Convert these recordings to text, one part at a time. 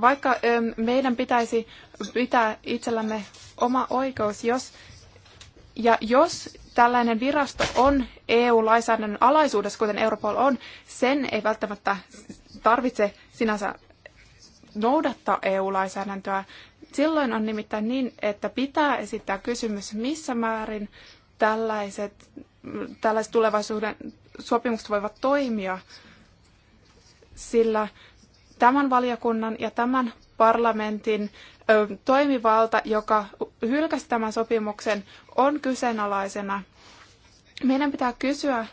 vaikka ähm, meidän pitäisi pitää itsellämme oma oikeus, jos ja jos tällainen virasto on EU-lainsäädännön alaisuudessa, kuten Europol on, sen ei välttämättä tarvitse sinänsä noudattaa EU-lainsäädäntöä. Silloin on nimittäin niin, että pitää esittää kysymys, missä määrin tällaiset, tällaiset tulevaisuuden sopimukset voivat toimia, sillä tämän valiokunnan ja tämän parlamentin toimivalta, joka hylkäsi tämän sopimuksen, on kyseenalaisena. Meidän pitää kysyä,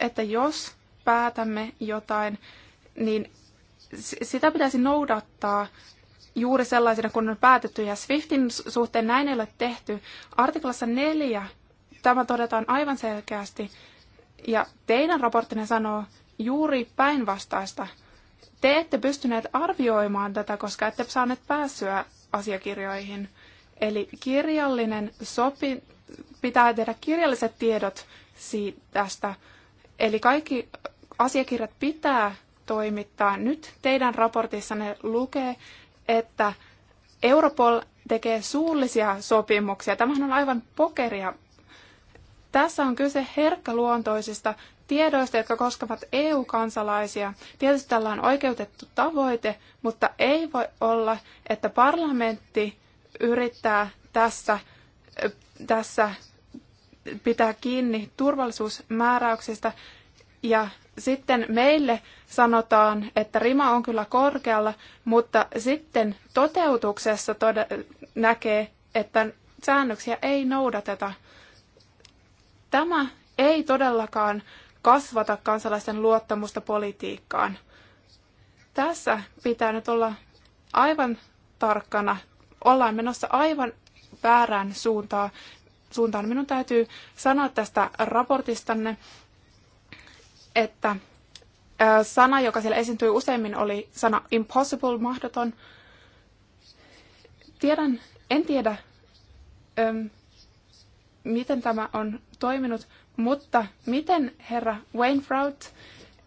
että jos päätämme jotain, niin sitä pitäisi noudattaa juuri sellaisena kuin on päätetty. Ja Swiftin suhteen näin ei ole tehty. Artiklassa 4 tämä todetaan aivan selkeästi. Ja teidän raporttinne sanoo juuri päinvastaista. Te ette pystyneet arvioimaan tätä, koska ette saaneet pääsyä asiakirjoihin. Eli kirjallinen sopi, pitää tehdä kirjalliset tiedot siitä, tästä. Eli kaikki asiakirjat pitää toimittaa. Nyt teidän raportissanne lukee, että Europol tekee suullisia sopimuksia. Tämähän on aivan pokeria. Tässä on kyse herkkäluontoisista tiedoista, jotka koskevat EU-kansalaisia. Tietysti tällä on oikeutettu tavoite, mutta ei voi olla, että parlamentti yrittää tässä, tässä pitää kiinni turvallisuusmääräyksistä ja sitten meille sanotaan, että rima on kyllä korkealla, mutta sitten toteutuksessa tode- näkee, että säännöksiä ei noudateta. Tämä ei todellakaan kasvata kansalaisten luottamusta politiikkaan. Tässä pitää nyt olla aivan tarkkana. Ollaan menossa aivan väärään suuntaan. suuntaan. Minun täytyy sanoa tästä raportistanne, että sana, joka siellä esiintyi useimmin, oli sana impossible, mahdoton. Tiedän, en tiedä, miten tämä on toiminut, mutta miten herra Wainfraut,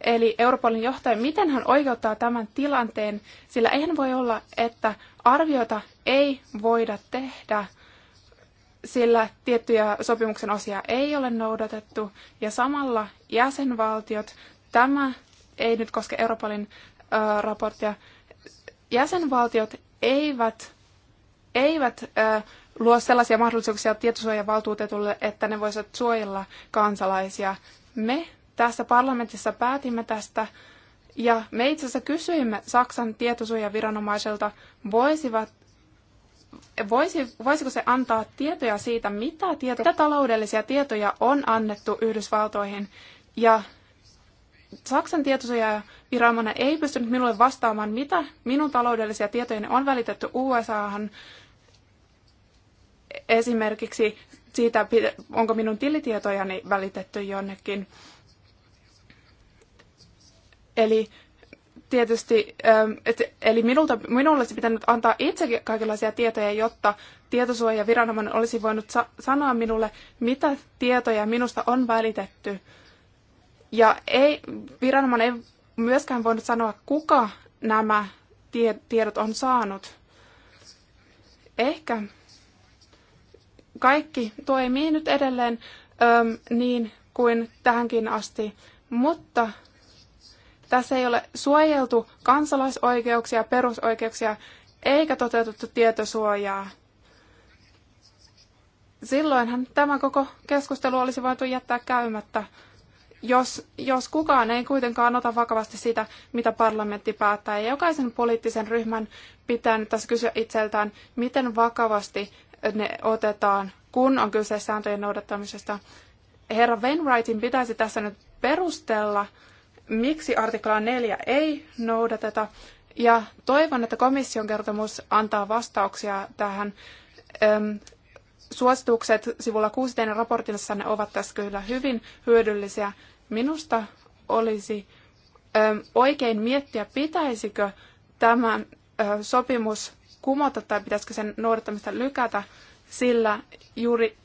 eli Europolin johtaja, miten hän oikeuttaa tämän tilanteen, sillä eihän voi olla, että arviota ei voida tehdä, sillä tiettyjä sopimuksen osia ei ole noudatettu, ja samalla jäsenvaltiot, tämä ei nyt koske Europolin ö, raporttia, jäsenvaltiot eivät, eivät ö, luo sellaisia mahdollisuuksia tietosuojavaltuutetulle, että ne voisivat suojella kansalaisia. Me tässä parlamentissa päätimme tästä ja me itse asiassa kysyimme Saksan tietosuojaviranomaiselta, voisivat, voisi, voisiko se antaa tietoja siitä, mitä, tieto, mitä taloudellisia tietoja on annettu Yhdysvaltoihin. Ja Saksan tietosuojaviranomainen ei pystynyt minulle vastaamaan, mitä minun taloudellisia tietoja on välitetty USAhan, esimerkiksi siitä, onko minun tilitietojani välitetty jonnekin. Eli tietysti, ähm, eli minulta, minulle olisi pitänyt antaa itse kaikenlaisia tietoja, jotta tietosuojaviranomainen olisi voinut sa- sanoa minulle, mitä tietoja minusta on välitetty. Ja ei, viranomainen ei myöskään voinut sanoa, kuka nämä tie- tiedot on saanut. Ehkä kaikki toimii nyt edelleen äm, niin kuin tähänkin asti, mutta tässä ei ole suojeltu kansalaisoikeuksia, perusoikeuksia eikä toteutettu tietosuojaa. Silloinhan tämä koko keskustelu olisi voitu jättää käymättä, jos, jos kukaan ei kuitenkaan ota vakavasti sitä, mitä parlamentti päättää. Ja jokaisen poliittisen ryhmän pitää nyt tässä kysyä itseltään, miten vakavasti ne otetaan, kun on kyse sääntöjen noudattamisesta. Herra Wainwrightin pitäisi tässä nyt perustella, miksi artiklaa 4 ei noudateta, ja toivon, että komission kertomus antaa vastauksia tähän. Öm, suositukset sivulla 6 teidän raportissanne ovat tässä kyllä hyvin hyödyllisiä. Minusta olisi öm, oikein miettiä, pitäisikö tämän ö, sopimus kumota tai pitäisikö sen noudattamista lykätä, sillä juuri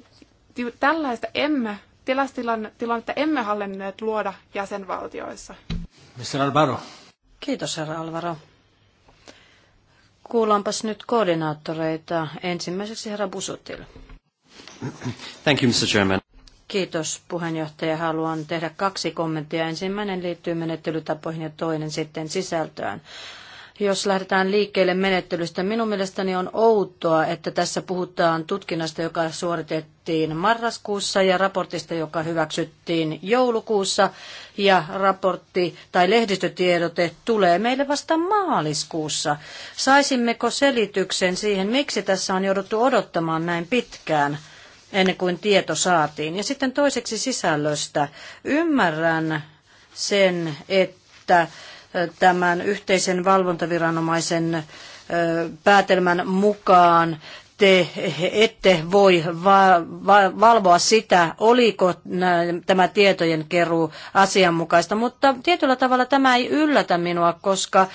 tällaista emme, tilastilannetta emme hallinneet luoda jäsenvaltioissa. Mr. Alvaro. Kiitos, herra Alvaro. Kuullaanpas nyt koordinaattoreita. Ensimmäiseksi herra Busutil. Thank you, Mr. Chairman. Kiitos puheenjohtaja. Haluan tehdä kaksi kommenttia. Ensimmäinen liittyy menettelytapoihin ja toinen sitten sisältöön jos lähdetään liikkeelle menettelystä. Minun mielestäni on outoa, että tässä puhutaan tutkinnasta, joka suoritettiin marraskuussa ja raportista, joka hyväksyttiin joulukuussa. Ja raportti tai lehdistötiedote tulee meille vasta maaliskuussa. Saisimmeko selityksen siihen, miksi tässä on jouduttu odottamaan näin pitkään? ennen kuin tieto saatiin. Ja sitten toiseksi sisällöstä. Ymmärrän sen, että tämän yhteisen valvontaviranomaisen päätelmän mukaan te ette voi valvoa sitä, oliko tämä tietojen keruu asianmukaista, mutta tietyllä tavalla tämä ei yllätä minua, koska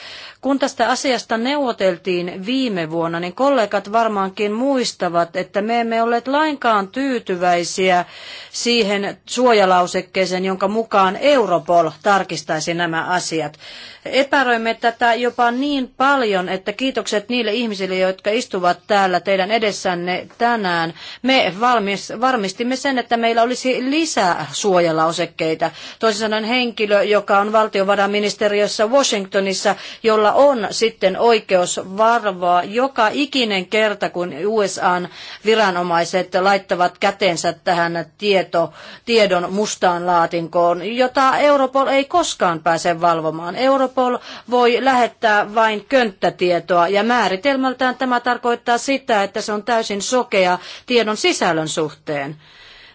kun tästä asiasta neuvoteltiin viime vuonna, niin kollegat varmaankin muistavat, että me emme olleet lainkaan tyytyväisiä siihen suojalausekkeeseen, jonka mukaan Europol tarkistaisi nämä asiat. Epäröimme tätä jopa niin paljon, että kiitokset niille ihmisille, jotka istuvat täällä teidän edessänne tänään. Me valmis, varmistimme sen, että meillä olisi lisää suojalausekkeita. Toisin sanoen henkilö, joka on valtiovarainministeriössä Washingtonissa, jolla Yhdysvalloilla on sitten oikeus varvoa joka ikinen kerta, kun USAn viranomaiset laittavat kätensä tähän tieto, tiedon mustaan laatinkoon, jota Europol ei koskaan pääse valvomaan. Europol voi lähettää vain könttätietoa ja määritelmältään tämä tarkoittaa sitä, että se on täysin sokea tiedon sisällön suhteen.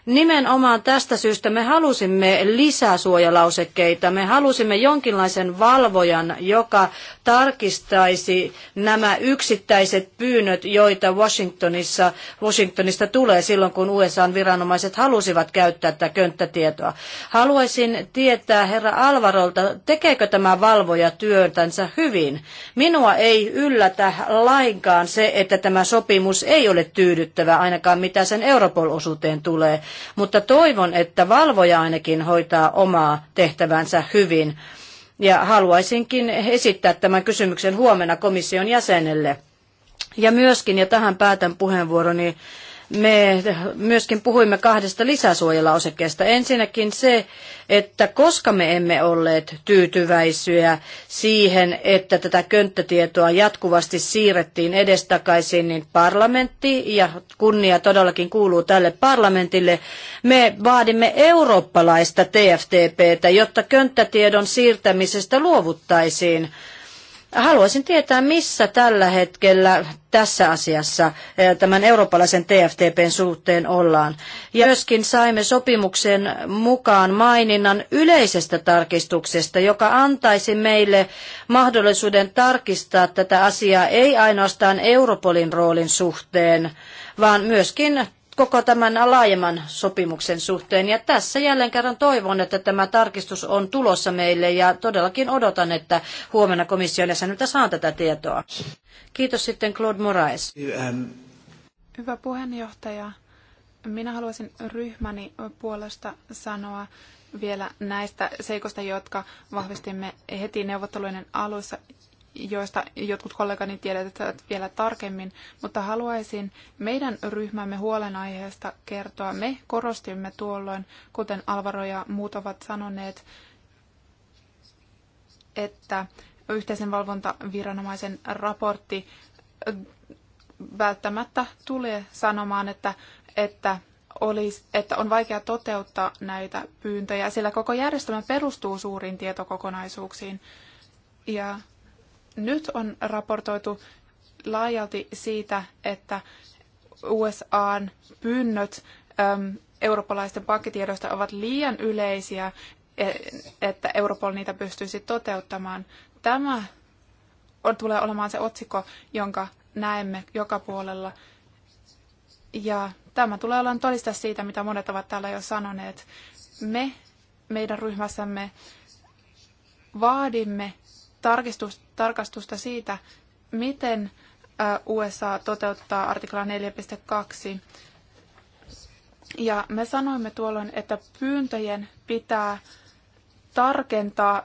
Nimenomaan tästä syystä me halusimme lisää suojalausekkeita. Me halusimme jonkinlaisen valvojan, joka tarkistaisi nämä yksittäiset pyynnöt, joita Washingtonissa, Washingtonista tulee silloin, kun USAn viranomaiset halusivat käyttää tätä könttätietoa. Haluaisin tietää herra Alvarolta, tekeekö tämä valvoja työtänsä hyvin. Minua ei yllätä lainkaan se, että tämä sopimus ei ole tyydyttävä, ainakaan mitä sen Europol-osuuteen tulee mutta toivon, että valvoja ainakin hoitaa omaa tehtävänsä hyvin. Ja haluaisinkin esittää tämän kysymyksen huomenna komission jäsenelle. Ja myöskin, ja tähän päätän puheenvuoroni, me myöskin puhuimme kahdesta lisäsuojelausekkeesta. Ensinnäkin se, että koska me emme olleet tyytyväisiä siihen, että tätä könttätietoa jatkuvasti siirrettiin edestakaisin, niin parlamentti, ja kunnia todellakin kuuluu tälle parlamentille, me vaadimme eurooppalaista TFTPtä, jotta könttätiedon siirtämisestä luovuttaisiin Haluaisin tietää, missä tällä hetkellä tässä asiassa eh, tämän eurooppalaisen TFTPn suhteen ollaan. Ja myöskin saimme sopimuksen mukaan maininnan yleisestä tarkistuksesta, joka antaisi meille mahdollisuuden tarkistaa tätä asiaa ei ainoastaan Europolin roolin suhteen, vaan myöskin koko tämän laajemman sopimuksen suhteen. Ja tässä jälleen kerran toivon, että tämä tarkistus on tulossa meille ja todellakin odotan, että huomenna komission jäseniltä saan tätä tietoa. Kiitos sitten Claude Moraes. Hyvä puheenjohtaja. Minä haluaisin ryhmäni puolesta sanoa vielä näistä seikoista, jotka vahvistimme heti neuvotteluiden alussa joista jotkut kollegani tiedetään vielä tarkemmin, mutta haluaisin meidän ryhmämme huolenaiheesta kertoa. Me korostimme tuolloin, kuten Alvaro ja muut ovat sanoneet, että yhteisen valvontaviranomaisen raportti välttämättä tulee sanomaan, että, että, olisi, että on vaikea toteuttaa näitä pyyntöjä, sillä koko järjestelmä perustuu suuriin tietokokonaisuuksiin. Ja nyt on raportoitu laajalti siitä, että USAn pyynnöt äm, eurooppalaisten pankkitiedoista ovat liian yleisiä, e, että Europol niitä pystyisi toteuttamaan. Tämä on, tulee olemaan se otsikko, jonka näemme joka puolella. Ja tämä tulee olemaan todista siitä, mitä monet ovat täällä jo sanoneet. Me meidän ryhmässämme vaadimme tarkastusta siitä, miten USA toteuttaa artikla 4.2. Ja me sanoimme tuolloin, että pyyntöjen pitää tarkentaa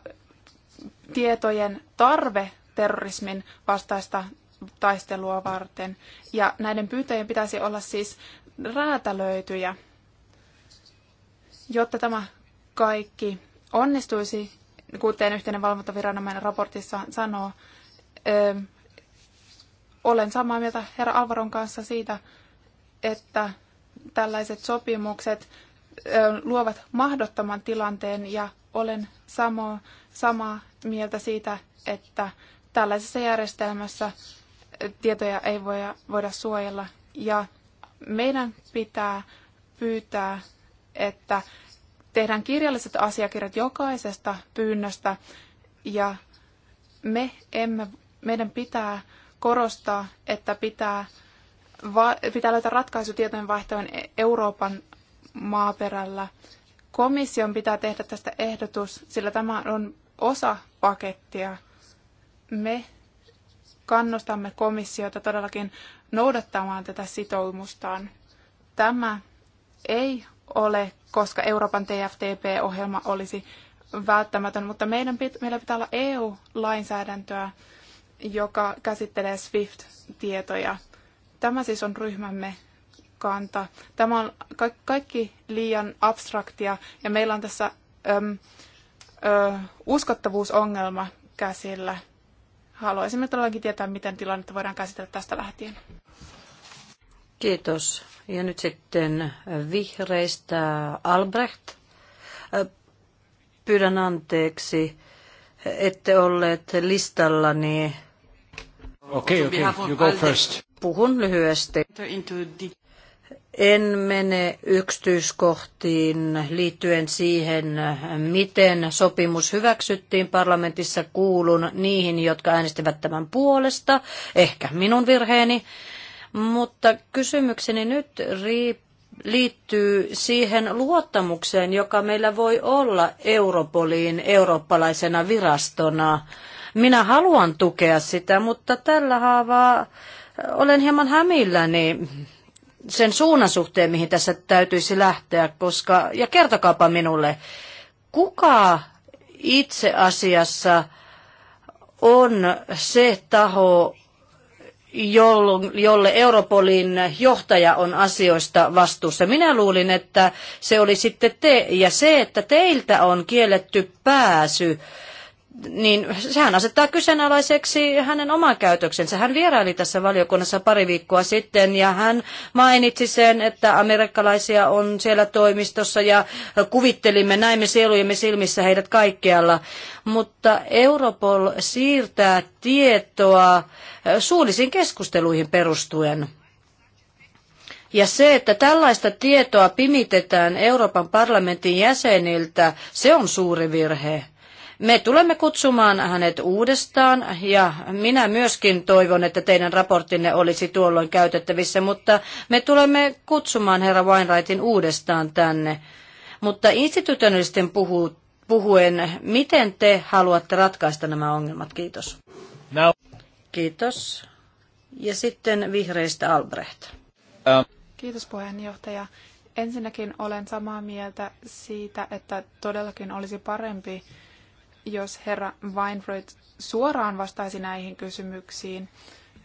tietojen tarve terrorismin vastaista taistelua varten. Ja näiden pyyntöjen pitäisi olla siis räätälöityjä, jotta tämä kaikki onnistuisi kuten yhteinen valvontaviranomainen raportissa sanoo, ö, öö, olen samaa mieltä herra Alvaron kanssa siitä, että tällaiset sopimukset ö, öö, luovat mahdottoman tilanteen ja olen samo, samaa mieltä siitä, että tällaisessa järjestelmässä tietoja ei voida, voida suojella ja meidän pitää pyytää, että tehdään kirjalliset asiakirjat jokaisesta pyynnöstä ja me emme, meidän pitää korostaa, että pitää, va, pitää löytää ratkaisu tietojenvaihtoon e, Euroopan maaperällä. Komission pitää tehdä tästä ehdotus, sillä tämä on osa pakettia. Me kannustamme komissiota todellakin noudattamaan tätä sitoumustaan. Tämä ei ole, koska Euroopan TFTP-ohjelma olisi välttämätön, mutta meidän pit, meillä pitää olla EU-lainsäädäntöä, joka käsittelee SWIFT-tietoja. Tämä siis on ryhmämme kanta. Tämä on ka- kaikki liian abstraktia ja meillä on tässä öm, ö, uskottavuusongelma käsillä. Haluaisimme todellakin tietää, miten tilannetta voidaan käsitellä tästä lähtien. Kiitos. Ja nyt sitten vihreistä Albrecht. Pyydän anteeksi, ette olleet listallani. Okei, okay, okay. you go first. Puhun lyhyesti. En mene yksityiskohtiin liittyen siihen, miten sopimus hyväksyttiin parlamentissa. Kuulun niihin, jotka äänestivät tämän puolesta. Ehkä minun virheeni. Mutta kysymykseni nyt liittyy siihen luottamukseen, joka meillä voi olla Europoliin eurooppalaisena virastona. Minä haluan tukea sitä, mutta tällä haavaa olen hieman hämilläni sen suunnan suhteen, mihin tässä täytyisi lähteä, koska, ja kertokaapa minulle, kuka itse asiassa on se taho, jolle Europolin johtaja on asioista vastuussa. Minä luulin, että se oli sitten te ja se, että teiltä on kielletty pääsy niin sehän asettaa kyseenalaiseksi hänen oman käytöksensä. Hän vieraili tässä valiokunnassa pari viikkoa sitten ja hän mainitsi sen, että amerikkalaisia on siellä toimistossa ja kuvittelimme, näimme sielujemme silmissä heidät kaikkialla. Mutta Europol siirtää tietoa suullisiin keskusteluihin perustuen. Ja se, että tällaista tietoa pimitetään Euroopan parlamentin jäseniltä, se on suuri virhe. Me tulemme kutsumaan hänet uudestaan ja minä myöskin toivon, että teidän raporttinne olisi tuolloin käytettävissä, mutta me tulemme kutsumaan herra Weinreitin uudestaan tänne. Mutta institutionaalisten puhuen, miten te haluatte ratkaista nämä ongelmat? Kiitos. Now. Kiitos. Ja sitten vihreistä Albrecht. Um. Kiitos puheenjohtaja. Ensinnäkin olen samaa mieltä siitä, että todellakin olisi parempi, jos herra Weinfreud suoraan vastaisi näihin kysymyksiin,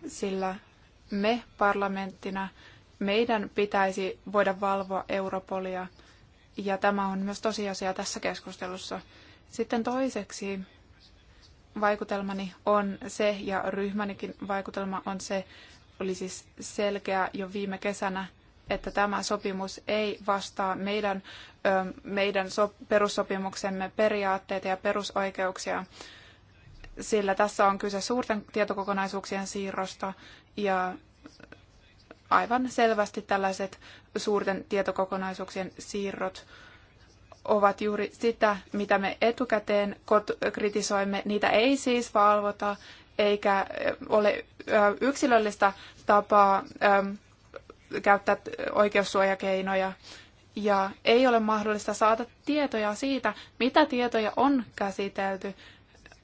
sillä me parlamenttina, meidän pitäisi voida valvoa Europolia, ja tämä on myös tosiasia tässä keskustelussa. Sitten toiseksi vaikutelmani on se, ja ryhmänikin vaikutelma on se, oli siis selkeä jo viime kesänä, että tämä sopimus ei vastaa meidän, meidän perussopimuksemme periaatteita ja perusoikeuksia, sillä tässä on kyse suurten tietokokonaisuuksien siirrosta ja aivan selvästi tällaiset suurten tietokokonaisuuksien siirrot ovat juuri sitä, mitä me etukäteen kritisoimme. Niitä ei siis valvota, eikä ole yksilöllistä tapaa käyttää oikeussuojakeinoja ja ei ole mahdollista saada tietoja siitä, mitä tietoja on käsitelty.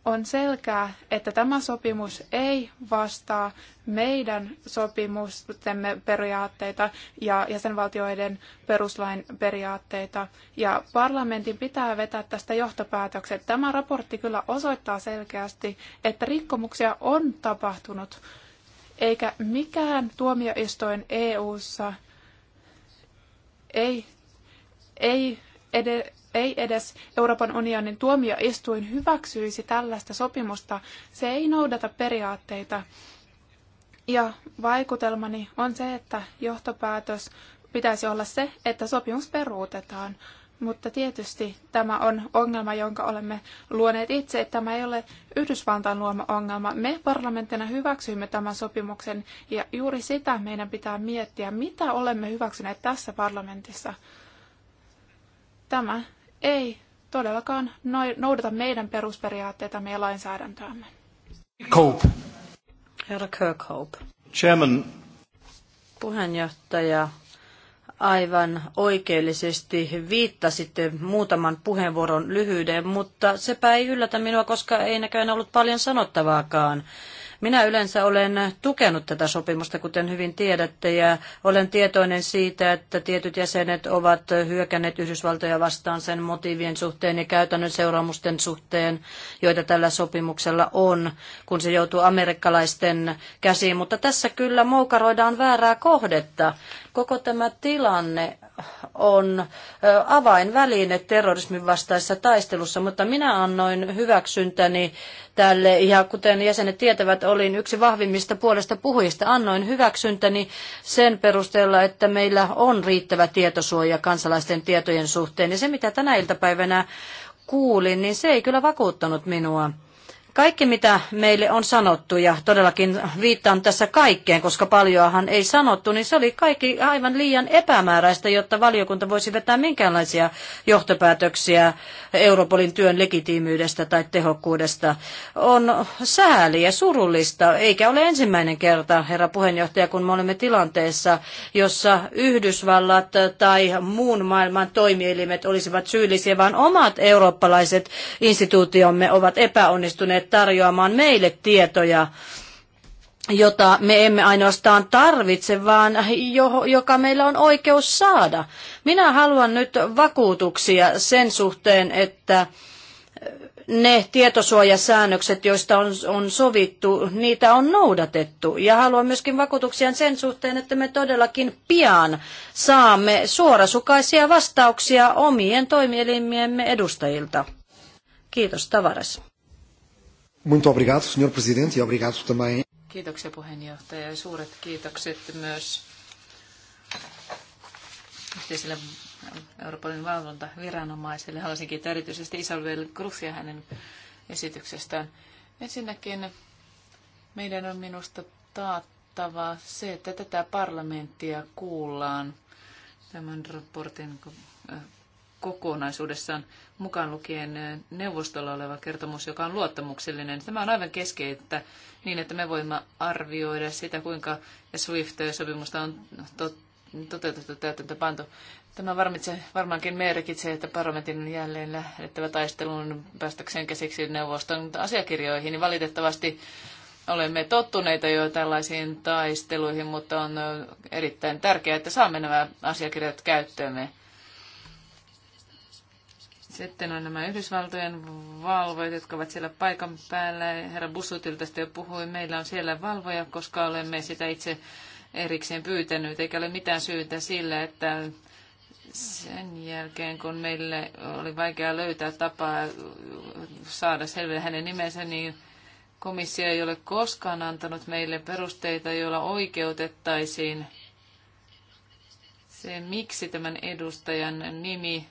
On selkää, että tämä sopimus ei vastaa meidän sopimustemme periaatteita ja jäsenvaltioiden peruslain periaatteita. Ja parlamentin pitää vetää tästä johtopäätökset. Tämä raportti kyllä osoittaa selkeästi, että rikkomuksia on tapahtunut eikä mikään tuomioistuin EU:ssa ei, ei, ei edes Euroopan unionin tuomioistuin hyväksyisi tällaista sopimusta. Se ei noudata periaatteita. Ja vaikutelmani on se, että johtopäätös pitäisi olla se, että sopimus peruutetaan. Mutta tietysti tämä on ongelma, jonka olemme luoneet itse. Tämä ei ole Yhdysvaltain luoma ongelma. Me parlamenttina hyväksyimme tämän sopimuksen ja juuri sitä meidän pitää miettiä, mitä olemme hyväksyneet tässä parlamentissa. Tämä ei todellakaan noudata meidän perusperiaatteita ja lainsäädäntöämme. Cope. Herra Kirkhope. Chairman. Puheenjohtaja, aivan oikeellisesti viittasitte muutaman puheenvuoron lyhyyden, mutta sepä ei yllätä minua, koska ei näköjään ollut paljon sanottavaakaan. Minä yleensä olen tukenut tätä sopimusta, kuten hyvin tiedätte, ja olen tietoinen siitä, että tietyt jäsenet ovat hyökänneet Yhdysvaltoja vastaan sen motiivien suhteen ja käytännön seuraamusten suhteen, joita tällä sopimuksella on, kun se joutuu amerikkalaisten käsiin. Mutta tässä kyllä moukaroidaan väärää kohdetta. Koko tämä tilanne on avainväline terrorismin vastaisessa taistelussa, mutta minä annoin hyväksyntäni tälle, ja kuten jäsenet tietävät, olin yksi vahvimmista puolesta puhujista, annoin hyväksyntäni sen perusteella, että meillä on riittävä tietosuoja kansalaisten tietojen suhteen, ja se mitä tänä iltapäivänä kuulin, niin se ei kyllä vakuuttanut minua. Kaikki, mitä meille on sanottu, ja todellakin viittaan tässä kaikkeen, koska paljoahan ei sanottu, niin se oli kaikki aivan liian epämääräistä, jotta valiokunta voisi vetää minkäänlaisia johtopäätöksiä Europolin työn legitiimyydestä tai tehokkuudesta. On sääli ja surullista, eikä ole ensimmäinen kerta, herra puheenjohtaja, kun me olemme tilanteessa, jossa Yhdysvallat tai muun maailman toimielimet olisivat syyllisiä, vaan omat eurooppalaiset instituutiomme ovat epäonnistuneet pyrkineet tarjoamaan meille tietoja, jota me emme ainoastaan tarvitse, vaan jo, joka meillä on oikeus saada. Minä haluan nyt vakuutuksia sen suhteen, että ne tietosuojasäännökset, joista on, on sovittu, niitä on noudatettu. Ja haluan myöskin vakuutuksia sen suhteen, että me todellakin pian saamme suorasukaisia vastauksia omien toimielimiemme edustajilta. Kiitos, Tavares. Muito obrigado, senhor presidente, e obrigado também. Kiitoksia puheenjohtaja ja suuret kiitokset myös yhteiselle Euroopan valvontaviranomaiselle. Haluaisin kiittää erityisesti Isabel Cruzia hänen esityksestään. Ensinnäkin meidän on minusta taattava se, että tätä parlamenttia kuullaan tämän raportin kokonaisuudessaan mukaan lukien neuvostolla oleva kertomus, joka on luottamuksellinen. Tämä on aivan keskeistä niin, että me voimme arvioida sitä, kuinka SWIFT-sopimusta on toteutettu täytäntö pantu. Tämä varmitse, varmaankin merkitsee, että parlamentin on jälleen lähdettävä taisteluun päästäkseen käsiksi neuvoston asiakirjoihin. valitettavasti olemme tottuneita jo tällaisiin taisteluihin, mutta on erittäin tärkeää, että saamme nämä asiakirjat käyttöömme. Sitten on nämä Yhdysvaltojen valvojat, jotka ovat siellä paikan päällä. Herra Bussutil tästä jo puhui. Meillä on siellä valvoja, koska olemme sitä itse erikseen pyytänyt, eikä ole mitään syytä sillä, että sen jälkeen, kun meille oli vaikea löytää tapaa saada selville hänen nimensä, niin komissio ei ole koskaan antanut meille perusteita, joilla oikeutettaisiin se, miksi tämän edustajan nimi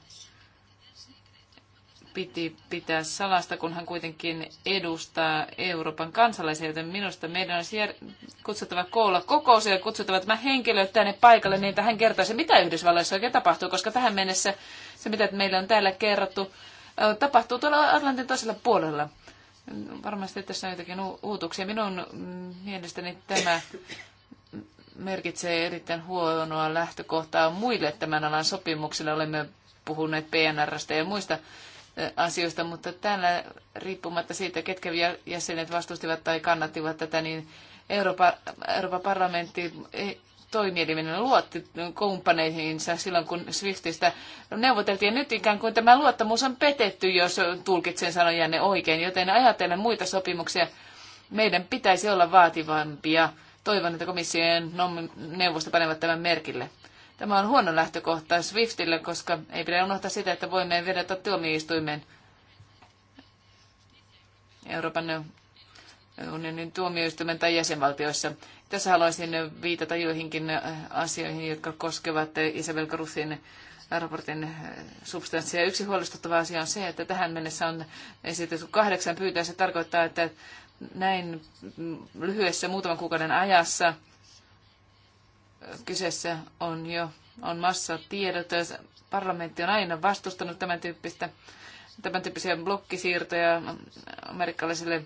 piti pitää salasta, kun hän kuitenkin edustaa Euroopan kansalaisia, joten minusta meidän olisi jär- kutsuttava koolla kokous ja kutsuttava tämä henkilö tänne paikalle, niin että hän kertoisi, mitä Yhdysvalloissa oikein tapahtuu, koska tähän mennessä se, mitä meillä on täällä kerrottu, tapahtuu tuolla Atlantin toisella puolella. Varmasti tässä on jotakin uutuksia. Minun mm, mielestäni tämä merkitsee erittäin huonoa lähtökohtaa muille tämän alan sopimuksille. Olemme puhuneet PNRstä ja muista asioista, mutta täällä riippumatta siitä, ketkä jäsenet vastustivat tai kannattivat tätä, niin Euroopan, Euroopan parlamentti e, toimieliminen luotti kumppaneihinsa silloin, kun Swiftistä neuvoteltiin. Nyt ikään kuin tämä luottamus on petetty, jos tulkitsen sanojanne oikein, joten ajatellen muita sopimuksia, meidän pitäisi olla vaativampia. Toivon, että komission neuvosto panevat tämän merkille. Tämä on huono lähtökohta Swiftille, koska ei pidä unohtaa sitä, että voimme vedota tuomioistuimen Euroopan unionin tuomioistuimen tai jäsenvaltioissa. Tässä haluaisin viitata joihinkin asioihin, jotka koskevat Isabel Cruzin raportin substanssia. Yksi huolestuttava asia on se, että tähän mennessä on esitetty kahdeksan pyytää. Se tarkoittaa, että näin lyhyessä muutaman kuukauden ajassa – kyseessä on jo on massa tiedot. Parlamentti on aina vastustanut tämän, tyyppistä, tämän tyyppisiä blokkisiirtoja amerikkalaisille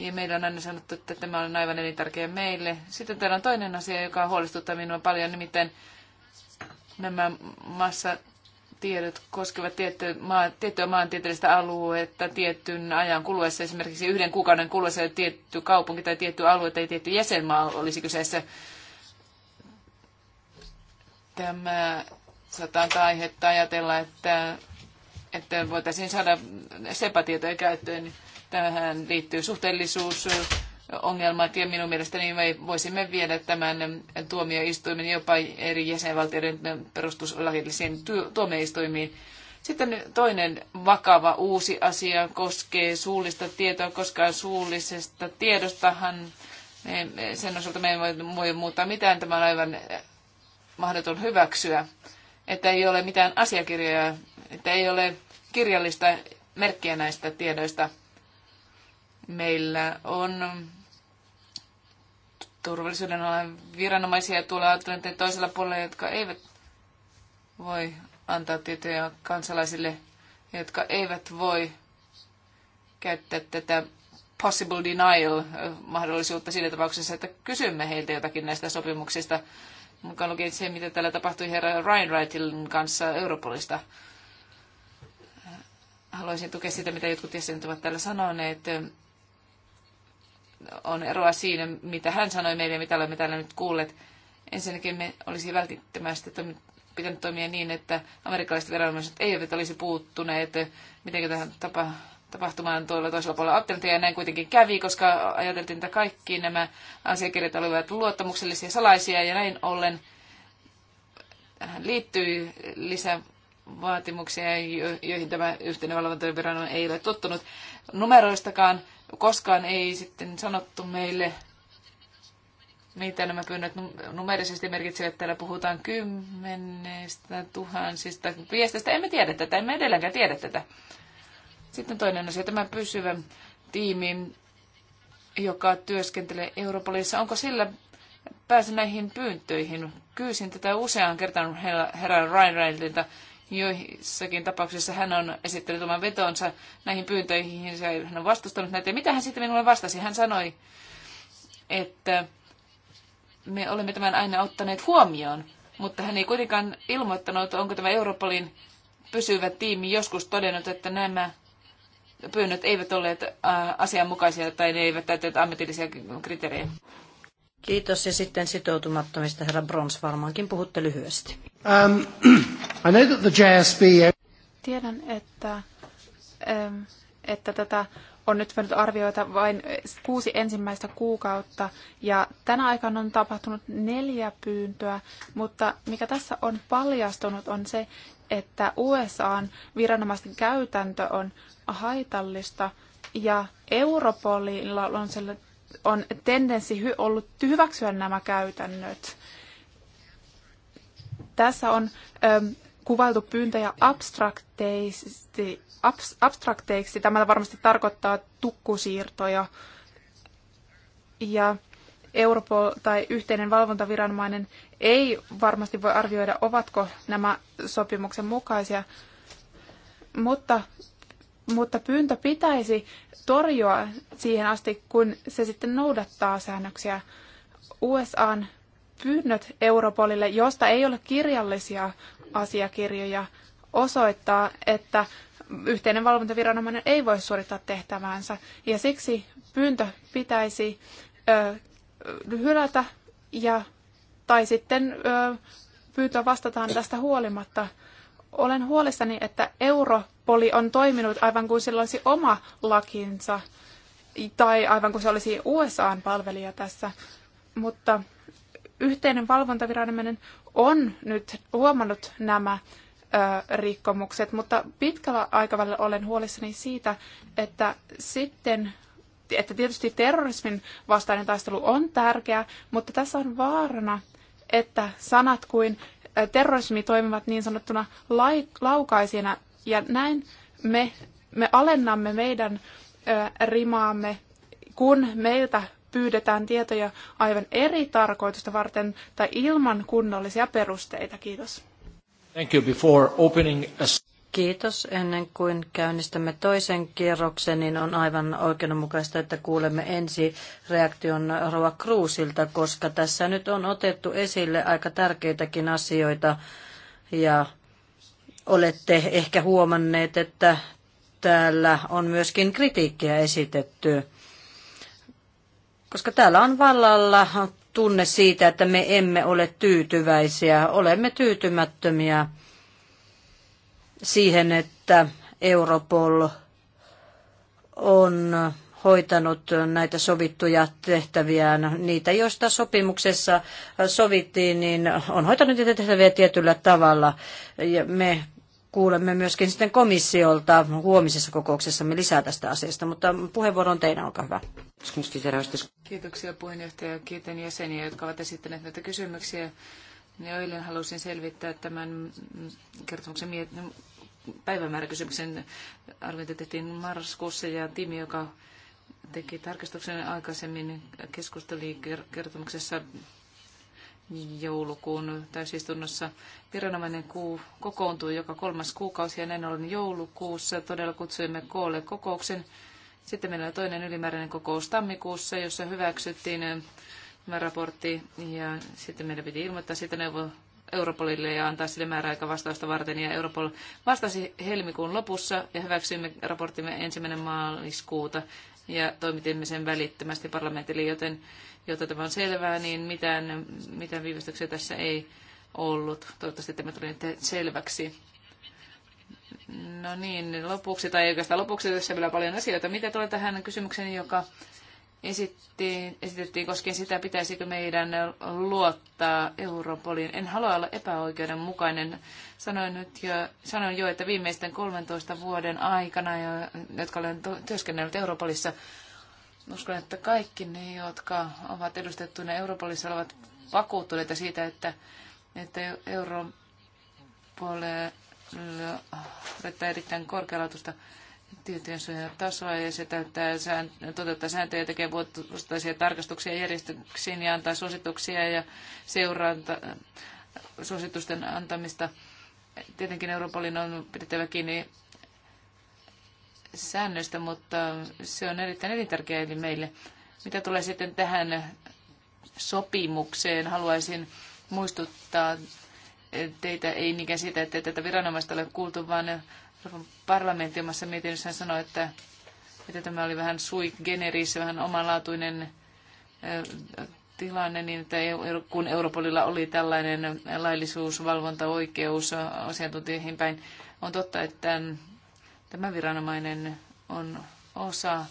ja meillä on aina sanottu, että tämä on aivan elintärkeä meille. Sitten täällä on toinen asia, joka huolestuttaa minua paljon, nimittäin nämä massatiedot koskevat tiettyä, maa, tiettyä maantieteellistä aluetta tietyn ajan kuluessa, esimerkiksi yhden kuukauden kuluessa tietty kaupunki tai tietty alue tai tietty jäsenmaa olisi kyseessä. Tämä saattaa aihetta ajatella, että, että voitaisiin saada sepatietoja käyttöön. Tähän liittyy suhteellisuus, ongelmat ja minun mielestäni me voisimme viedä tämän tuomioistuimen jopa eri jäsenvaltioiden perustuslakillisiin tuomioistuimiin. Sitten toinen vakava uusi asia koskee suullista tietoa, koska suullisesta tiedostahan sen osalta me ei voi muuttaa mitään. Tämä on aivan mahdoton hyväksyä, että ei ole mitään asiakirjoja, että ei ole kirjallista merkkiä näistä tiedoista. Meillä on turvallisuuden alan viranomaisia tuolla Atlantin toisella puolella, jotka eivät voi antaa tietoja kansalaisille, jotka eivät voi käyttää tätä possible denial-mahdollisuutta siinä tapauksessa, että kysymme heiltä jotakin näistä sopimuksista mukaan lukien se, mitä täällä tapahtui herra Ryan Wrightin kanssa Europolista. Haluaisin tukea sitä, mitä jotkut jäsenet ovat täällä sanoneet. On eroa siinä, mitä hän sanoi meille ja mitä olemme täällä nyt kuulleet. Ensinnäkin me olisi välttämättä pitänyt toimia niin, että amerikkalaiset viranomaiset eivät olisi puuttuneet miten tähän tapahtuu tapahtumaan tuolla toisella puolella Atlantia, ja näin kuitenkin kävi, koska ajateltiin, että kaikki nämä asiakirjat olivat luottamuksellisia salaisia, ja näin ollen tähän liittyy vaatimuksia, joihin tämä yhteinen valvontaviranomainen ei ole tottunut. Numeroistakaan koskaan ei sitten sanottu meille, mitä nämä pyynnöt numerisesti merkitsevät. Täällä puhutaan kymmenestä tuhansista viesteistä. Emme tiedä tätä, emme edelläkään tiedä tätä. Sitten toinen asia, tämä pysyvä tiimi, joka työskentelee Europolissa. Onko sillä pääse näihin pyyntöihin? Kyysin tätä useaan kertaan herra Reinreiltilta. Joissakin tapauksissa hän on esittänyt oman vetonsa näihin pyyntöihin ja hän on vastustanut näitä. Ja mitä hän sitten minulle vastasi? Hän sanoi, että me olemme tämän aina ottaneet huomioon, mutta hän ei kuitenkaan ilmoittanut, onko tämä Europolin pysyvä tiimi joskus todennut, että nämä pyynnöt eivät olleet äh, asianmukaisia tai ne eivät täyttäneet ammatillisia kriteerejä. Kiitos. Ja sitten sitoutumattomista herra Brons varmaankin puhutte lyhyesti. Um, I know that the JSB... Tiedän, että, että tätä on nyt voinut arvioida vain kuusi ensimmäistä kuukautta ja tänä aikana on tapahtunut neljä pyyntöä, mutta mikä tässä on paljastunut on se, että USAn viranomaisten käytäntö on haitallista ja Europolilla on, sille, on tendenssi hy, ollut hyväksyä nämä käytännöt. Tässä on ö, ähm, kuvailtu pyyntöjä abstrakteiksi. Abs, abstrakteiksi. Tämä varmasti tarkoittaa tukkusiirtoja. Ja Europol tai yhteinen valvontaviranomainen ei varmasti voi arvioida, ovatko nämä sopimuksen mukaisia, mutta, mutta pyyntö pitäisi torjua siihen asti, kun se sitten noudattaa säännöksiä. USAn pyynnöt Europolille, josta ei ole kirjallisia asiakirjoja, osoittaa, että yhteinen valvontaviranomainen ei voi suorittaa tehtäväänsä. Ja siksi pyyntö pitäisi ö, hylätä ja, tai sitten ö, pyytää vastataan tästä huolimatta. Olen huolissani, että Europoli on toiminut aivan kuin sillä olisi oma lakinsa tai aivan kuin se olisi USAn palvelija tässä. Mutta yhteinen valvontaviranomainen on nyt huomannut nämä ö, rikkomukset, mutta pitkällä aikavälillä olen huolissani siitä, että sitten että tietysti terrorismin vastainen taistelu on tärkeä, mutta tässä on vaarana, että sanat kuin äh, terrorismi toimivat niin sanottuna laukaisina, ja näin me, me alennamme meidän ö, äh, rimaamme, kun meiltä pyydetään tietoja aivan eri tarkoitusta varten tai ilman kunnollisia perusteita. Kiitos. Thank you. Before opening a... Kiitos. Ennen kuin käynnistämme toisen kierroksen, niin on aivan oikeudenmukaista, että kuulemme ensi reaktion Roa Kruusilta, koska tässä nyt on otettu esille aika tärkeitäkin asioita ja olette ehkä huomanneet, että täällä on myöskin kritiikkiä esitetty, koska täällä on vallalla tunne siitä, että me emme ole tyytyväisiä, olemme tyytymättömiä – siihen, että Europol on hoitanut näitä sovittuja tehtäviään, niitä, joista sopimuksessa sovittiin, niin on hoitanut niitä tehtäviä tietyllä tavalla. Ja me kuulemme myöskin sitten komissiolta huomisessa me lisää tästä asiasta, mutta puheenvuoro on teidän, olkaa hyvä. Kiitoksia puheenjohtaja. Kiitän jäseniä, jotka ovat esittäneet näitä kysymyksiä. Ja niin eilen halusin selvittää tämän kertomuksen päivämääräkysymyksen arviointi tehtiin marraskuussa ja tiimi, joka teki tarkistuksen aikaisemmin keskusteli kertomuksessa joulukuun täysistunnossa. Viranomainen kuu kokoontuu joka kolmas kuukausi ja näin ollen joulukuussa todella kutsuimme koolle kokouksen. Sitten meillä oli toinen ylimääräinen kokous tammikuussa, jossa hyväksyttiin tämä raportti ja sitten meidän piti ilmoittaa siitä neuvo Europolille ja antaa sille määräaika vastausta varten. Ja Europol vastasi helmikuun lopussa ja hyväksyimme raporttimme ensimmäinen maaliskuuta ja toimitimme sen välittömästi parlamentille, joten jotta tämä on selvää, niin mitään, mitään viivästyksiä tässä ei ollut. Toivottavasti tämä tuli nyt selväksi. No niin, lopuksi, tai oikeastaan lopuksi tässä on vielä paljon asioita. Mitä tulee tähän kysymykseen, joka esittiin, esitettiin koskien sitä, pitäisikö meidän luottaa Europoliin. En halua olla epäoikeudenmukainen. Sanoin, nyt jo, sanoin jo, että viimeisten 13 vuoden aikana, jo, jotka olen työskennellyt Europolissa, uskon, että kaikki ne, jotka ovat edustettuina Europolissa, ovat vakuuttuneita siitä, että, että on erittäin korkealaatuista tietojensuojan tasoa ja se täyttää, sään, toteuttaa sääntöjä, tekee vuotuistaisia tarkastuksia järjestyksiin ja antaa suosituksia ja seuranta suositusten antamista. Tietenkin Europolin on pidettävä kiinni säännöistä, mutta se on erittäin elintärkeä eli meille. Mitä tulee sitten tähän sopimukseen, haluaisin muistuttaa teitä ei niinkään siitä, että tätä viranomaista ole kuultu, vaan Euroopan parlamentti omassa mietinnössään sanoi, että, että tämä oli vähän sui generis, vähän omanlaatuinen tilanne, niin että e kun Europolilla oli tällainen laillisuusvalvontaoikeus asiantuntijoihin päin, on totta, että tämä viranomainen on osa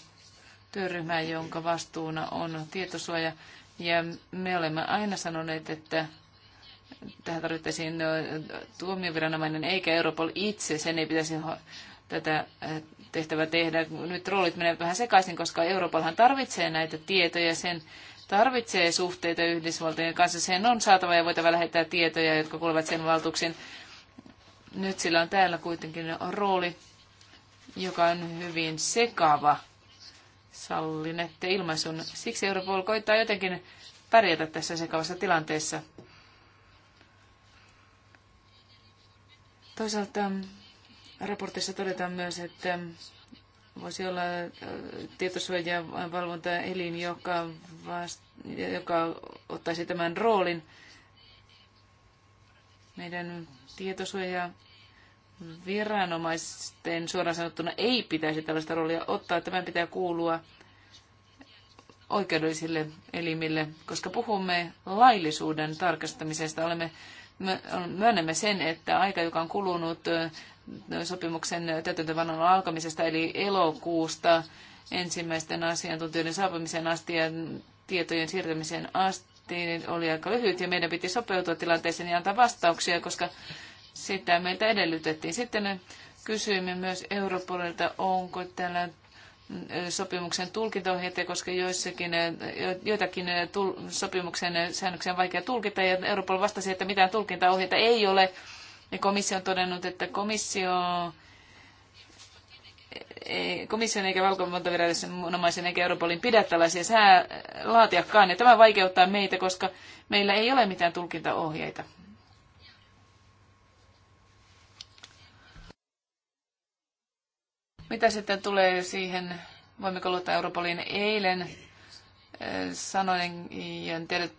työryhmää, jonka vastuuna on tietosuoja. Ja me olemme aina sanoneet, että Tähän tarvittaisiin tuomioviranomainen eikä Europol itse. Sen ei pitäisi tätä tehtävää tehdä. Nyt roolit menevät vähän sekaisin, koska Europolhan tarvitsee näitä tietoja. Sen tarvitsee suhteita Yhdysvaltojen kanssa. Sen on saatava ja voitava lähettää tietoja, jotka kuuluvat sen valtuuksiin. Nyt sillä on täällä kuitenkin rooli, joka on hyvin sekava. Sallinette ilmaisun. Siksi Europol koittaa jotenkin pärjätä tässä sekavassa tilanteessa. Toisaalta ähm, raportissa todetaan myös, että ähm, voisi olla äh, valvontaelin, joka, vast, joka ottaisi tämän roolin. Meidän tietosuoja viranomaisten suoraan sanottuna ei pitäisi tällaista roolia ottaa. Tämän pitää kuulua oikeudellisille elimille, koska puhumme laillisuuden tarkastamisesta. Olemme myönnämme sen, että aika, joka on kulunut sopimuksen täytäntövanon alkamisesta, eli elokuusta ensimmäisten asiantuntijoiden saapumisen asti ja tietojen siirtämisen asti, oli aika lyhyt ja meidän piti sopeutua tilanteeseen ja antaa vastauksia, koska sitä meiltä edellytettiin. Sitten kysyimme myös Europolilta, onko tällä sopimuksen tulkintaohjeita, koska joissakin, joitakin sopimuksen säännöksiä on vaikea tulkita, ja Euroopan vastasi, että mitään tulkintaohjeita ei ole, ja komissio on todennut, että komissio e, komission eikä monomaisen eikä Europolin pidä tällaisia sää laatiakaan. Ja tämä vaikeuttaa meitä, koska meillä ei ole mitään tulkintaohjeita. Mitä sitten tulee siihen, voimmeko luottaa Europolin eilen eh, sanoin, en tiedä eh,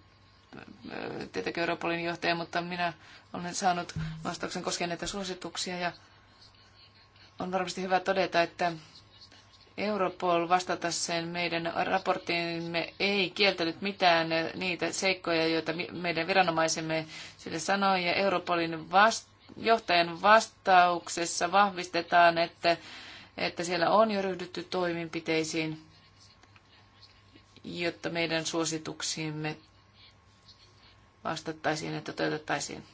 tietenkin Europolin johtaja, mutta minä olen saanut vastauksen koskien näitä suosituksia ja on varmasti hyvä todeta, että Europol vastata sen meidän raporttiimme ei kieltänyt mitään niitä seikkoja, joita meidän viranomaisemme sille sanoi. Ja Europolin vast- johtajan vastauksessa vahvistetaan, että että siellä on jo ryhdytty toimenpiteisiin, jotta meidän suosituksiimme vastattaisiin ja toteutettaisiin.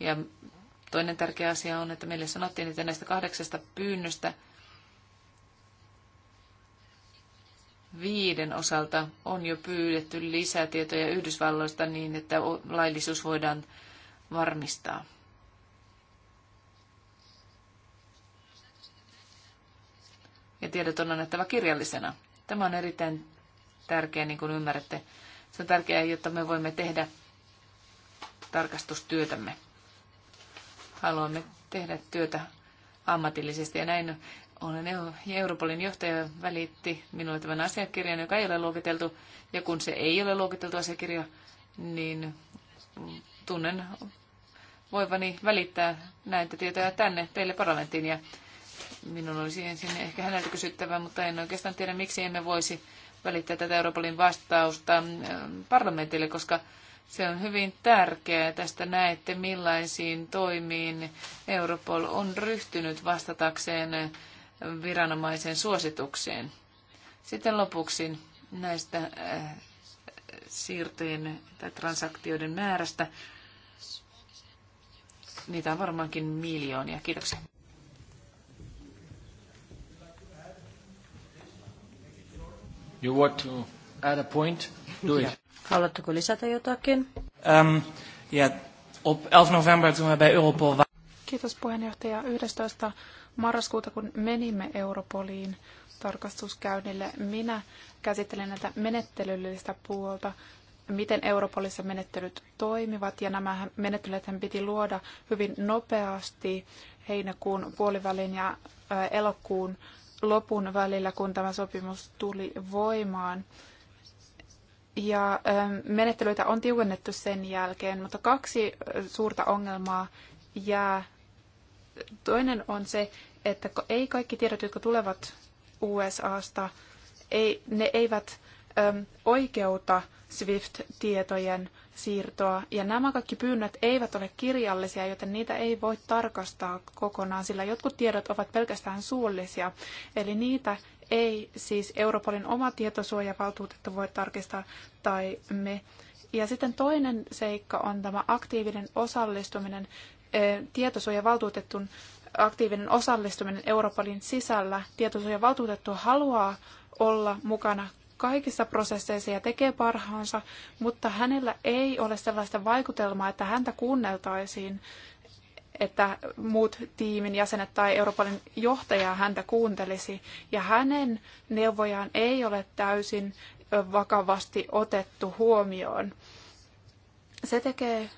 Ja toinen tärkeä asia on, että meille sanottiin, että näistä kahdeksasta pyynnöstä viiden osalta on jo pyydetty lisätietoja Yhdysvalloista niin, että laillisuus voidaan varmistaa. ja tiedot on annettava kirjallisena. Tämä on erittäin tärkeää, niin kuin ymmärrätte. Se on tärkeää, jotta me voimme tehdä tarkastustyötämme. Haluamme tehdä työtä ammatillisesti ja näin olen Europolin johtaja välitti minulle tämän asiakirjan, joka ei ole luokiteltu. Ja kun se ei ole luokiteltu asiakirja, niin tunnen voivani välittää näitä tietoja tänne teille parlamenttiin. Ja Minun olisi ensin ehkä häneltä kysyttävä, mutta en oikeastaan tiedä, miksi emme voisi välittää tätä Euroopan vastausta parlamentille, koska se on hyvin tärkeää. Tästä näette, millaisiin toimiin Europol on ryhtynyt vastatakseen viranomaisen suositukseen. Sitten lopuksi näistä siirtojen tai transaktioiden määrästä. Niitä on varmaankin miljoonia. Kiitoksia. You want to add a point? Do it. Haluatteko lisätä jotakin? Um, yeah. 11 november, toen we Europol Kiitos puheenjohtaja. 11. marraskuuta, kun menimme Europoliin tarkastuskäynnille, minä käsittelen näitä menettelyllistä puolta, miten Europolissa menettelyt toimivat, ja nämä menettelyt piti luoda hyvin nopeasti heinäkuun puolivälin ja elokuun lopun välillä, kun tämä sopimus tuli voimaan. Ja ähm, menettelyitä on tiukennettu sen jälkeen, mutta kaksi äh, suurta ongelmaa jää. Toinen on se, että ei kaikki tiedot, jotka tulevat USAsta, ei, ne eivät ähm, oikeuta SWIFT-tietojen siirtoa. Ja nämä kaikki pyynnöt eivät ole kirjallisia, joten niitä ei voi tarkastaa kokonaan, sillä jotkut tiedot ovat pelkästään suullisia. Eli niitä ei siis Europolin oma tietosuojavaltuutettu voi tarkistaa tai me. Ja sitten toinen seikka on tämä aktiivinen osallistuminen, tietosuojavaltuutetun aktiivinen osallistuminen Europolin sisällä. Tietosuojavaltuutettu haluaa olla mukana kaikissa prosesseissa ja tekee parhaansa, mutta hänellä ei ole sellaista vaikutelmaa, että häntä kuunneltaisiin, että muut tiimin jäsenet tai Euroopan johtaja häntä kuuntelisi. Ja hänen neuvojaan ei ole täysin vakavasti otettu huomioon. Se tekee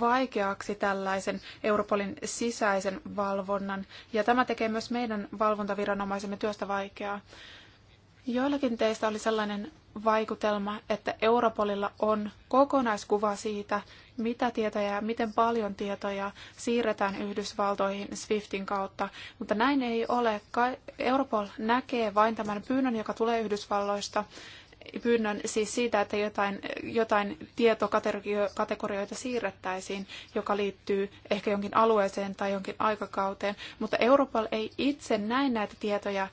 vaikeaksi tällaisen Europolin sisäisen valvonnan, ja tämä tekee myös meidän valvontaviranomaisemme työstä vaikeaa. Joillakin teistä oli sellainen vaikutelma, että Europolilla on kokonaiskuva siitä, mitä tietoja ja miten paljon tietoja siirretään Yhdysvaltoihin SWIFTin kautta, mutta näin ei ole. Europol näkee vain tämän pyynnön, joka tulee Yhdysvalloista pyynnön siis siitä, että jotain, jotain tietokategorioita siirrettäisiin, joka liittyy ehkä jonkin alueeseen tai jonkin aikakauteen, mutta Europol ei itse näe näitä tietoja.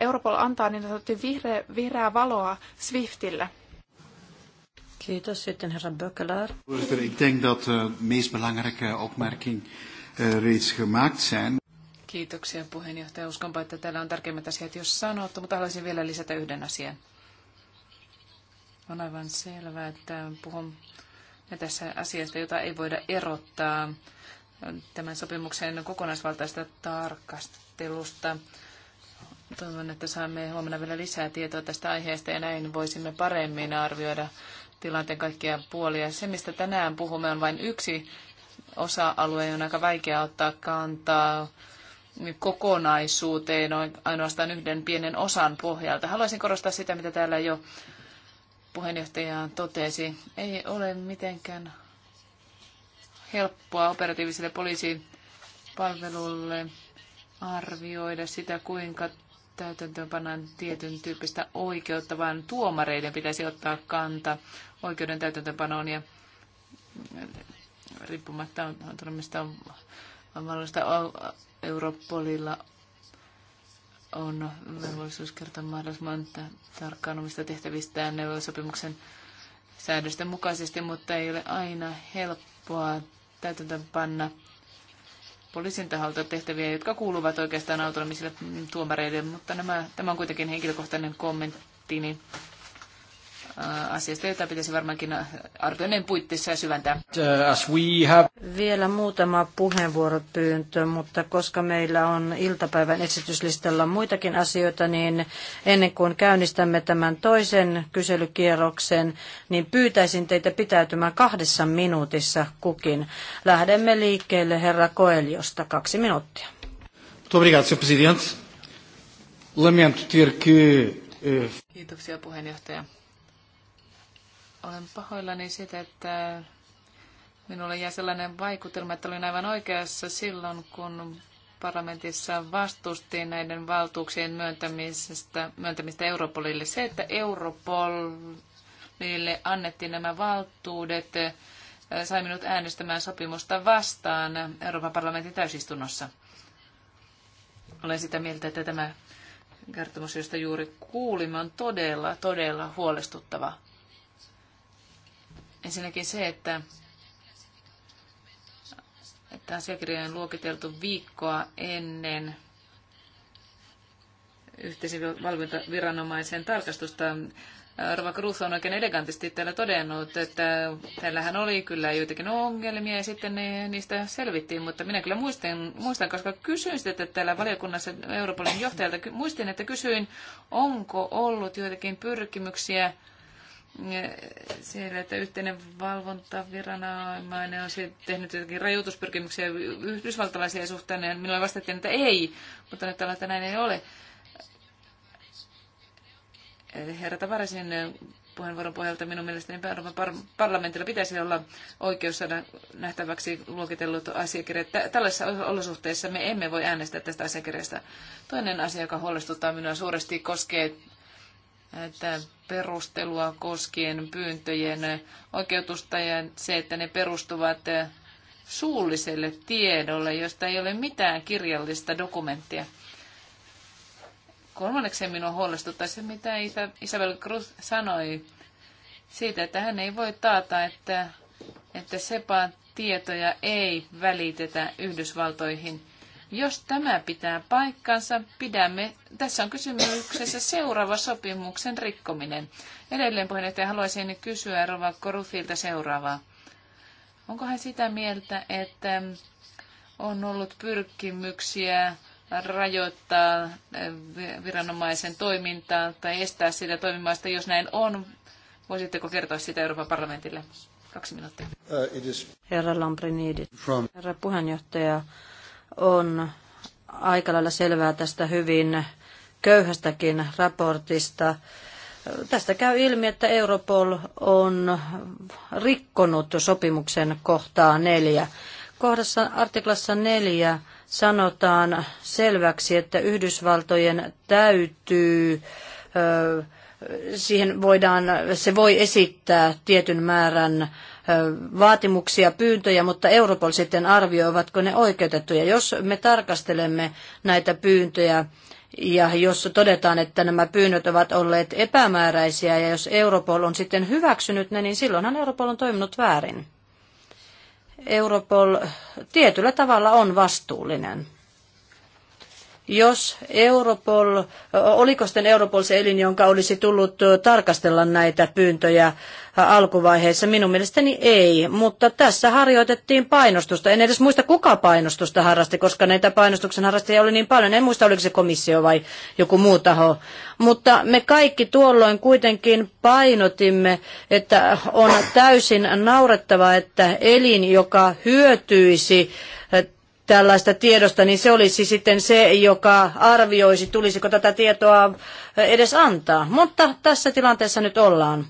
Europol antaa niin sanottu vihreä, vihreää valoa Swiftille. Kiitos. Sitten herra Bökkelaar. ik denk dat de meest belangrijke opmerking eh, reeds gemaakt zijn. Kiitoksia puheenjohtaja. Uskonpa, että täällä on tärkeimmät asiat jo sanottu, mutta haluaisin vielä lisätä yhden asian. On aivan selvää, että puhun tässä asiasta, jota ei voida erottaa tämän sopimuksen kokonaisvaltaista tarkastelusta. Toivon, että saamme huomenna vielä lisää tietoa tästä aiheesta ja näin voisimme paremmin arvioida tilanteen kaikkia puolia. Se, mistä tänään puhumme, on vain yksi osa-alue, on aika vaikea ottaa kantaa kokonaisuuteen ainoastaan yhden pienen osan pohjalta. Haluaisin korostaa sitä, mitä täällä jo puheenjohtaja totesi, ei ole mitenkään helppoa operatiiviselle poliisipalvelulle arvioida sitä, kuinka täytäntöön pannaan tietyn tyyppistä oikeutta, vaan tuomareiden pitäisi ottaa kanta oikeuden täytäntöönpanoon ja riippumatta on, on Europolilla on velvollisuus kertoa mahdollisimman tarkkaan omista tehtävistään neuvosopimuksen säädösten mukaisesti, mutta ei ole aina helppoa täytäntöönpanna poliisin taholta tehtäviä, jotka kuuluvat oikeastaan autonomisille tuomareille, mutta nämä, tämä on kuitenkin henkilökohtainen kommentti Niin Äh, asiasta, jota pitäisi varmaankin äh, arvioinnin puitteissa syventää. Uh, Vielä muutama puheenvuoropyyntö, mutta koska meillä on iltapäivän esityslistalla muitakin asioita, niin ennen kuin käynnistämme tämän toisen kyselykierroksen, niin pyytäisin teitä pitäytymään kahdessa minuutissa kukin. Lähdemme liikkeelle herra Koeliosta kaksi minuuttia. Obrigado, Presidente. Lamento ter que... Eh, Kiitoksia puheenjohtaja. Olen pahoillani siitä, että minulle jäi sellainen vaikutelma, että olin aivan oikeassa silloin, kun parlamentissa vastustiin näiden valtuuksien myöntämisestä, myöntämistä Europolille. Se, että Europolille annettiin nämä valtuudet, eh, sai minut äänestämään sopimusta vastaan Euroopan parlamentin täysistunnossa. Olen sitä mieltä, että tämä kertomus, josta juuri kuulimme, on todella, todella huolestuttava. Ensinnäkin se, että, että asiakirjoja on luokiteltu viikkoa ennen yhteisen valvontaviranomaisen tarkastusta. Rova Cruz on oikein elegantisti täällä todennut, että täällähän oli kyllä joitakin ongelmia ja sitten ne, niistä selvittiin, mutta minä kyllä muistin, muistan, koska kysyin sitä täällä valiokunnassa Euroopan johtajalta, muistin, että kysyin, onko ollut joitakin pyrkimyksiä siellä, että yhteinen valvontaviranomainen on tehnyt jotakin rajoituspyrkimyksiä yhdysvaltalaisia suhteen, ja minulle vastattiin, että ei, mutta nyt tällä, että näin ei ole. Herra Tavarisin puheenvuoron pohjalta minun mielestäni Euroopan parlamentilla pitäisi olla oikeus saada nähtäväksi luokitellut asiakirjat. Tällaisissa olosuhteissa me emme voi äänestää tästä asiakirjasta. Toinen asia, joka huolestuttaa minua suuresti, koskee perustelua koskien pyyntöjen oikeutusta ja se, että ne perustuvat suulliselle tiedolle, josta ei ole mitään kirjallista dokumenttia. Kolmanneksi minua huolestuttaa se, mitä Isabel Cruz sanoi siitä, että hän ei voi taata, että, että sepa tietoja ei välitetä Yhdysvaltoihin – jos tämä pitää paikkansa, pidämme, tässä on kysymyksessä seuraava sopimuksen rikkominen. Edelleen puheenjohtaja haluaisin kysyä Rova Korufilta seuraavaa. Onko hän sitä mieltä, että on ollut pyrkimyksiä rajoittaa eh, viranomaisen toimintaa tai estää sitä toimimasta, jos näin on? Voisitteko kertoa sitä Euroopan parlamentille? Kaksi minuuttia. Uh, Herra Lambrinidis. Herra puheenjohtaja, on aika lailla selvää tästä hyvin köyhästäkin raportista. Tästä käy ilmi, että Europol on rikkonut sopimuksen kohtaa neljä. Kohdassa artiklassa neljä sanotaan selväksi, että Yhdysvaltojen täytyy, siihen voidaan, se voi esittää tietyn määrän vaatimuksia, pyyntöjä, mutta Europol sitten arvioi, ovatko ne oikeutettuja. Jos me tarkastelemme näitä pyyntöjä, ja jos todetaan, että nämä pyynnöt ovat olleet epämääräisiä ja jos Europol on sitten hyväksynyt ne, niin silloinhan Europol on toiminut väärin. Europol tietyllä tavalla on vastuullinen jos Europol, oliko sitten Europol se elin, jonka olisi tullut tarkastella näitä pyyntöjä alkuvaiheessa? Minun mielestäni ei, mutta tässä harjoitettiin painostusta. En edes muista, kuka painostusta harrasti, koska näitä painostuksen harrastajia oli niin paljon. En muista, oliko se komissio vai joku muu taho. Mutta me kaikki tuolloin kuitenkin painotimme, että on täysin naurettava, että elin, joka hyötyisi tällaista tiedosta, niin se olisi sitten se, joka arvioisi, tulisiko tätä tietoa edes antaa. Mutta tässä tilanteessa nyt ollaan.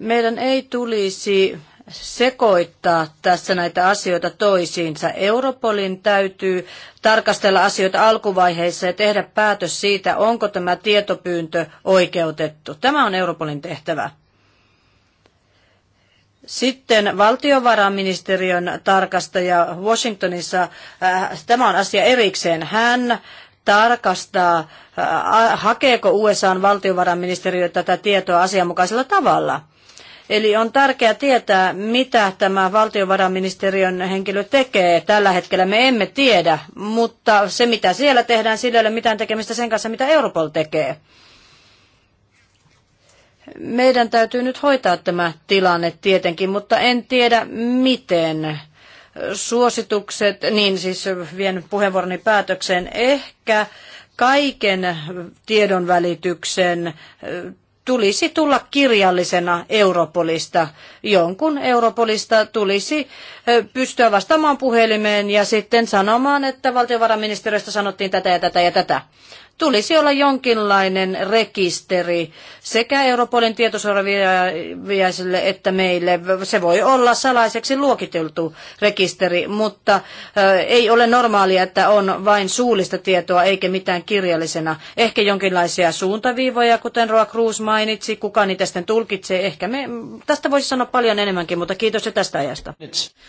Meidän ei tulisi sekoittaa tässä näitä asioita toisiinsa. Europolin täytyy tarkastella asioita alkuvaiheessa ja tehdä päätös siitä, onko tämä tietopyyntö oikeutettu. Tämä on Europolin tehtävä. Sitten valtiovarainministeriön tarkastaja Washingtonissa, äh, tämä on asia erikseen, hän tarkastaa, äh, hakeeko USAn valtiovarainministeriö tätä tietoa asianmukaisella tavalla. Eli on tärkeää tietää, mitä tämä valtiovarainministeriön henkilö tekee. Tällä hetkellä me emme tiedä, mutta se mitä siellä tehdään, sillä ei ole mitään tekemistä sen kanssa, mitä Europol tekee. Meidän täytyy nyt hoitaa tämä tilanne tietenkin, mutta en tiedä miten. Suositukset, niin siis vien puheenvuoroni päätökseen, ehkä kaiken tiedon välityksen eh, tulisi tulla kirjallisena Europolista. Jonkun Europolista tulisi eh, pystyä vastaamaan puhelimeen ja sitten sanomaan, että valtiovarainministeriöstä sanottiin tätä ja tätä ja tätä tulisi olla jonkinlainen rekisteri sekä Europolin tietosuojaviaisille että meille. Se voi olla salaiseksi luokiteltu rekisteri, mutta ei ole normaalia, että on vain suullista tietoa eikä mitään kirjallisena. Ehkä jonkinlaisia suuntaviivoja, kuten Roa Cruz mainitsi, kuka niitä sitten tulkitsee. Ehkä me, tästä voisi sanoa paljon enemmänkin, mutta kiitos jo tästä ajasta.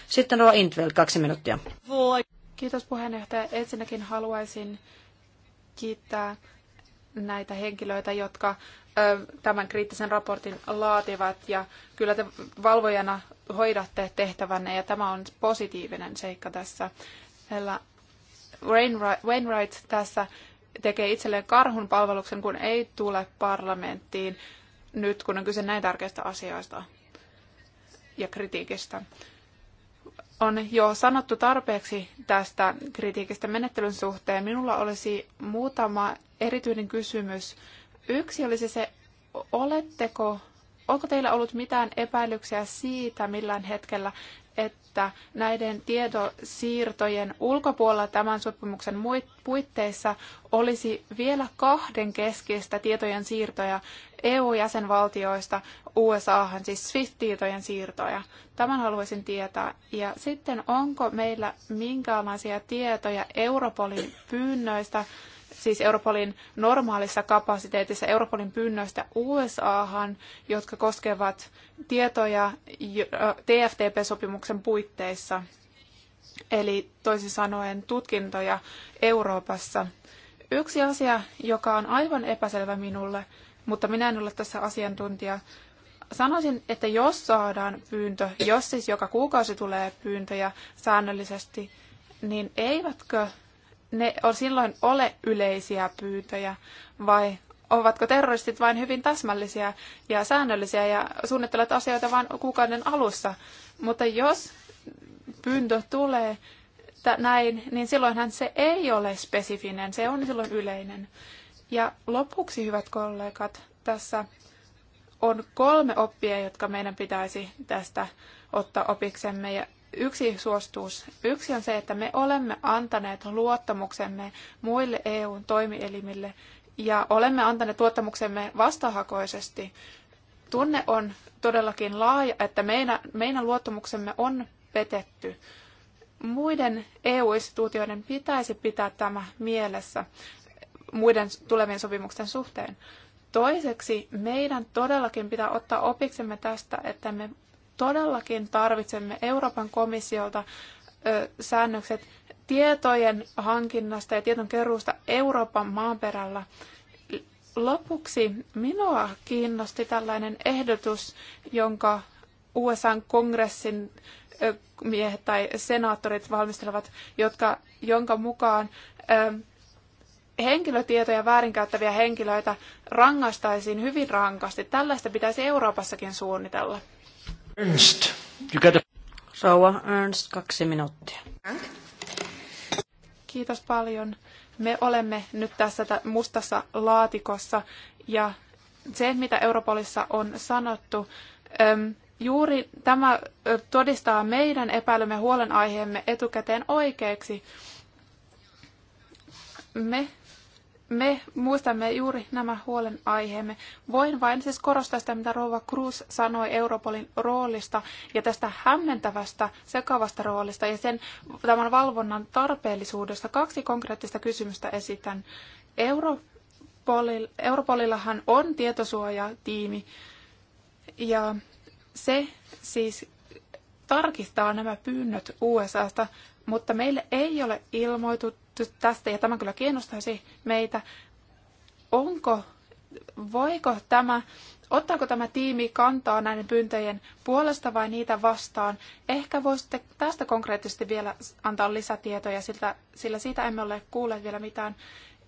Sitten Roa Intvel, kaksi minuuttia. Voi. Kiitos puheenjohtaja. Ensinnäkin haluaisin kiittää näitä henkilöitä, jotka tämän kriittisen raportin laativat ja kyllä te valvojana hoidatte tehtävänne ja tämä on positiivinen seikka tässä. Sillä Wainwright tässä tekee itselleen karhun palveluksen, kun ei tule parlamenttiin nyt, kun on kyse näin tärkeistä asioista ja kritiikistä on jo sanottu tarpeeksi tästä kritiikistä menettelyn suhteen. Minulla olisi muutama erityinen kysymys. Yksi olisi se, oletteko, onko teillä ollut mitään epäilyksiä siitä millään hetkellä, että näiden tietosiirtojen ulkopuolella tämän sopimuksen puitteissa olisi vielä kahden keskistä tietojen siirtoja EU-jäsenvaltioista USAhan, siis SWIFT-tietojen siirtoja. Tämän haluaisin tietää. Ja sitten onko meillä minkäänlaisia tietoja Europolin pyynnöistä siis Europolin normaalissa kapasiteetissa Europolin pyynnöistä USAhan, jotka koskevat tietoja TFTP-sopimuksen puitteissa, eli toisin sanoen tutkintoja Euroopassa. Yksi asia, joka on aivan epäselvä minulle, mutta minä en ole tässä asiantuntija, sanoisin, että jos saadaan pyyntö, jos siis joka kuukausi tulee pyyntöjä säännöllisesti, niin eivätkö ne on silloin ole yleisiä pyyntöjä vai ovatko terroristit vain hyvin täsmällisiä ja säännöllisiä ja suunnittelevat asioita vain kuukauden alussa. Mutta jos pyyntö tulee näin, niin silloinhan se ei ole spesifinen, se on silloin yleinen. Ja lopuksi, hyvät kollegat, tässä on kolme oppia, jotka meidän pitäisi tästä ottaa opiksemme. Ja yksi suostuus. Yksi on se, että me olemme antaneet luottamuksemme muille EUn toimielimille ja olemme antaneet luottamuksemme vastahakoisesti. Tunne on todellakin laaja, että meidän, meidän luottamuksemme on petetty. Muiden EU-instituutioiden pitäisi pitää tämä mielessä muiden tulevien sopimusten suhteen. Toiseksi meidän todellakin pitää ottaa opiksemme tästä, että me todellakin tarvitsemme Euroopan komissiolta säännökset tietojen hankinnasta ja tiedon keruusta Euroopan maaperällä. Lopuksi minua kiinnosti tällainen ehdotus, jonka USAn kongressin miehet tai senaattorit valmistelevat, jotka, jonka mukaan henkilötietoja väärinkäyttäviä henkilöitä rangaistaisiin hyvin rankasti. Tällaista pitäisi Euroopassakin suunnitella. Ernst, you got a... Ernst, kaksi minuuttia. Kiitos paljon. Me olemme nyt tässä mustassa laatikossa ja se, mitä Europolissa on sanottu, juuri tämä todistaa meidän epäilymme huolenaiheemme etukäteen oikeaksi. Me me muistamme juuri nämä huolenaiheemme. Voin vain siis korostaa sitä, mitä Rova Cruz sanoi Europolin roolista ja tästä hämmentävästä, sekavasta roolista ja sen tämän valvonnan tarpeellisuudesta. Kaksi konkreettista kysymystä esitän. Europolil, Europolillahan on tietosuojatiimi ja se siis tarkistaa nämä pyynnöt USAsta, mutta meille ei ole ilmoitut, tästä, ja tämä kyllä kiinnostaisi meitä. Onko, voiko tämä, ottaako tämä tiimi kantaa näiden pyyntöjen puolesta vai niitä vastaan? Ehkä voisitte tästä konkreettisesti vielä antaa lisätietoja, siltä, sillä siitä emme ole kuulleet vielä mitään.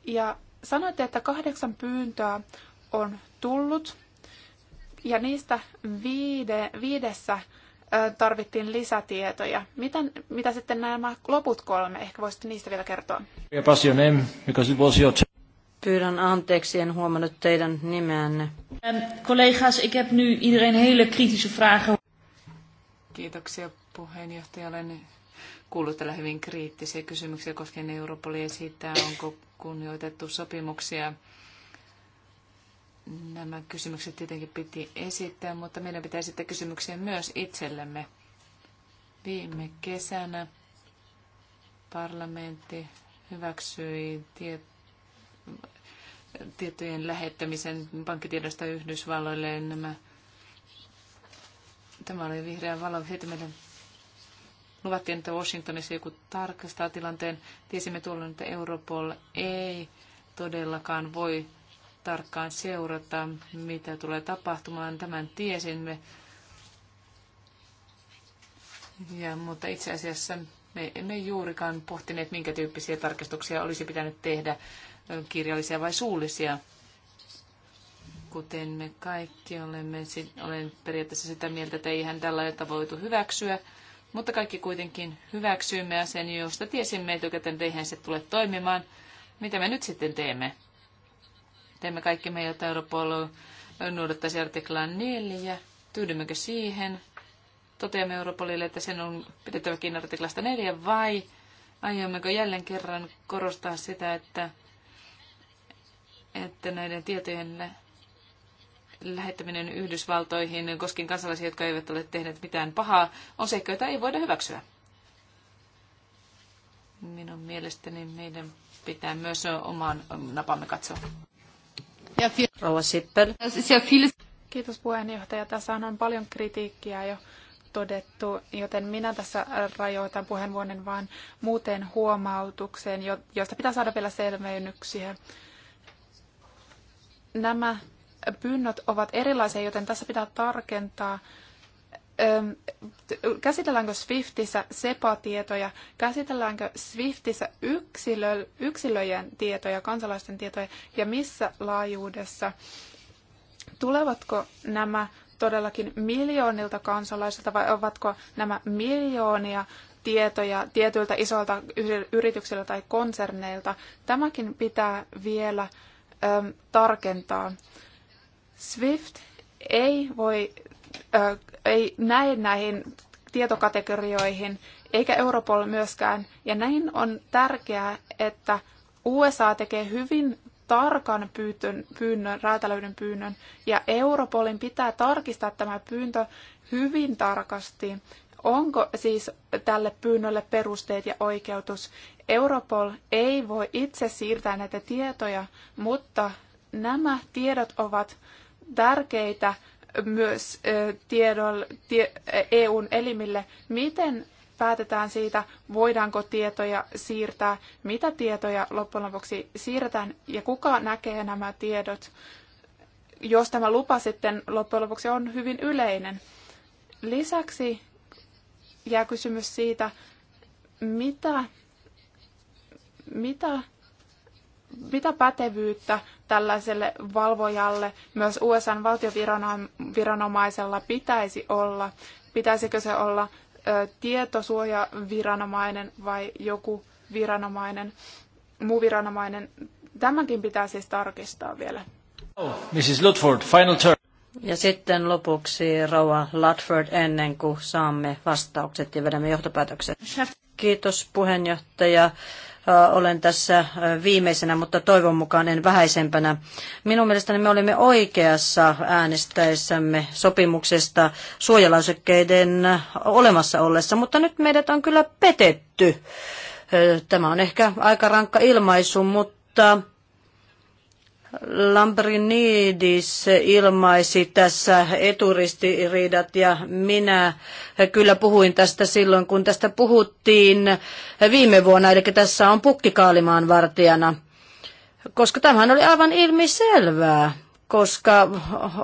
Ja sanoitte, että kahdeksan pyyntöä on tullut, ja niistä viide, viidessä tarvittiin lisätietoja. Miten, mitä sitten nämä loput kolme? Ehkä voisitte niistä vielä kertoa. Pyydän anteeksi, en huomannut teidän nimeänne. Kollegas, ehm, ik heb nu iedereen hele kritische vragen. Kiitoksia puheenjohtajalle. Kuullut tällä hyvin kriittisiä kysymyksiä koskien Europolia ja siitä, onko kunnioitettu sopimuksia Nämä kysymykset tietenkin piti esittää, mutta meidän pitää esittää kysymyksiä myös itsellemme. Viime kesänä parlamentti hyväksyi tie, tietojen lähettämisen pankkitiedosta Yhdysvalloille. Nämä, tämä oli vihreä valo. Heti meidän luvattiin, että Washingtonissa joku tarkastaa tilanteen. Tiesimme tuolloin, että Europol ei todellakaan voi tarkkaan seurata, mitä tulee tapahtumaan. Tämän tiesimme. Ja, mutta itse asiassa me emme juurikaan pohtineet, minkä tyyppisiä tarkistuksia olisi pitänyt tehdä, kirjallisia vai suullisia. Kuten me kaikki olemme, olen periaatteessa sitä mieltä, että eihän tällaista voitu hyväksyä, mutta kaikki kuitenkin hyväksyimme sen, josta tiesimme etukäteen, että eihän se tule toimimaan. Mitä me nyt sitten teemme? Teemme kaikki me, jota Europol noudattaisi artiklaa 4. Tyydymmekö siihen? Toteamme Europolille, että sen on pidettävä kiinni artiklasta 4 vai aiommeko jälleen kerran korostaa sitä, että, että näiden tietojen lähettäminen Yhdysvaltoihin koskien kansalaisia, jotka eivät ole tehneet mitään pahaa, on seikka, jota ei voida hyväksyä. Minun mielestäni meidän pitää myös oman napamme katsoa. Rouva Sippel. Kiitos puheenjohtaja. Tässä on paljon kritiikkiä jo todettu, joten minä tässä rajoitan puheenvuoden vain muuten huomautukseen, josta pitää saada vielä selvennyksiä. Nämä pyynnöt ovat erilaisia, joten tässä pitää tarkentaa käsitelläänkö Swiftissä SEPA-tietoja, käsitelläänkö Swiftissä yksilö, yksilöjen tietoja, kansalaisten tietoja ja missä laajuudessa. Tulevatko nämä todellakin miljoonilta kansalaisilta vai ovatko nämä miljoonia tietoja tietyiltä isoilta yrityksiltä tai konserneilta? Tämäkin pitää vielä tarkentaa. Swift ei voi ei näe näihin tietokategorioihin, eikä Europol myöskään. Ja näin on tärkeää, että USA tekee hyvin tarkan pyytön, pyynnön, räätälöidyn pyynnön, ja Europolin pitää tarkistaa tämä pyyntö hyvin tarkasti. Onko siis tälle pyynnölle perusteet ja oikeutus? Europol ei voi itse siirtää näitä tietoja, mutta nämä tiedot ovat tärkeitä myös tiedon, tie, EUn elimille, miten päätetään siitä, voidaanko tietoja siirtää, mitä tietoja loppujen lopuksi siirretään ja kuka näkee nämä tiedot, jos tämä lupa sitten loppujen lopuksi on hyvin yleinen. Lisäksi jää kysymys siitä, mitä, mitä, mitä pätevyyttä tällaiselle valvojalle myös USAn valtioviranomaisella pitäisi olla? Pitäisikö se olla ö, tietosuojaviranomainen vai joku viranomainen, muu viranomainen? Tämäkin pitää siis tarkistaa vielä. Oh, Mrs. Lutford, final turn. Ja sitten lopuksi Rauha Ludford ennen kuin saamme vastaukset ja vedämme johtopäätökset. Kiitos puheenjohtaja olen tässä viimeisenä, mutta toivon mukaan en vähäisempänä. Minun mielestäni me olimme oikeassa äänestäessämme sopimuksesta suojalausekkeiden olemassa ollessa, mutta nyt meidät on kyllä petetty. Tämä on ehkä aika rankka ilmaisu, mutta Lambrinidis ilmaisi tässä eturistiriidat ja minä kyllä puhuin tästä silloin, kun tästä puhuttiin viime vuonna, eli tässä on pukkikaalimaan vartijana. Koska tämähän oli aivan ilmiselvää, koska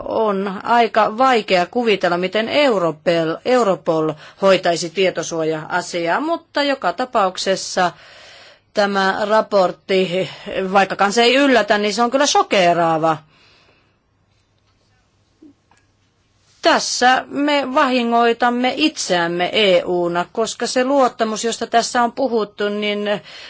on aika vaikea kuvitella, miten Europol, Europol hoitaisi tietosuoja-asiaa, mutta joka tapauksessa tämä raportti, vaikkakaan se ei yllätä, niin se on kyllä shokeraava. Tässä me vahingoitamme itseämme EUna, koska se luottamus, josta tässä on puhuttu, niin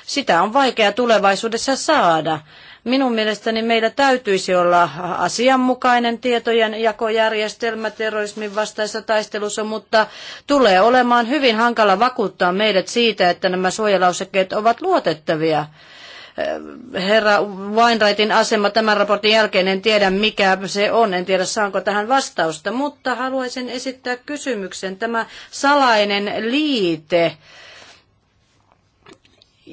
sitä on vaikea tulevaisuudessa saada. Minun mielestäni meillä täytyisi olla asianmukainen tietojen jakojärjestelmä terrorismin vastaisessa taistelussa, mutta tulee olemaan hyvin hankala vakuuttaa meidät siitä, että nämä suojalausekkeet ovat luotettavia herra Weinreitin asema tämän raportin jälkeen, en tiedä mikä se on, en tiedä saanko tähän vastausta, mutta haluaisin esittää kysymyksen. Tämä salainen liite,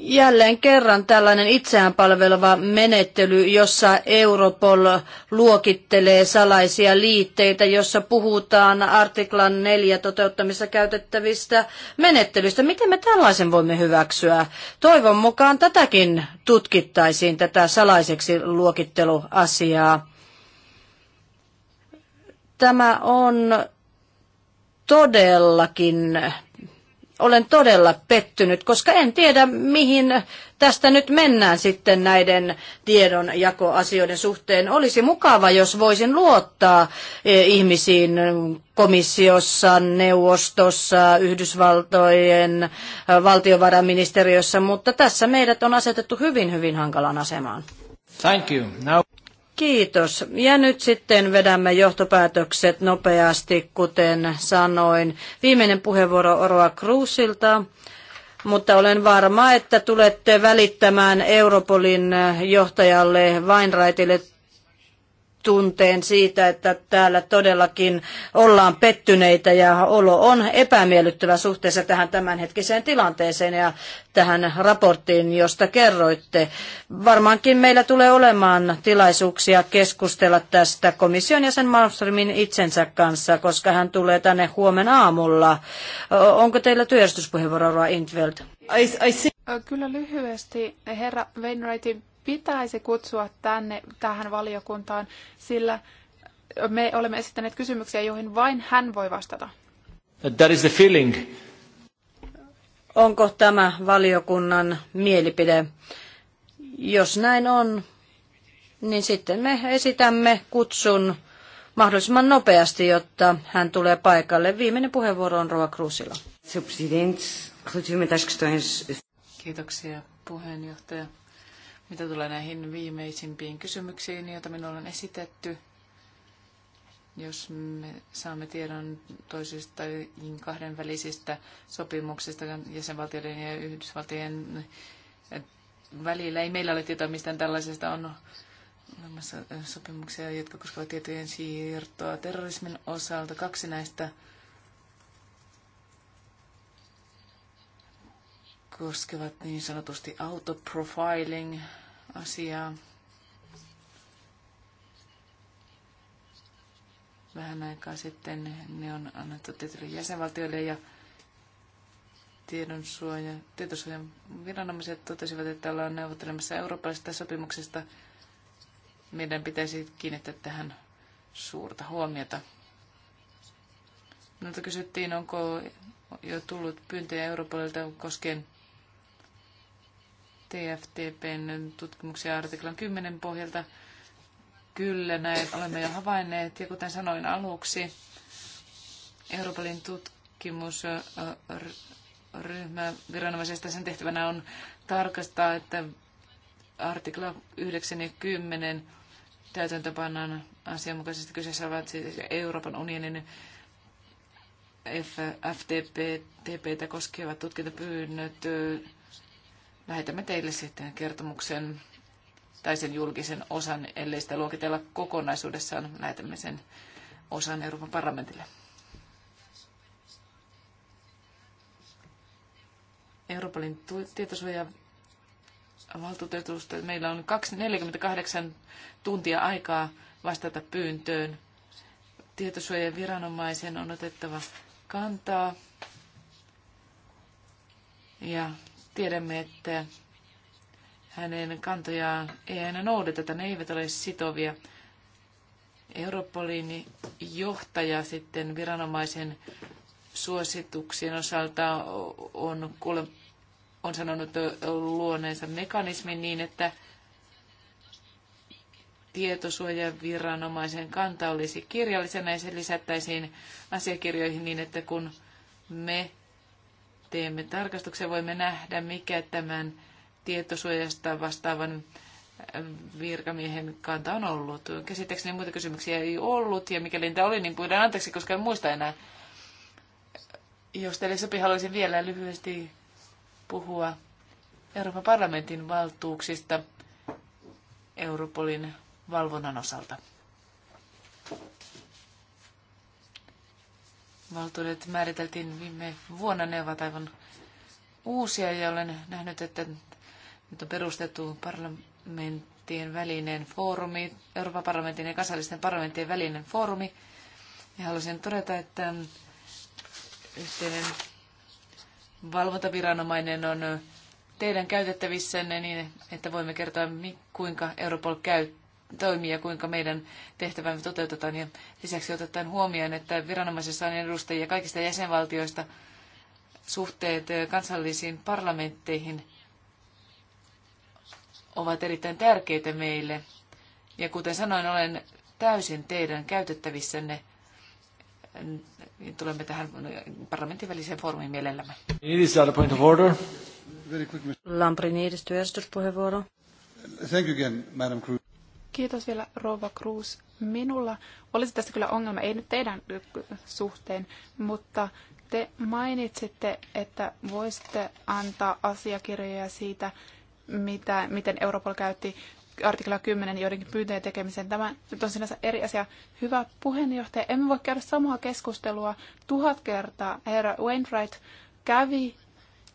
jälleen kerran tällainen itseään palveleva menettely, jossa Europol luokittelee salaisia liitteitä, jossa puhutaan artiklan 4 toteuttamissa käytettävistä menettelyistä. Miten me tällaisen voimme hyväksyä? Toivon mukaan tätäkin tutkittaisiin, tätä salaiseksi luokitteluasiaa. Tämä on todellakin olen todella pettynyt, koska en tiedä, mihin tästä nyt mennään sitten näiden tiedonjakoasioiden suhteen. Olisi mukava, jos voisin luottaa e, ihmisiin komissiossa, neuvostossa, Yhdysvaltojen e, valtiovarainministeriössä, mutta tässä meidät on asetettu hyvin, hyvin hankalaan asemaan. Thank you. Now... Kiitos. Ja nyt sitten vedämme johtopäätökset nopeasti, kuten sanoin. Viimeinen puheenvuoro Oroa Kruusilta, mutta olen varma, että tulette välittämään Europolin johtajalle Vainraitille tunteen siitä, että täällä todellakin ollaan pettyneitä ja olo on epämiellyttävä suhteessa tähän tämänhetkiseen tilanteeseen ja tähän raporttiin, josta kerroitte. Varmaankin meillä tulee olemaan tilaisuuksia keskustella tästä komission jäsen Malmströmin itsensä kanssa, koska hän tulee tänne huomenna aamulla. Onko teillä työjärjestyspuheenvuoroa, Intveld? Kyllä lyhyesti herra Wainwrightin pitäisi kutsua tänne tähän valiokuntaan, sillä me olemme esittäneet kysymyksiä, joihin vain hän voi vastata. That is the feeling. Onko tämä valiokunnan mielipide? Jos näin on, niin sitten me esitämme kutsun mahdollisimman nopeasti, jotta hän tulee paikalle. Viimeinen puheenvuoro on Roa Kruusila. Kiitoksia puheenjohtaja mitä tulee näihin viimeisimpiin kysymyksiin, joita minulle on esitetty, jos me saamme tiedon toisista kahdenvälisistä sopimuksista jäsenvaltioiden ja Yhdysvaltojen välillä, ei meillä ole tietoa mistään tällaisesta on olemassa sopimuksia, jotka koskevat tietojen siirtoa terrorismin osalta. Kaksi näistä koskevat niin sanotusti autoprofiling-asiaa. Vähän aikaa sitten ne on annettu tietyille jäsenvaltioille ja tiedonsuoja, tietosuojan viranomaiset totesivat, että ollaan neuvottelemassa eurooppalaisesta sopimuksesta. Meidän pitäisi kiinnittää tähän suurta huomiota. Minulta kysyttiin, onko jo tullut pyyntöjä Europolilta koskien TFTPn tutkimuksia artiklan 10 pohjalta. Kyllä, näin olemme jo havainneet. Ja kuten sanoin aluksi, Euroopan tutkimusryhmä viranomaisesta sen tehtävänä on tarkastaa, että artikla 9 ja 10 täytäntöpannan asianmukaisesti kyseessä ovat siis Euroopan unionin FTP, TPtä koskevat tutkintapyynnöt Lähetämme teille sitten kertomuksen tai sen julkisen osan, ellei sitä luokitella kokonaisuudessaan, lähetämme sen osan Euroopan parlamentille. Euroopan tietosuoja valtuutetusta. Meillä on 48 tuntia aikaa vastata pyyntöön. Tietosuojan viranomaisen on otettava kantaa. Ja Tiedämme, että hänen kantojaan ei aina noudateta, ne eivät ole sitovia. Europolin johtaja sitten viranomaisen suosituksien osalta on, kuule, on sanonut luoneensa mekanismin niin, että tietosuojaviranomaisen kanta olisi kirjallisena ja se lisättäisiin asiakirjoihin niin, että kun me teemme tarkastuksen, voimme nähdä, mikä tämän tietosuojasta vastaavan äh, virkamiehen kanta on ollut. Käsittääkseni muita kysymyksiä ei ollut, ja mikäli niitä oli, niin pyydän anteeksi, koska en muista enää. Jos teille sopi, haluaisin vielä lyhyesti puhua Euroopan parlamentin valtuuksista Europolin valvonnan osalta. valtuudet määriteltiin viime vuonna. Ne ovat aivan uusia ja olen nähnyt, että nyt on perustettu parlamenttien välinen foorumi, Euroopan parlamentin ja kansallisten parlamenttien välinen foorumi. Ja haluaisin todeta, että yhteinen valvontaviranomainen on teidän käytettävissänne niin, että voimme kertoa, kuinka Europol käy, toimii ja kuinka meidän tehtävämme toteutetaan. Ja lisäksi otetaan huomioon, että viranomaisessa on edustajia kaikista jäsenvaltioista suhteet kansallisiin parlamentteihin ovat erittäin tärkeitä meille. Ja kuten sanoin, olen täysin teidän käytettävissänne. Tulemme tähän parlamentin väliseen foorumiin mielellämme. Thank you again, Madam Cruz. Kiitos vielä Rova Cruz. Minulla olisi tässä kyllä ongelma, ei nyt teidän suhteen, mutta te mainitsitte, että voisitte antaa asiakirjoja siitä, mitä, miten Europol käytti artikla 10 joidenkin pyyntöjen tekemiseen. Tämä nyt on sinänsä eri asia. Hyvä puheenjohtaja, emme voi käydä samaa keskustelua tuhat kertaa. Herra Wainwright kävi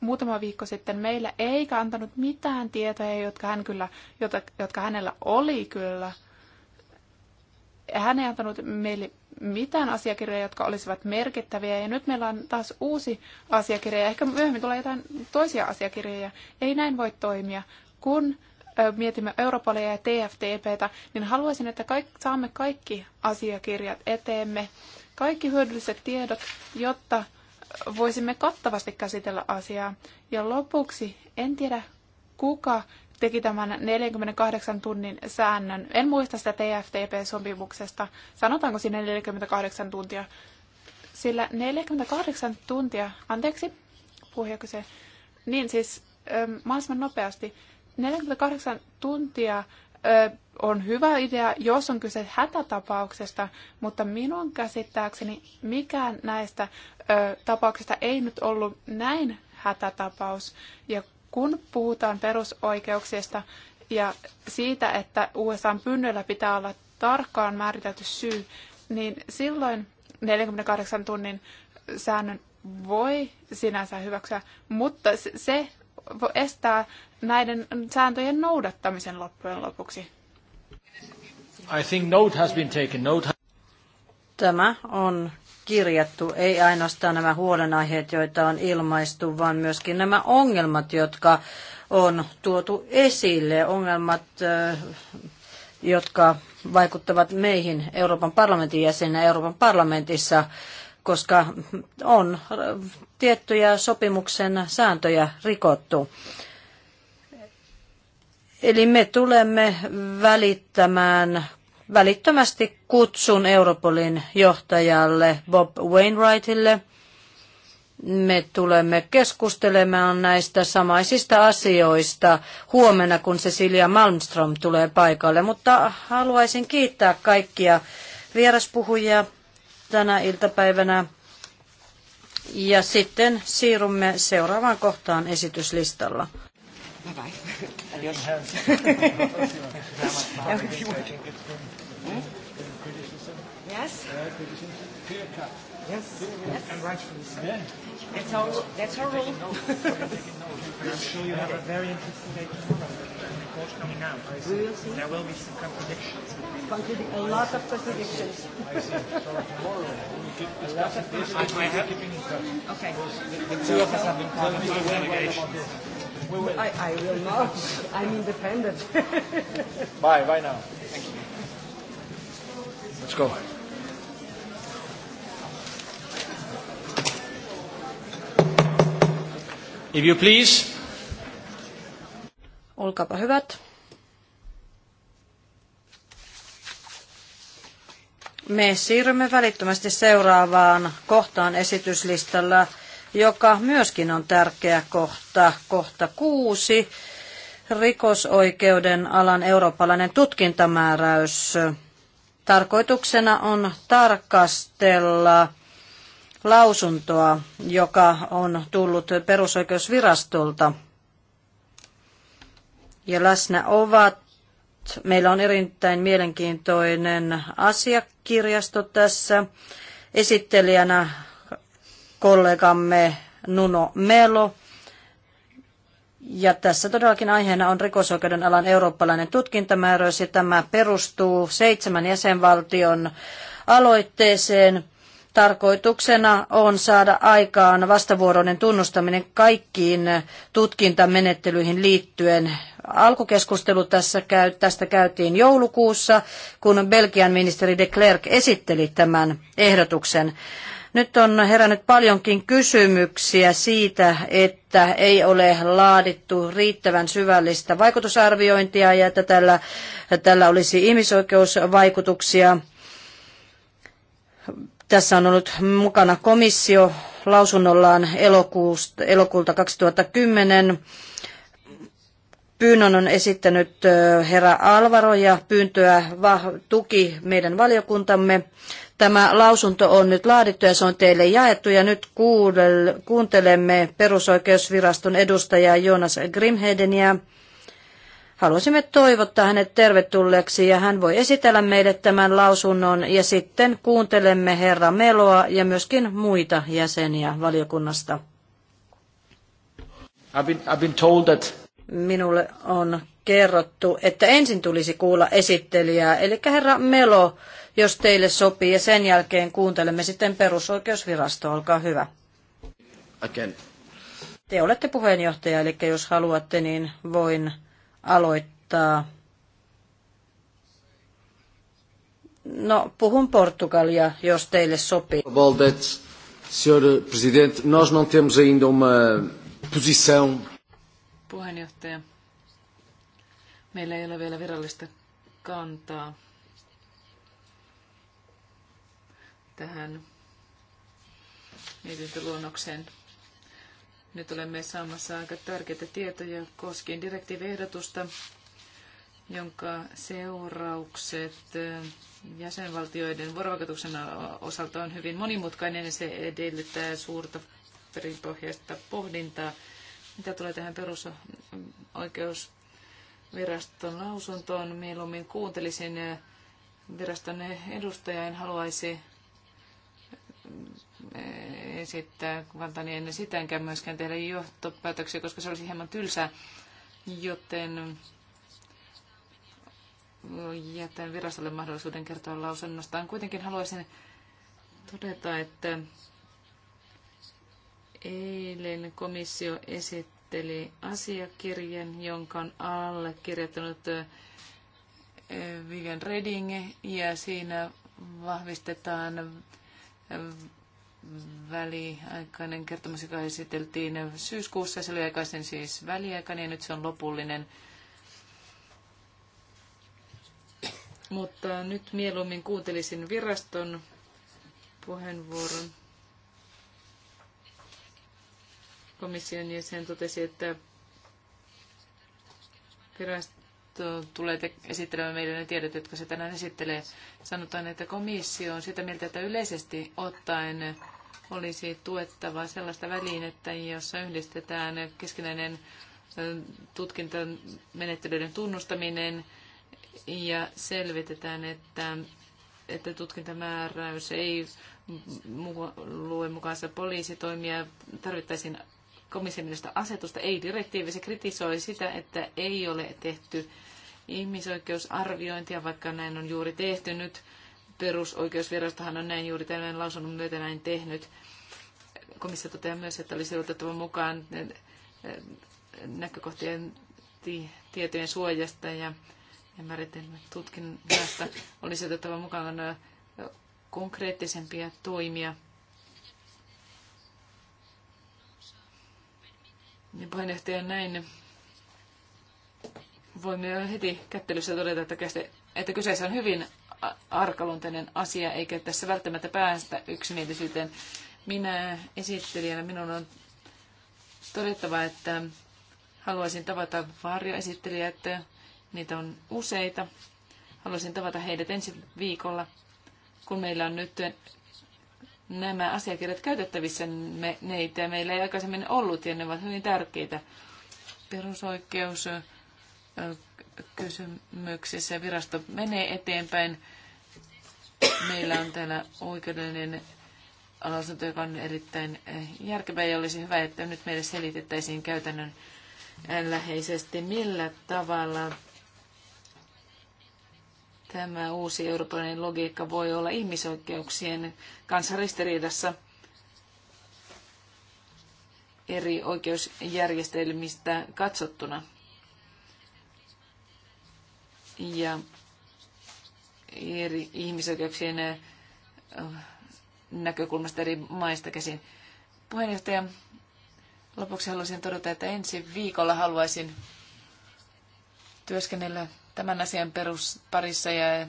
muutama viikko sitten meillä eikä antanut mitään tietoja, jotka, hän kyllä, jota, jotka hänellä oli kyllä. Hän ei antanut meille mitään asiakirjoja, jotka olisivat merkittäviä. Ja nyt meillä on taas uusi asiakirja. Ehkä myöhemmin tulee jotain toisia asiakirjoja. Ei näin voi toimia. Kun mietimme Europolia ja TFTPtä, niin haluaisin, että kaikki, saamme kaikki asiakirjat eteemme, kaikki hyödylliset tiedot, jotta voisimme kattavasti käsitellä asiaa. Ja lopuksi, en tiedä kuka teki tämän 48 tunnin säännön. En muista sitä TFTP-sopimuksesta. Sanotaanko siinä 48 tuntia? Sillä 48 tuntia, anteeksi, puhuiko se? Niin siis ähm, mahdollisimman nopeasti. 48 tuntia on hyvä idea, jos on kyse hätätapauksesta, mutta minun käsittääkseni mikään näistä ö, tapauksista ei nyt ollut näin hätätapaus. Ja kun puhutaan perusoikeuksista ja siitä, että USAn pynnöllä pitää olla tarkkaan määritelty syy, niin silloin 48 tunnin säännön voi sinänsä hyväksyä, mutta se estää näiden sääntöjen noudattamisen loppujen lopuksi? I think note has been taken. Note has... Tämä on kirjattu, ei ainoastaan nämä huolenaiheet, joita on ilmaistu, vaan myöskin nämä ongelmat, jotka on tuotu esille, ongelmat, jotka vaikuttavat meihin Euroopan parlamentin jäsenä Euroopan parlamentissa koska on tiettyjä sopimuksen sääntöjä rikottu. Eli me tulemme välittämään välittömästi kutsun Europolin johtajalle Bob Wainwrightille. Me tulemme keskustelemaan näistä samaisista asioista huomenna, kun Cecilia Malmström tulee paikalle. Mutta haluaisin kiittää kaikkia vieraspuhujia tänä iltapäivänä. Ja sitten siirrymme seuraavaan kohtaan esityslistalla. Bye bye. Adios. yes. Yes. Yes. And rightfully so. That's our, that's our rule. I'm sure you have a very interesting day tomorrow. coming out. I see. We will see. There will be some contradictions. Contradi- a lot of contradictions. I see. So tomorrow we keep discussing this. I, I have keeping in touch. Okay. The, two of us have been talking about this. I, I will not. I'm independent. bye. Bye now. Thank you. Let's go. If you please. Olkaapa hyvät. Me siirrymme välittömästi seuraavaan kohtaan esityslistalla, joka myöskin on tärkeä kohta, kohta kuusi, rikosoikeuden alan eurooppalainen tutkintamääräys. Tarkoituksena on tarkastella lausuntoa, joka on tullut perusoikeusvirastolta. Ja läsnä ovat, meillä on erittäin mielenkiintoinen asiakirjasto tässä. Esittelijänä kollegamme Nuno Melo. Ja tässä todellakin aiheena on rikosoikeuden alan eurooppalainen tutkintamääräys ja tämä perustuu seitsemän jäsenvaltion aloitteeseen Tarkoituksena on saada aikaan vastavuoroinen tunnustaminen kaikkiin tutkintamenettelyihin liittyen. Alkukeskustelu tässä käy, tästä käytiin joulukuussa, kun Belgian ministeri de Klerk esitteli tämän ehdotuksen. Nyt on herännyt paljonkin kysymyksiä siitä, että ei ole laadittu riittävän syvällistä vaikutusarviointia ja että tällä, tällä olisi ihmisoikeusvaikutuksia tässä on ollut mukana komissio lausunnollaan elokuusta, elokuulta 2010. Pyynnön on esittänyt herra Alvaro ja pyyntöä tuki meidän valiokuntamme. Tämä lausunto on nyt laadittu ja se on teille jaettu ja nyt kuuntelemme perusoikeusviraston edustajaa Jonas Grimhedeniä. Haluaisimme toivottaa hänet tervetulleeksi ja hän voi esitellä meille tämän lausunnon ja sitten kuuntelemme herra Meloa ja myöskin muita jäseniä valiokunnasta. I've been, I've been told that... Minulle on kerrottu, että ensin tulisi kuulla esittelijää, eli herra Melo, jos teille sopii, ja sen jälkeen kuuntelemme sitten perusoikeusvirasto, olkaa hyvä. Again. Te olette puheenjohtaja, eli jos haluatte, niin voin aloittaa. No, puhun Portugalia, jos teille sopii. Baldet, senhor presidente, nós não temos ainda uma posição. Puheenjohtaja, meillä ei ole vielä virallista kantaa tähän mietintöluonnokseen. luonnokseen. Nyt olemme saamassa aika tärkeitä tietoja koskien direktiiviehdotusta, jonka seuraukset eh, jäsenvaltioiden vuorovaikutuksen osalta on hyvin monimutkainen ja se edellyttää suurta perinpohjaista pohdintaa. Mitä tulee tähän perusoikeusviraston lausuntoon, mieluummin kuuntelisin eh, viraston edustajan haluaisi Eh, esittää valtani niin ennen sitä, enkä myöskään tehdä johtopäätöksiä, koska se olisi hieman tylsää. Joten eh, jätän virastolle mahdollisuuden kertoa lausunnostaan. Kuitenkin haluaisin todeta, että eilen komissio esitteli asiakirjan, jonka on allekirjoittanut eh, Vivian Reding, ja siinä vahvistetaan väliaikainen kertomus, joka esiteltiin syyskuussa. Se oli aikaisen siis väliaikainen ja nyt se on lopullinen. Mutta nyt mieluummin kuuntelisin viraston puheenvuoron. Komission jäsen totesi, että virasto tulee esittelemään meille ne tiedot, jotka se tänään esittelee. Sanotaan, että komissio on sitä mieltä, että yleisesti ottaen olisi tuettava sellaista välinettä, jossa yhdistetään keskinäinen tutkintamenettelyiden tunnustaminen ja selvitetään, että, että tutkintamääräys ei lue mukaansa poliisitoimia. Tarvittaisiin komission mielestä asetusta, ei direktiivi. Se kritisoi sitä, että ei ole tehty ihmisoikeusarviointia, vaikka näin on juuri tehty nyt Perusoikeusvirastohan on näin juuri tämän lausunnon myötä näin tehnyt. Komissio toteaa myös, että olisi otettava mukaan näkökohtien tietojen suojasta ja määritelmät tutkinnasta. Olisi otettava mukaan konkreettisempia toimia. Ja puheenjohtaja näin voimme jo heti kättelyssä todeta, että, että kyseessä on hyvin arkaluonteinen asia, eikä tässä välttämättä päästä yksimielisyyteen. Minä esittelijänä minun on todettava, että haluaisin tavata varjoesittelijät, niitä on useita. Haluaisin tavata heidät ensi viikolla, kun meillä on nyt nämä asiakirjat käytettävissä me, neitä. Meillä ei aikaisemmin ollut ja ne ovat hyvin tärkeitä. Perusoikeus, kysymyksissä. Virasto menee eteenpäin. Meillä on täällä oikeudellinen lausunto, joka on erittäin eh, järkevä ja olisi hyvä, että nyt meille selitettäisiin käytännön eh, läheisesti, millä tavalla tämä uusi eurooppalainen logiikka voi olla ihmisoikeuksien kanssa ristiriidassa eri oikeusjärjestelmistä katsottuna ja eri ihmisoikeuksien äh, näkökulmasta eri maista käsin. Puheenjohtaja, lopuksi haluaisin todeta, että ensi viikolla haluaisin työskennellä tämän asian perusparissa ja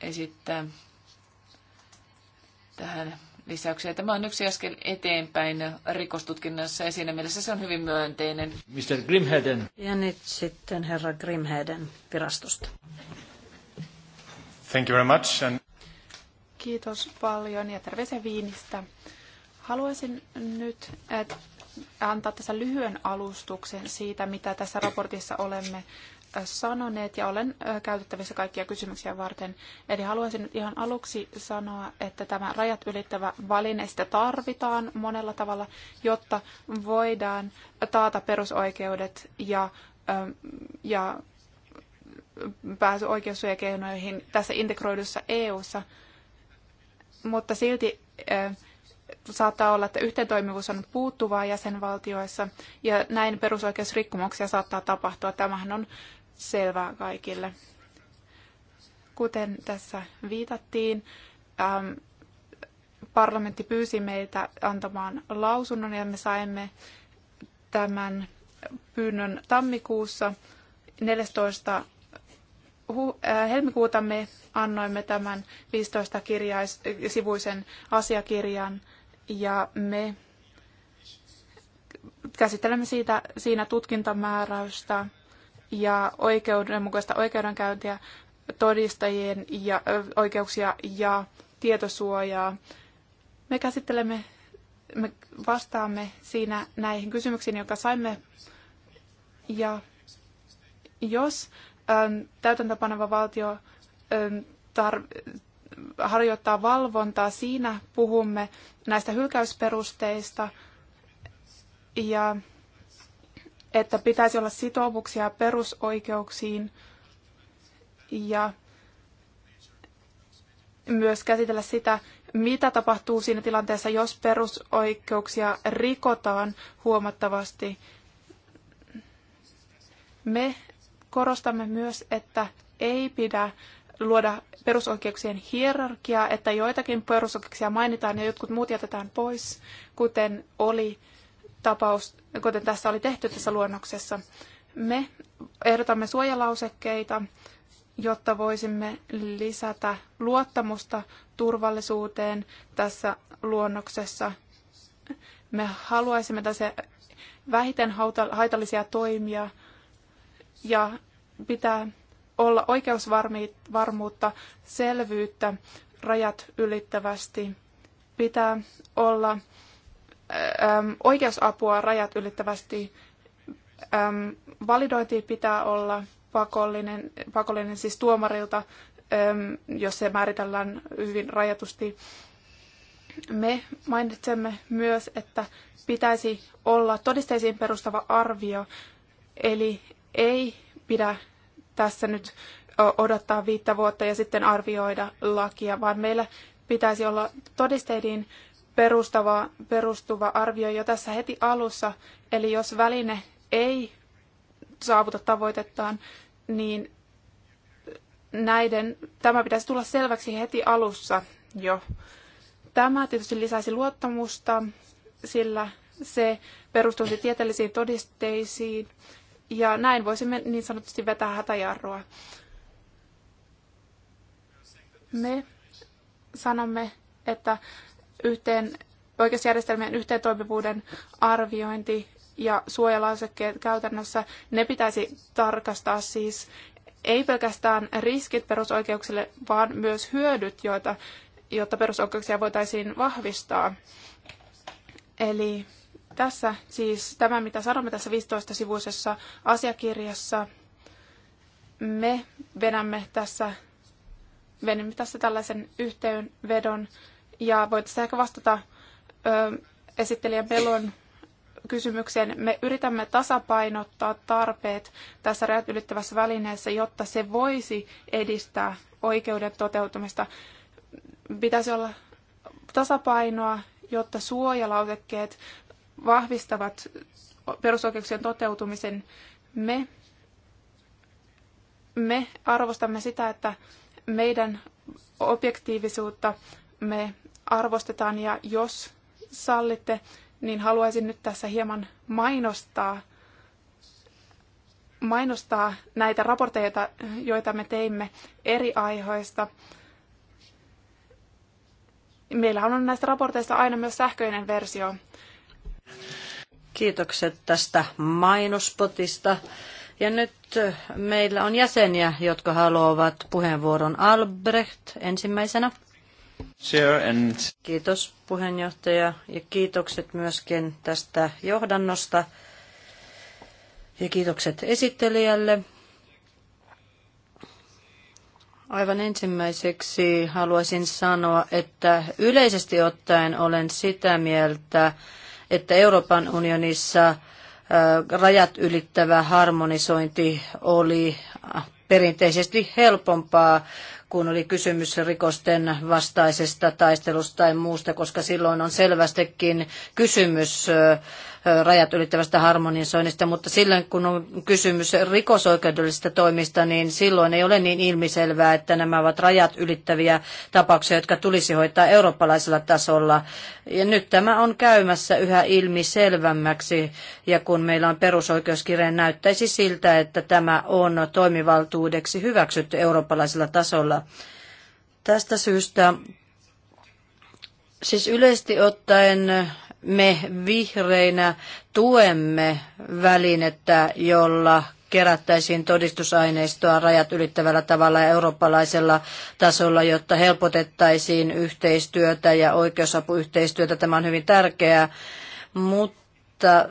esittää tähän lisäyksiä. Tämä on yksi askel eteenpäin rikostutkinnassa ja siinä mielessä se on hyvin myönteinen. Mr. Grimheden. Ja nyt sitten herra Grimheden virastosta. Thank you very much. And... Kiitos paljon ja terveisiä Viinistä. Haluaisin nyt antaa tässä lyhyen alustuksen siitä, mitä tässä raportissa olemme sanoneet ja olen käytettävissä kaikkia kysymyksiä varten. Eli haluaisin nyt ihan aluksi sanoa, että tämä rajat ylittävä valine, sitä tarvitaan monella tavalla, jotta voidaan taata perusoikeudet ja, ja pääsy oikeussuojakeinoihin tässä integroidussa EU-ssa. Mutta silti saattaa olla, että yhteentoimivuus on puuttuvaa jäsenvaltioissa ja näin perusoikeusrikkomuksia saattaa tapahtua. Tämähän on selvää kaikille. Kuten tässä viitattiin, ähm, parlamentti pyysi meitä antamaan lausunnon ja me saimme tämän pyynnön tammikuussa 14. Äh, helmikuuta me annoimme tämän 15 kirjais, sivuisen asiakirjan ja me käsittelemme siitä, siinä tutkintamääräystä ja oikeudenmukaista oikeudenkäyntiä, todistajien ja, oikeuksia ja tietosuojaa. Me käsittelemme, me vastaamme siinä näihin kysymyksiin, jotka saimme. Ja jos äm, täytäntöpaneva valtio äm, tar- harjoittaa valvontaa, siinä puhumme näistä hylkäysperusteista ja että pitäisi olla sitoumuksia perusoikeuksiin ja myös käsitellä sitä, mitä tapahtuu siinä tilanteessa, jos perusoikeuksia rikotaan huomattavasti. Me korostamme myös, että ei pidä luoda perusoikeuksien hierarkiaa, että joitakin perusoikeuksia mainitaan ja jotkut muut jätetään pois, kuten oli tapaus, kuten tässä oli tehty tässä luonnoksessa. Me ehdotamme suojalausekkeita, jotta voisimme lisätä luottamusta turvallisuuteen tässä luonnoksessa. Me haluaisimme tässä vähiten haitallisia toimia ja pitää olla oikeusvarmuutta, selvyyttä rajat ylittävästi. Pitää olla Ähm, oikeusapua rajat ylittävästi äm, validointi pitää olla pakollinen, pakollinen siis tuomarilta, äm, jos se määritellään hyvin rajatusti. Me mainitsemme myös, että pitäisi olla todisteisiin perustava arvio, eli ei pidä tässä nyt odottaa viittä vuotta ja sitten arvioida lakia, vaan meillä pitäisi olla todisteiden perustava, perustuva arvio jo tässä heti alussa. Eli jos väline ei saavuta tavoitettaan, niin näiden, tämä pitäisi tulla selväksi heti alussa jo. Tämä tietysti lisäisi luottamusta, sillä se perustuisi tieteellisiin todisteisiin, ja näin voisimme niin sanotusti vetää hätäjarrua. Me sanomme, että yhteen, oikeusjärjestelmien yhteentoimivuuden arviointi ja suojalausekkeet käytännössä, ne pitäisi tarkastaa siis ei pelkästään riskit perusoikeuksille, vaan myös hyödyt, joita, jotta perusoikeuksia voitaisiin vahvistaa. Eli tässä siis tämä, mitä sanomme tässä 15-sivuisessa asiakirjassa, me venämme tässä, venymme tässä tällaisen yhteenvedon ja voitaisiin ehkä vastata ö, esittelijä Belon kysymykseen. Me yritämme tasapainottaa tarpeet tässä rajat ylittävässä välineessä, jotta se voisi edistää oikeuden toteutumista. Pitäisi olla tasapainoa, jotta suojalautekkeet vahvistavat perusoikeuksien toteutumisen. Me, me arvostamme sitä, että meidän objektiivisuutta me arvostetaan ja jos sallitte, niin haluaisin nyt tässä hieman mainostaa, mainostaa näitä raporteita, joita me teimme eri aiheista. Meillä on näistä raporteista aina myös sähköinen versio. Kiitokset tästä mainospotista. Ja nyt eh, meillä on jäseniä, jotka haluavat puheenvuoron. Albrecht ensimmäisenä. Kiitos puheenjohtaja ja kiitokset myöskin tästä johdannosta ja kiitokset esittelijälle. Aivan ensimmäiseksi haluaisin sanoa, että yleisesti ottaen olen sitä mieltä, että Euroopan unionissa rajat ylittävä harmonisointi oli perinteisesti helpompaa kun oli kysymys rikosten vastaisesta taistelusta tai muusta, koska silloin on selvästikin kysymys rajat ylittävästä harmonisoinnista, mutta silloin kun on kysymys rikosoikeudellisista toimista, niin silloin ei ole niin ilmiselvää, että nämä ovat rajat ylittäviä tapauksia, jotka tulisi hoitaa eurooppalaisella tasolla. Ja nyt tämä on käymässä yhä ilmiselvämmäksi, ja kun meillä on perusoikeuskirja, niin näyttäisi siltä, että tämä on toimivaltuudeksi hyväksytty eurooppalaisella tasolla. Tästä syystä Siis yleisesti ottaen me vihreinä tuemme välinettä, jolla kerättäisiin todistusaineistoa rajat ylittävällä tavalla eurooppalaisella tasolla, jotta helpotettaisiin yhteistyötä ja oikeusapuyhteistyötä. Tämä on hyvin tärkeää, mutta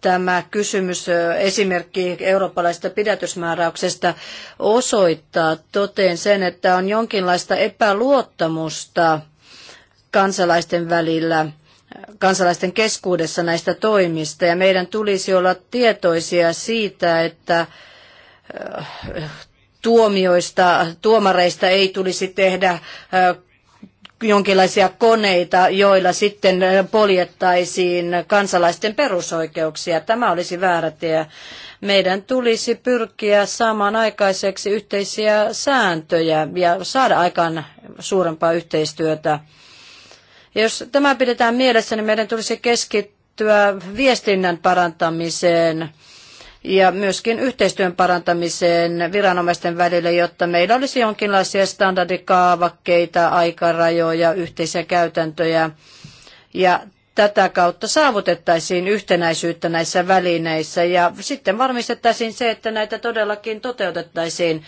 tämä kysymys esimerkki eurooppalaisesta pidätysmääräyksestä osoittaa toteen sen, että on jonkinlaista epäluottamusta kansalaisten välillä – kansalaisten keskuudessa näistä toimista ja meidän tulisi olla tietoisia siitä, että äh, tuomioista, tuomareista ei tulisi tehdä äh, jonkinlaisia koneita, joilla sitten äh, poljettaisiin kansalaisten perusoikeuksia. Tämä olisi väärä tie. Meidän tulisi pyrkiä saamaan aikaiseksi yhteisiä sääntöjä ja saada aikaan suurempaa yhteistyötä ja jos tämä pidetään mielessä, niin meidän tulisi keskittyä viestinnän parantamiseen ja myöskin yhteistyön parantamiseen viranomaisten välillä, jotta meillä olisi jonkinlaisia standardikaavakkeita, aikarajoja, yhteisiä käytäntöjä. Ja tätä kautta saavutettaisiin yhtenäisyyttä näissä välineissä ja sitten varmistettaisiin se, että näitä todellakin toteutettaisiin.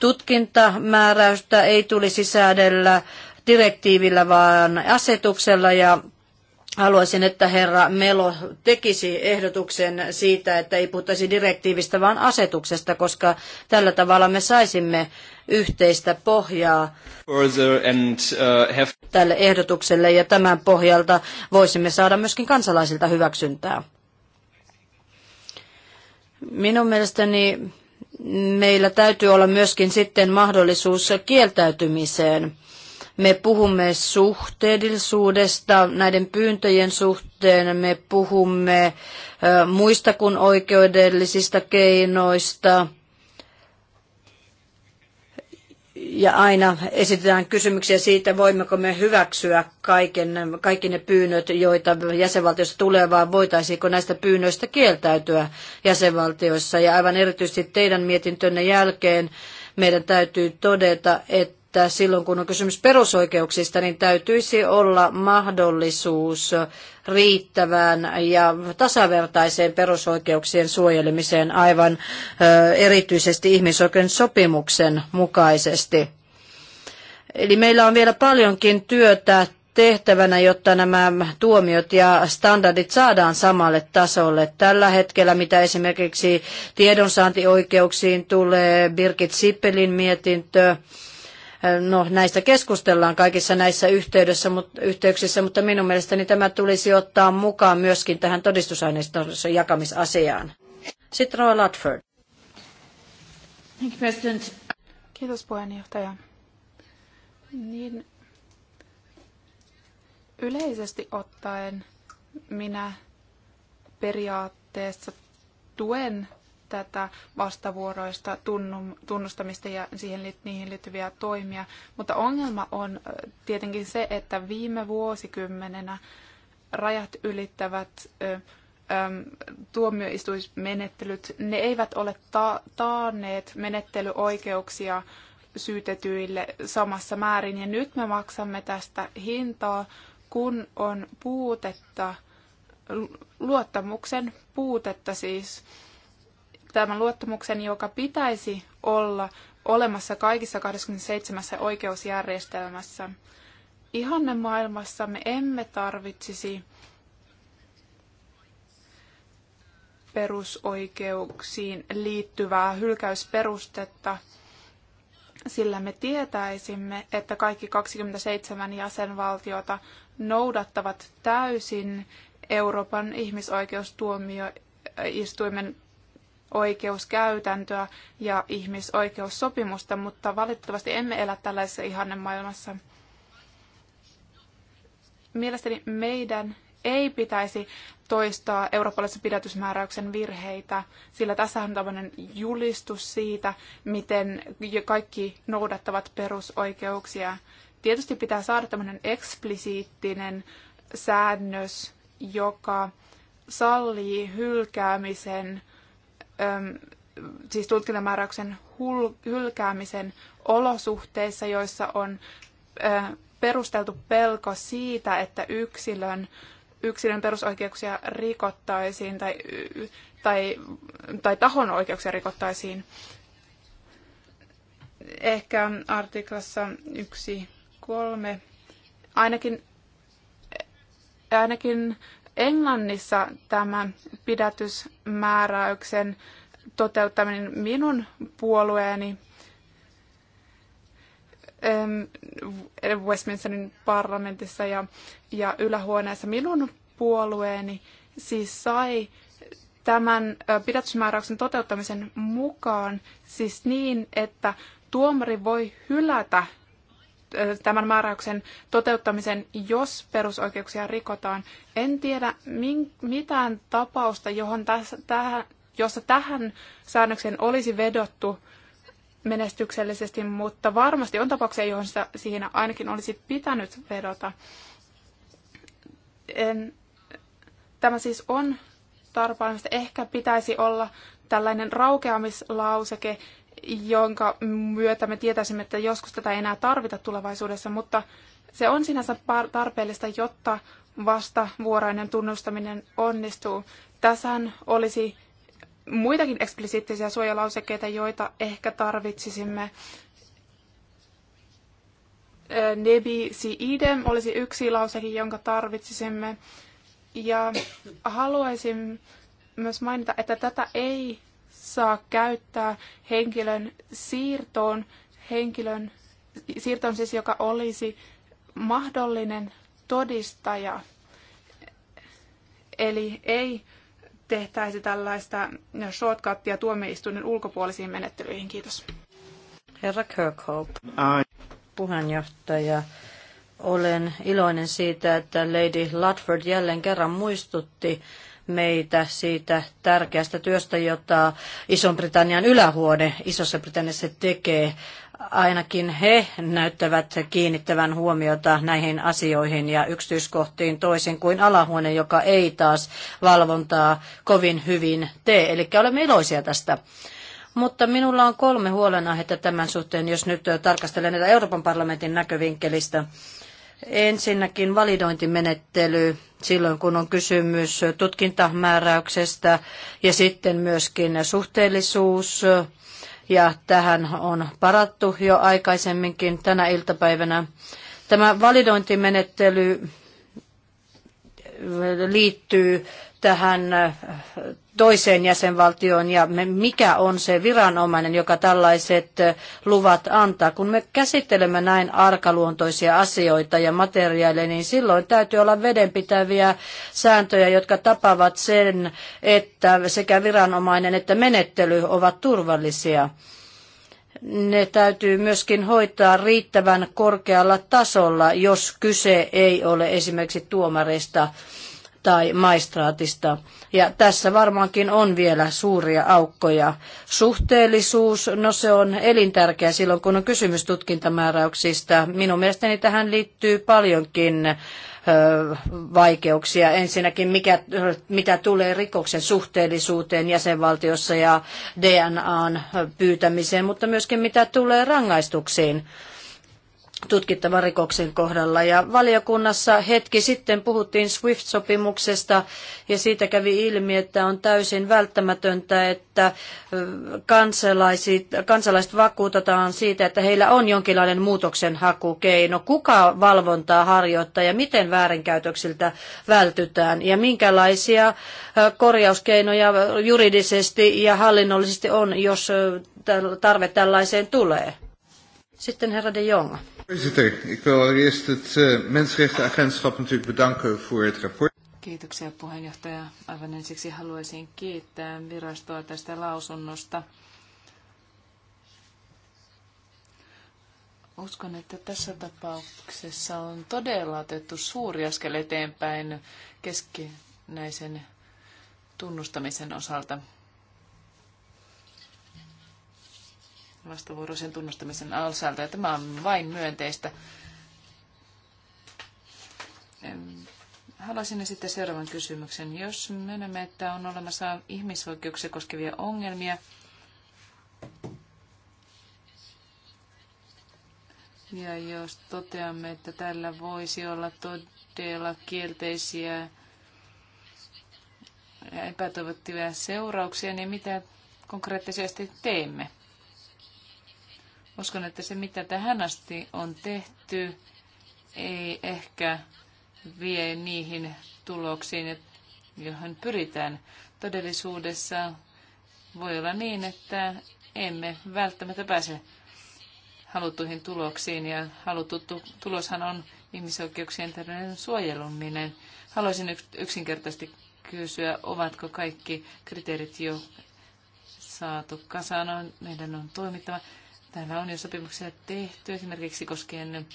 Tutkintamääräystä ei tulisi säädellä direktiivillä, vaan asetuksella ja Haluaisin, että herra Melo tekisi ehdotuksen siitä, että ei puhuttaisi direktiivistä, vaan asetuksesta, koska tällä tavalla me saisimme yhteistä pohjaa uh, tälle ehdotukselle ja tämän pohjalta voisimme saada myöskin kansalaisilta hyväksyntää. Minun mielestäni meillä täytyy olla myöskin sitten mahdollisuus kieltäytymiseen me puhumme suhteellisuudesta näiden pyyntöjen suhteen, me puhumme muista kuin oikeudellisista keinoista. Ja aina esitetään kysymyksiä siitä, voimmeko me hyväksyä kaiken, kaikki ne pyynnöt, joita jäsenvaltiosta tulee, vaan voitaisiinko näistä pyynnöistä kieltäytyä jäsenvaltioissa. Ja aivan erityisesti teidän mietintönne jälkeen meidän täytyy todeta, että että silloin kun on kysymys perusoikeuksista, niin täytyisi olla mahdollisuus riittävään ja tasavertaiseen perusoikeuksien suojelemiseen aivan erityisesti ihmisoikeuden sopimuksen mukaisesti. Eli meillä on vielä paljonkin työtä tehtävänä, jotta nämä tuomiot ja standardit saadaan samalle tasolle. Tällä hetkellä, mitä esimerkiksi tiedonsaantioikeuksiin tulee, Birgit Sippelin mietintö, No näistä keskustellaan kaikissa näissä yhteydessä, yhteyksissä, mutta minun mielestäni tämä tulisi ottaa mukaan myöskin tähän todistusaineiston jakamisasiaan. Sitten Roy Ludford. Kiitos puheenjohtaja. Niin, yleisesti ottaen minä periaatteessa tuen tätä vastavuoroista tunnustamista ja siihen, niihin liittyviä toimia. Mutta ongelma on tietenkin se, että viime vuosikymmenenä rajat ylittävät tuomioistuismenettelyt, ne eivät ole ta- taanneet menettelyoikeuksia syytetyille samassa määrin. Ja nyt me maksamme tästä hintaa, kun on puutetta, luottamuksen puutetta siis tämän luottamuksen, joka pitäisi olla olemassa kaikissa 27 oikeusjärjestelmässä. Ihanne maailmassa me emme tarvitsisi perusoikeuksiin liittyvää hylkäysperustetta, sillä me tietäisimme, että kaikki 27 jäsenvaltiota noudattavat täysin Euroopan ihmisoikeustuomioistuimen oikeuskäytäntöä ja ihmisoikeussopimusta, mutta valitettavasti emme elä tällaisessa ihannemaailmassa. Mielestäni meidän ei pitäisi toistaa eurooppalaisen pidätysmääräyksen virheitä, sillä tässä on tämmöinen julistus siitä, miten kaikki noudattavat perusoikeuksia. Tietysti pitää saada tämmöinen eksplisiittinen säännös, joka sallii hylkäämisen siis tutkintamääräyksen hylkäämisen olosuhteissa, joissa on perusteltu pelko siitä, että yksilön, yksilön perusoikeuksia rikottaisiin tai, tai, tai tahon oikeuksia rikottaisiin. Ehkä artiklassa 1.3. Ainakin, ainakin Englannissa tämä pidätysmääräyksen toteuttaminen minun puolueeni Westminsterin parlamentissa ja, ja ylähuoneessa minun puolueeni siis sai tämän pidätysmääräyksen toteuttamisen mukaan siis niin, että tuomari voi hylätä tämän määräyksen toteuttamisen, jos perusoikeuksia rikotaan. En tiedä min, mitään tapausta, johon tässä, tähän, jossa tähän säännökseen olisi vedottu menestyksellisesti, mutta varmasti on tapauksia, johon sitä, siinä ainakin olisi pitänyt vedota. En, tämä siis on tarpeellista. Ehkä pitäisi olla tällainen raukeamislauseke, jonka myötä me tietäisimme, että joskus tätä ei enää tarvita tulevaisuudessa, mutta se on sinänsä tarpeellista, jotta vuorainen tunnustaminen onnistuu. Tässähän olisi muitakin eksplisiittisiä suojalausekkeita, joita ehkä tarvitsisimme. Nebi si idem olisi yksi lauseke, jonka tarvitsisimme. Ja haluaisin myös mainita, että tätä ei saa käyttää henkilön siirtoon, henkilön siirtoon siis, joka olisi mahdollinen todistaja. Eli ei tehtäisi tällaista shortcuttia tuomioistuimen ulkopuolisiin menettelyihin. Kiitos. Herra Kirkhope. Puheenjohtaja. Olen iloinen siitä, että Lady Ludford jälleen kerran muistutti meitä siitä tärkeästä työstä, jota iso britannian ylähuone Isossa Britanniassa tekee. Ainakin he näyttävät kiinnittävän huomiota näihin asioihin ja yksityiskohtiin toisin kuin alahuone, joka ei taas valvontaa kovin hyvin tee. Eli olemme iloisia tästä mutta minulla on kolme huolenaihetta tämän suhteen, jos nyt tarkastelen näitä Euroopan parlamentin näkövinkkelistä. Ensinnäkin validointimenettely silloin, kun on kysymys tutkintamääräyksestä ja sitten myöskin suhteellisuus. Ja tähän on parattu jo aikaisemminkin tänä iltapäivänä. Tämä validointimenettely liittyy tähän toiseen jäsenvaltioon ja mikä on se viranomainen, joka tällaiset luvat antaa. Kun me käsittelemme näin arkaluontoisia asioita ja materiaaleja, niin silloin täytyy olla vedenpitäviä sääntöjä, jotka tapavat sen, että sekä viranomainen että menettely ovat turvallisia ne täytyy myöskin hoitaa riittävän korkealla tasolla, jos kyse ei ole esimerkiksi tuomarista tai maistraatista. Ja tässä varmaankin on vielä suuria aukkoja. Suhteellisuus, no se on elintärkeä silloin, kun on kysymys tutkintamääräyksistä. Minun mielestäni tähän liittyy paljonkin vaikeuksia. Ensinnäkin, mikä, mitä tulee rikoksen suhteellisuuteen jäsenvaltiossa ja DNAn pyytämiseen, mutta myöskin mitä tulee rangaistuksiin tutkittavan rikoksen kohdalla. Ja valiokunnassa hetki sitten puhuttiin SWIFT-sopimuksesta ja siitä kävi ilmi, että on täysin välttämätöntä, että kansalaiset, kansalaiset vakuutetaan siitä, että heillä on jonkinlainen muutoksen hakukeino. Kuka valvontaa harjoittaa ja miten väärinkäytöksiltä vältytään ja minkälaisia korjauskeinoja juridisesti ja hallinnollisesti on, jos tarve tällaiseen tulee. Sitten herra de Jonga. Voorzitter, ik wil allereerst het uh, Mensenrechtenagentschap natuurlijk bedanken voor het rapport. Kiitoksia puheenjohtaja. Aivan ensiksi haluaisin kiittää virastoa tästä lausunnosta. Uskon, että tässä tapauksessa on todella otettu suuri askel eteenpäin keskinäisen tunnustamisen osalta. vastavuoroisen tunnustamisen alsaalta. Ja tämä on vain myönteistä. Haluaisin esittää seuraavan kysymyksen. Jos menemme, että on olemassa ihmisoikeuksia koskevia ongelmia, ja jos toteamme, että tällä voisi olla todella kielteisiä ja epätoivottavia seurauksia, niin mitä konkreettisesti teemme? Uskon, että se mitä tähän asti on tehty, ei ehkä vie niihin tuloksiin, johon pyritään. Todellisuudessa voi olla niin, että emme välttämättä pääse haluttuihin tuloksiin, ja haluttu tuloshan on ihmisoikeuksien tällainen suojeluminen. Haluaisin yksinkertaisesti kysyä, ovatko kaikki kriteerit jo saatu kasaan, meidän on toimittava. Täällä on jo sopimuksia tehty esimerkiksi koskien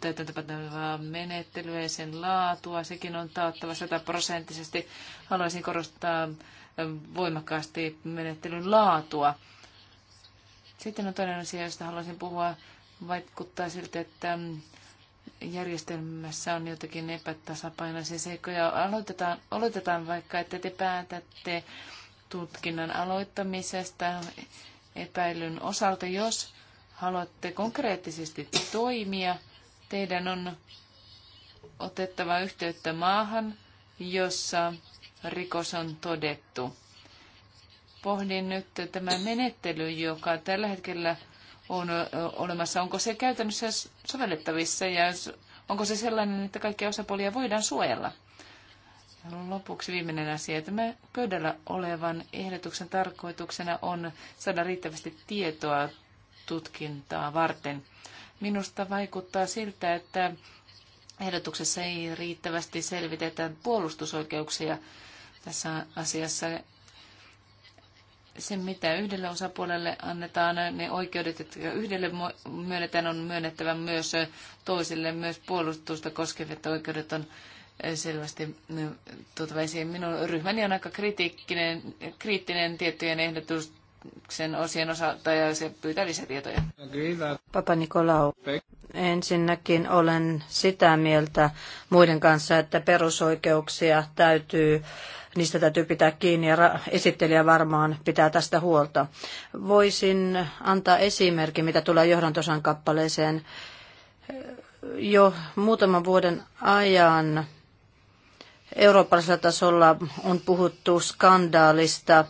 täytäntöpätevää menettelyä ja sen laatua. Sekin on taattava sataprosenttisesti. Haluaisin korostaa ähm, voimakkaasti menettelyn laatua. Sitten on toinen asia, josta haluaisin puhua. Vaikuttaa siltä, että ähm, järjestelmässä on jotakin epätasapainoisia seikkoja. Aloitetaan, aloitetaan vaikka, että te päätätte tutkinnan aloittamisesta epäilyn osalta. Jos haluatte konkreettisesti toimia, teidän on otettava yhteyttä maahan, jossa rikos on todettu. Pohdin nyt tämä menettely, joka tällä hetkellä on olemassa, onko se käytännössä sovellettavissa ja onko se sellainen, että kaikkia osapuolia voidaan suojella? Lopuksi viimeinen asia. Tämä pöydällä olevan ehdotuksen tarkoituksena on saada riittävästi tietoa tutkintaa varten. Minusta vaikuttaa siltä, että ehdotuksessa ei riittävästi selvitetä puolustusoikeuksia tässä asiassa. Se, mitä yhdelle osapuolelle annetaan, ne oikeudet, jotka yhdelle myönnetään, on myönnettävä myös toisille. Myös puolustusta koskevat oikeudet on selvästi mm, tuotava Minun ryhmäni on aika kritiikkinen, kriittinen tiettyjen ehdotuksen osien osalta ja se pyytää lisätietoja. Papa Nikolau, ensinnäkin olen sitä mieltä muiden kanssa, että perusoikeuksia täytyy niistä täytyy pitää kiinni ja esittelijä varmaan pitää tästä huolta. Voisin antaa esimerkki, mitä tulee johdantosan kappaleeseen. Jo muutaman vuoden ajan Eurooppalaisella tasolla on puhuttu skandaalista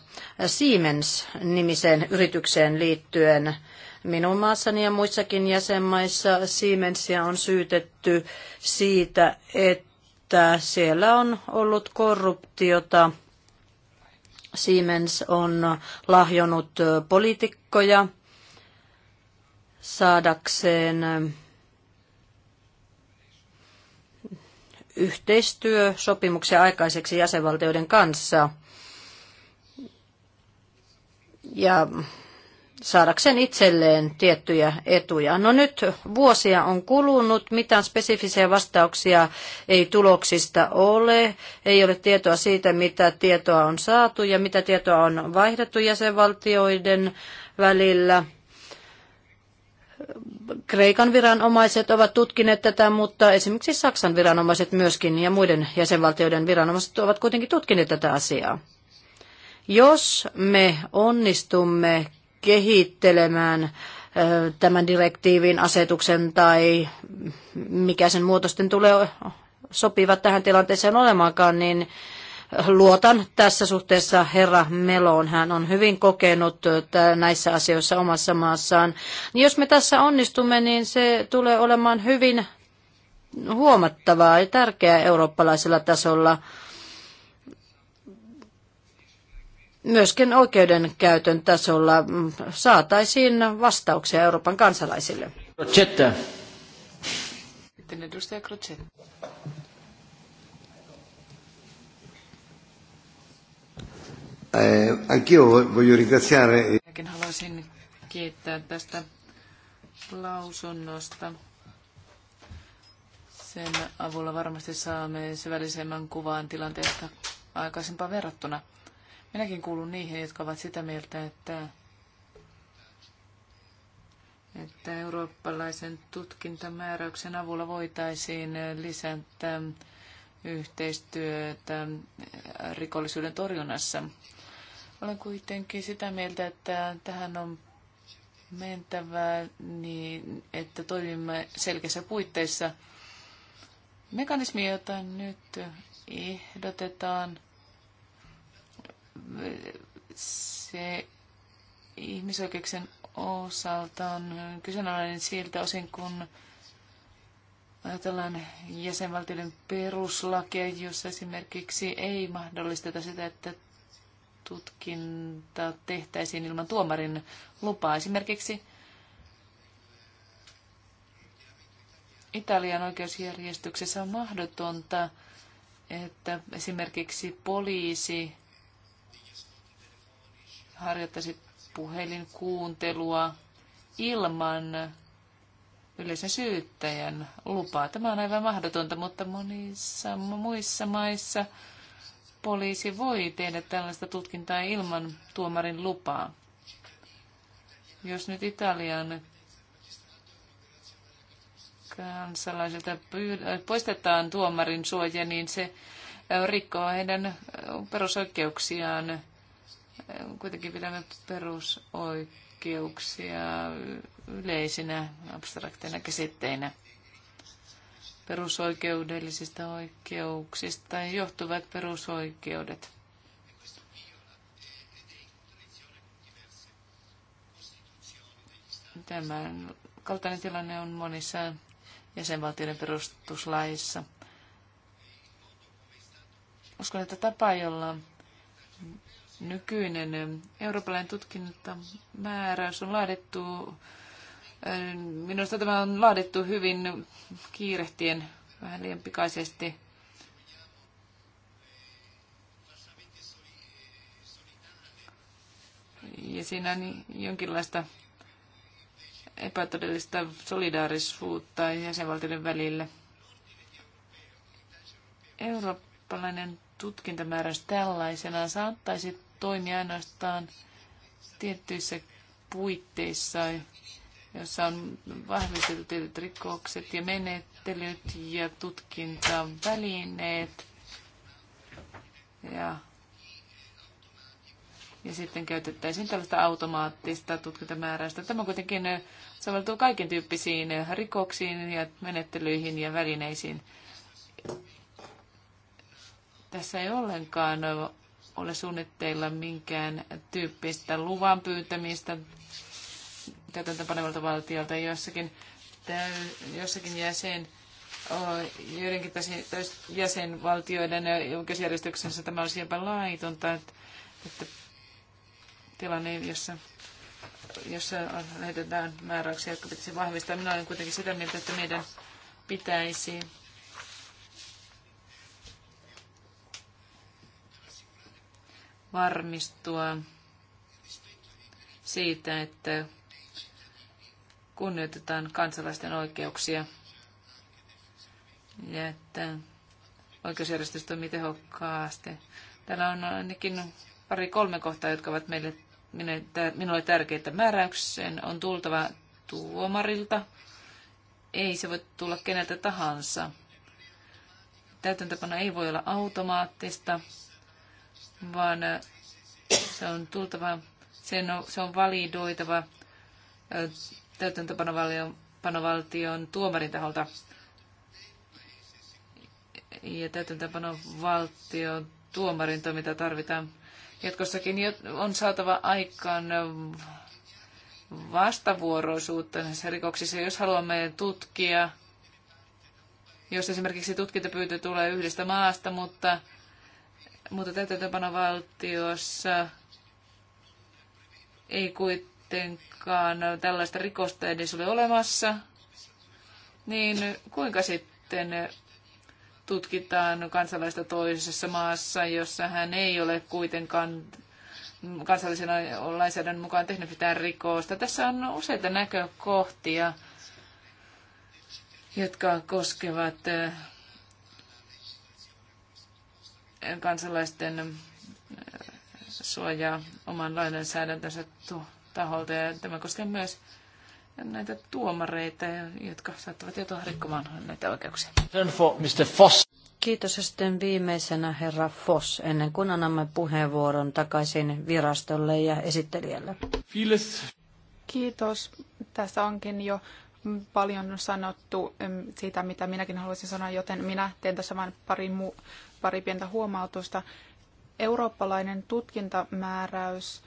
Siemens-nimiseen yritykseen liittyen. Minun maassani ja muissakin jäsenmaissa Siemensia on syytetty siitä, että siellä on ollut korruptiota. Siemens on lahjonut poliitikkoja saadakseen yhteistyösopimuksia aikaiseksi jäsenvaltioiden kanssa. Ja saadakseen itselleen tiettyjä etuja. No nyt vuosia on kulunut, mitään spesifisiä vastauksia ei tuloksista ole, ei ole tietoa siitä, mitä tietoa on saatu ja mitä tietoa on vaihdettu jäsenvaltioiden välillä. Kreikan viranomaiset ovat tutkineet tätä, mutta esimerkiksi Saksan viranomaiset myöskin ja muiden jäsenvaltioiden viranomaiset ovat kuitenkin tutkineet tätä asiaa. Jos me onnistumme kehittelemään tämän direktiivin, asetuksen tai mikä sen muutosten tulee sopivat tähän tilanteeseen olemaankaan, niin luotan tässä suhteessa herra Meloon. Hän on hyvin kokenut näissä asioissa omassa maassaan. Niin Jos me tässä onnistumme, niin se tulee olemaan hyvin huomattavaa ja tärkeää eurooppalaisella tasolla myöskin oikeudenkäytön tasolla saataisiin vastauksia Euroopan kansalaisille. Crocetta. Sitten edustaja Crocetta. Eh, anch'io voglio ringraziare... Minäkin haluaisin kiittää tästä lausunnosta. Sen avulla varmasti saamme syvällisemmän kuvan tilanteesta aikaisempaan verrattuna. Minäkin kuulun niihin, jotka ovat sitä mieltä, että, että eurooppalaisen tutkintamääräyksen avulla voitaisiin lisätä yhteistyötä rikollisuuden torjunnassa. Olen kuitenkin sitä mieltä, että tähän on mentävää niin, että toimimme selkeissä puitteissa. Mekanismi, jota nyt ehdotetaan, se ihmisoikeuksien osalta on kyseenalainen siltä osin, kun ajatellaan jäsenvaltioiden peruslakia, jossa esimerkiksi ei mahdollisteta sitä, että tutkinta tehtäisiin ilman tuomarin lupaa. Esimerkiksi Italian oikeusjärjestyksessä on mahdotonta, että esimerkiksi poliisi harjoittaisi puhelinkuuntelua ilman yleisen syyttäjän lupaa. Tämä on aivan mahdotonta, mutta monissa muissa maissa poliisi voi tehdä tällaista tutkintaa ilman tuomarin lupaa. Jos nyt Italian kansalaisilta äh, poistetaan tuomarin suoja, niin se äh, rikkoo heidän äh, perusoikeuksiaan. Kuitenkin pidämme perusoikeuksia yleisinä abstrakteina käsitteinä perusoikeudellisista oikeuksista johtuvat perusoikeudet. Tämän kaltainen tilanne on monissa jäsenvaltioiden perustuslaissa. Uskon, että tapa, jolla nykyinen eurooppalainen tutkintamääräys on laadittu, Minusta tämä on laadittu hyvin kiirehtien, vähän liian pikaisesti. Ja siinä on jonkinlaista epätodellista solidaarisuutta jäsenvaltioiden välillä. Eurooppalainen tutkintamääräys tällaisena saattaisi toimia ainoastaan tiettyissä puitteissa, jossa on vahvistettu tietyt rikokset ja menettelyt ja tutkintavälineet. Ja, ja sitten käytettäisiin tällaista automaattista tutkintamääräystä. Tämä kuitenkin soveltuu kaiken tyyppisiin rikoksiin ja menettelyihin ja välineisiin. Tässä ei ollenkaan ole suunnitteilla minkään tyyppistä luvan pyytämistä panevalta valtiolta jossakin, täy, jossakin jäsen joidenkin täsi, täys, jäsenvaltioiden oikeusjärjestyksessä tämä olisi jopa laitonta, että, että tilanne, jossa, jossa lähetetään määräyksiä, jotka pitäisi vahvistaa. Minä olen kuitenkin sitä mieltä, että meidän pitäisi varmistua siitä, että kunnioitetaan kansalaisten oikeuksia ja että oikeusjärjestys toimii tehokkaasti. Täällä on ainakin pari-kolme kohtaa, jotka ovat meille, minulle tärkeitä. Määräyksen on tultava tuomarilta. Ei se voi tulla keneltä tahansa. Täytäntöpano ei voi olla automaattista, vaan se on tultava, sen on, se on validoitava täytäntöpanovaltion tuomarin taholta. Ja täytäntöpanovaltion tuomarin toiminta tarvitaan jatkossakin. On saatava aikaan vastavuoroisuutta näissä rikoksissa, jos haluamme tutkia, jos esimerkiksi tutkintapyyntö tulee yhdestä maasta, mutta, mutta täytäntöpanovaltiossa ei kuitenkaan kuitenkaan tällaista rikosta edes ole olemassa, niin kuinka sitten tutkitaan kansalaista toisessa maassa, jossa hän ei ole kuitenkaan kansallisen lainsäädännön mukaan tehnyt mitään rikosta. Tässä on useita näkökohtia, jotka koskevat eh, kansalaisten eh, suojaa oman lainsäädäntönsä taholta. Ja tämä koskee myös näitä tuomareita, jotka saattavat joutua rikkomaan näitä oikeuksia. Mr. Foss. Kiitos ja sitten viimeisenä herra Foss, ennen kuin annamme puheenvuoron takaisin virastolle ja esittelijälle. Kiitos. Kiitos. Tässä onkin jo paljon sanottu siitä, mitä minäkin haluaisin sanoa, joten minä teen tässä vain pari, mu- pari pientä huomautusta. Eurooppalainen tutkintamääräys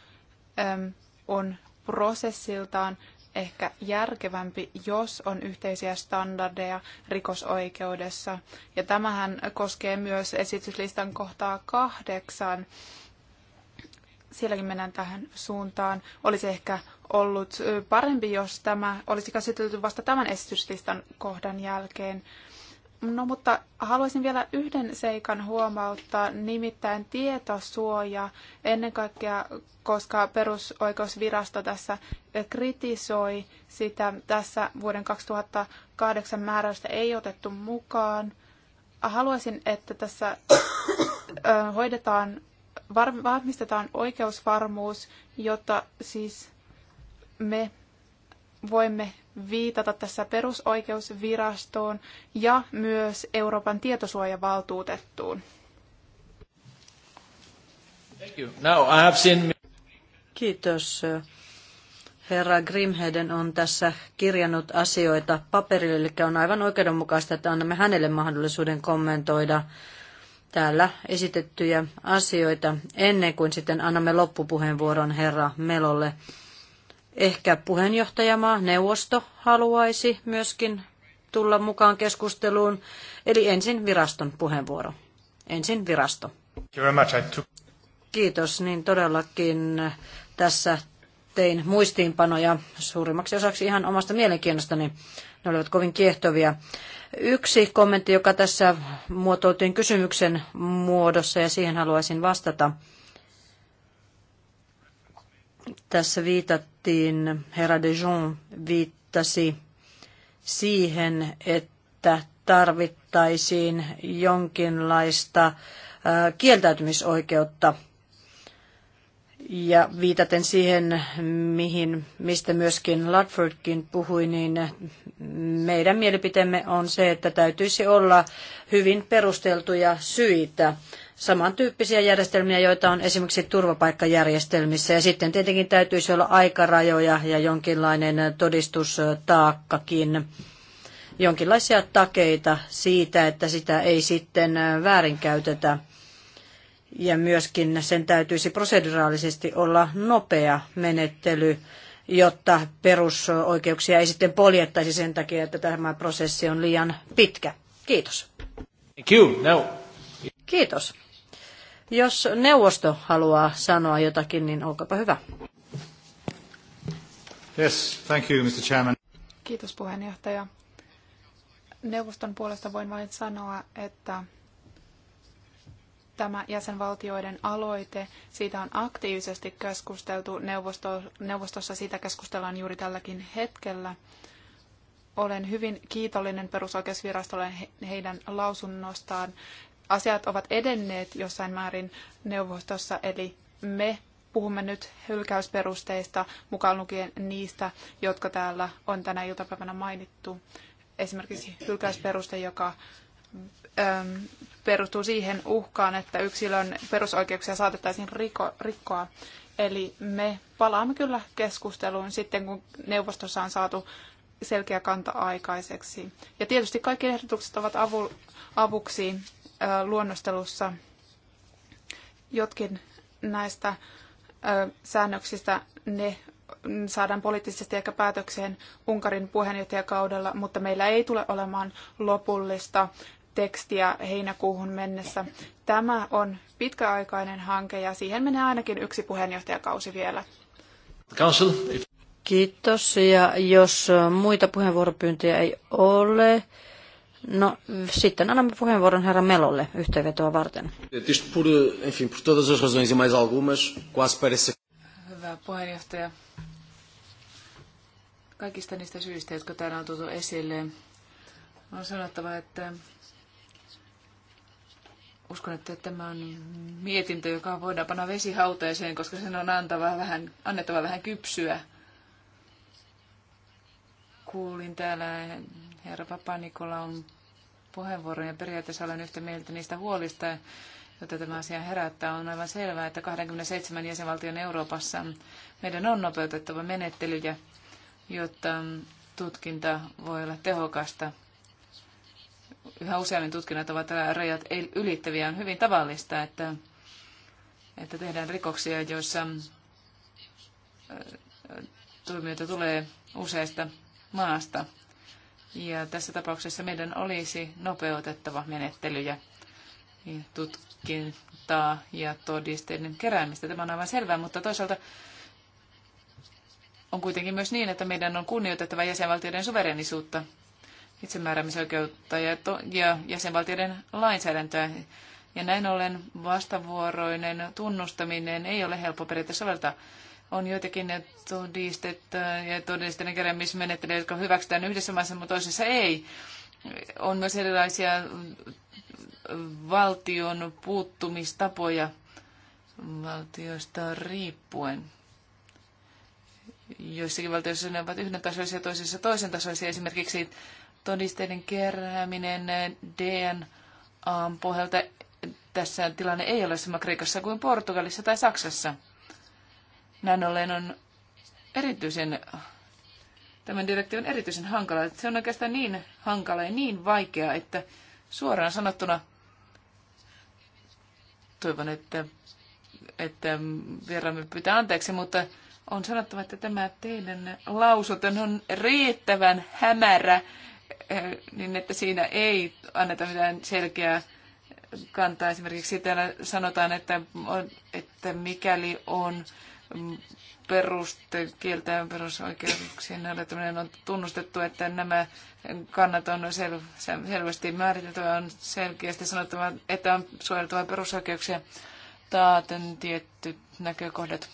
äm, on prosessiltaan ehkä järkevämpi, jos on yhteisiä standardeja rikosoikeudessa. Ja tämähän koskee myös esityslistan kohtaa kahdeksan. Sielläkin mennään tähän suuntaan. Olisi ehkä ollut parempi, jos tämä olisi käsitelty vasta tämän esityslistan kohdan jälkeen. No mutta haluaisin vielä yhden seikan huomauttaa, nimittäin tietosuoja ennen kaikkea, koska perusoikeusvirasto tässä kritisoi sitä. Tässä vuoden 2008 määräystä ei otettu mukaan. Haluaisin, että tässä hoidetaan, varmistetaan oikeusvarmuus, jotta siis me voimme viitata tässä perusoikeusvirastoon ja myös Euroopan tietosuojavaltuutettuun. Kiitos. Herra Grimheden on tässä kirjannut asioita paperille, eli on aivan oikeudenmukaista, että annamme hänelle mahdollisuuden kommentoida täällä esitettyjä asioita ennen kuin sitten annamme loppupuheenvuoron herra Melolle. Ehkä puheenjohtajamaa, neuvosto haluaisi myöskin tulla mukaan keskusteluun. Eli ensin viraston puheenvuoro. Ensin virasto. Kiitos, niin todellakin tässä tein muistiinpanoja suurimmaksi osaksi ihan omasta mielenkiinnostani. Ne olivat kovin kiehtovia. Yksi kommentti, joka tässä muotoiltiin kysymyksen muodossa ja siihen haluaisin vastata. Tässä viitattiin, herra de Jong viittasi siihen, että tarvittaisiin jonkinlaista kieltäytymisoikeutta ja viitaten siihen, mihin, mistä myöskin Ludfordkin puhui, niin meidän mielipiteemme on se, että täytyisi olla hyvin perusteltuja syitä samantyyppisiä järjestelmiä, joita on esimerkiksi turvapaikkajärjestelmissä. Ja sitten tietenkin täytyisi olla aikarajoja ja jonkinlainen todistustaakkakin, jonkinlaisia takeita siitä, että sitä ei sitten väärinkäytetä. Ja myöskin sen täytyisi proseduraalisesti olla nopea menettely, jotta perusoikeuksia ei sitten poljettaisi sen takia, että tämä prosessi on liian pitkä. Kiitos. Thank you. No. Kiitos. Jos neuvosto haluaa sanoa jotakin, niin olkapa hyvä. Yes, thank you, Mr. Chairman. Kiitos puheenjohtaja. Neuvoston puolesta voin vain sanoa, että tämä jäsenvaltioiden aloite, siitä on aktiivisesti keskusteltu neuvosto, neuvostossa, siitä keskustellaan juuri tälläkin hetkellä. Olen hyvin kiitollinen perusoikeusvirastolle heidän lausunnostaan asiat ovat edenneet jossain määrin neuvostossa, eli me puhumme nyt hylkäysperusteista, mukaan lukien niistä, jotka täällä on tänä iltapäivänä mainittu. Esimerkiksi hylkäysperuste, joka perustuu siihen uhkaan, että yksilön perusoikeuksia saatettaisiin riko, rikkoa. Eli me palaamme kyllä keskusteluun sitten, kun neuvostossa on saatu selkeä kanta aikaiseksi. Ja tietysti kaikki ehdotukset ovat avu, avuksi luonnostelussa. Jotkin näistä säännöksistä ne saadaan poliittisesti ehkä päätökseen Unkarin puheenjohtajakaudella, mutta meillä ei tule olemaan lopullista tekstiä heinäkuuhun mennessä. Tämä on pitkäaikainen hanke ja siihen menee ainakin yksi puheenjohtajakausi vielä. Kiitos ja jos muita puheenvuoropyyntöjä ei ole, No sitten annamme puheenvuoron herra Melolle yhteenvetoa varten. E Hyvä puheenjohtaja. Kaikista niistä syistä, jotka täällä on tuotu esille, on sanottava, että uskon, että tämä on mietintö, joka voidaan panna vesihautaiseen, koska sen on antava vähän, annettava vähän kypsyä. Kuulin täällä herra Papanikola on puheenvuoron ja periaatteessa olen yhtä mieltä niistä huolista, joita tämä asia herättää. On aivan selvää, että 27 jäsenvaltion Euroopassa meidän on nopeutettava menettelyjä, jotta tutkinta voi olla tehokasta. Yhä useammin tutkinnat ovat rajat ylittäviä. On hyvin tavallista, että, että tehdään rikoksia, joissa tuomioita tulee useista maasta. Ja tässä tapauksessa meidän olisi nopeutettava menettelyjä niin tutkintaa ja todisteiden keräämistä. Tämä on aivan selvää, mutta toisaalta on kuitenkin myös niin, että meidän on kunnioitettava jäsenvaltioiden suverenisuutta, itsemääräämisoikeutta ja, to- ja jäsenvaltioiden lainsäädäntöä. Ja näin ollen vastavuoroinen tunnustaminen ei ole helppo periaatteessa soveltaa on joitakin todistet ja todisteiden keräämismenettelyjä, jotka hyväksytään yhdessä maassa, mutta toisessa ei. On myös erilaisia valtion puuttumistapoja valtiosta riippuen. Joissakin valtioissa ne ovat yhden tasoisia, toisessa toisen tasoisia. Esimerkiksi todisteiden kerääminen DNA pohjalta tässä tilanne ei ole sama Kreikassa kuin Portugalissa tai Saksassa. Näin ollen on erityisen, tämän direktiivin erityisen hankala. Se on oikeastaan niin hankala ja niin vaikea, että suoraan sanottuna toivon, että, että vieraamme pitää anteeksi, mutta on sanottava, että tämä teidän lausuton on riittävän hämärä, eh, niin että siinä ei anneta mitään selkeää kantaa. Esimerkiksi täällä sanotaan, että, on, että mikäli on peruste, kieltään perusoikeuksien noudattaminen on tunnustettu, että nämä kannat on sel, selvästi ja on selkeästi sanottava, että on suojeltava perusoikeuksia taaten tietty näkökohdat.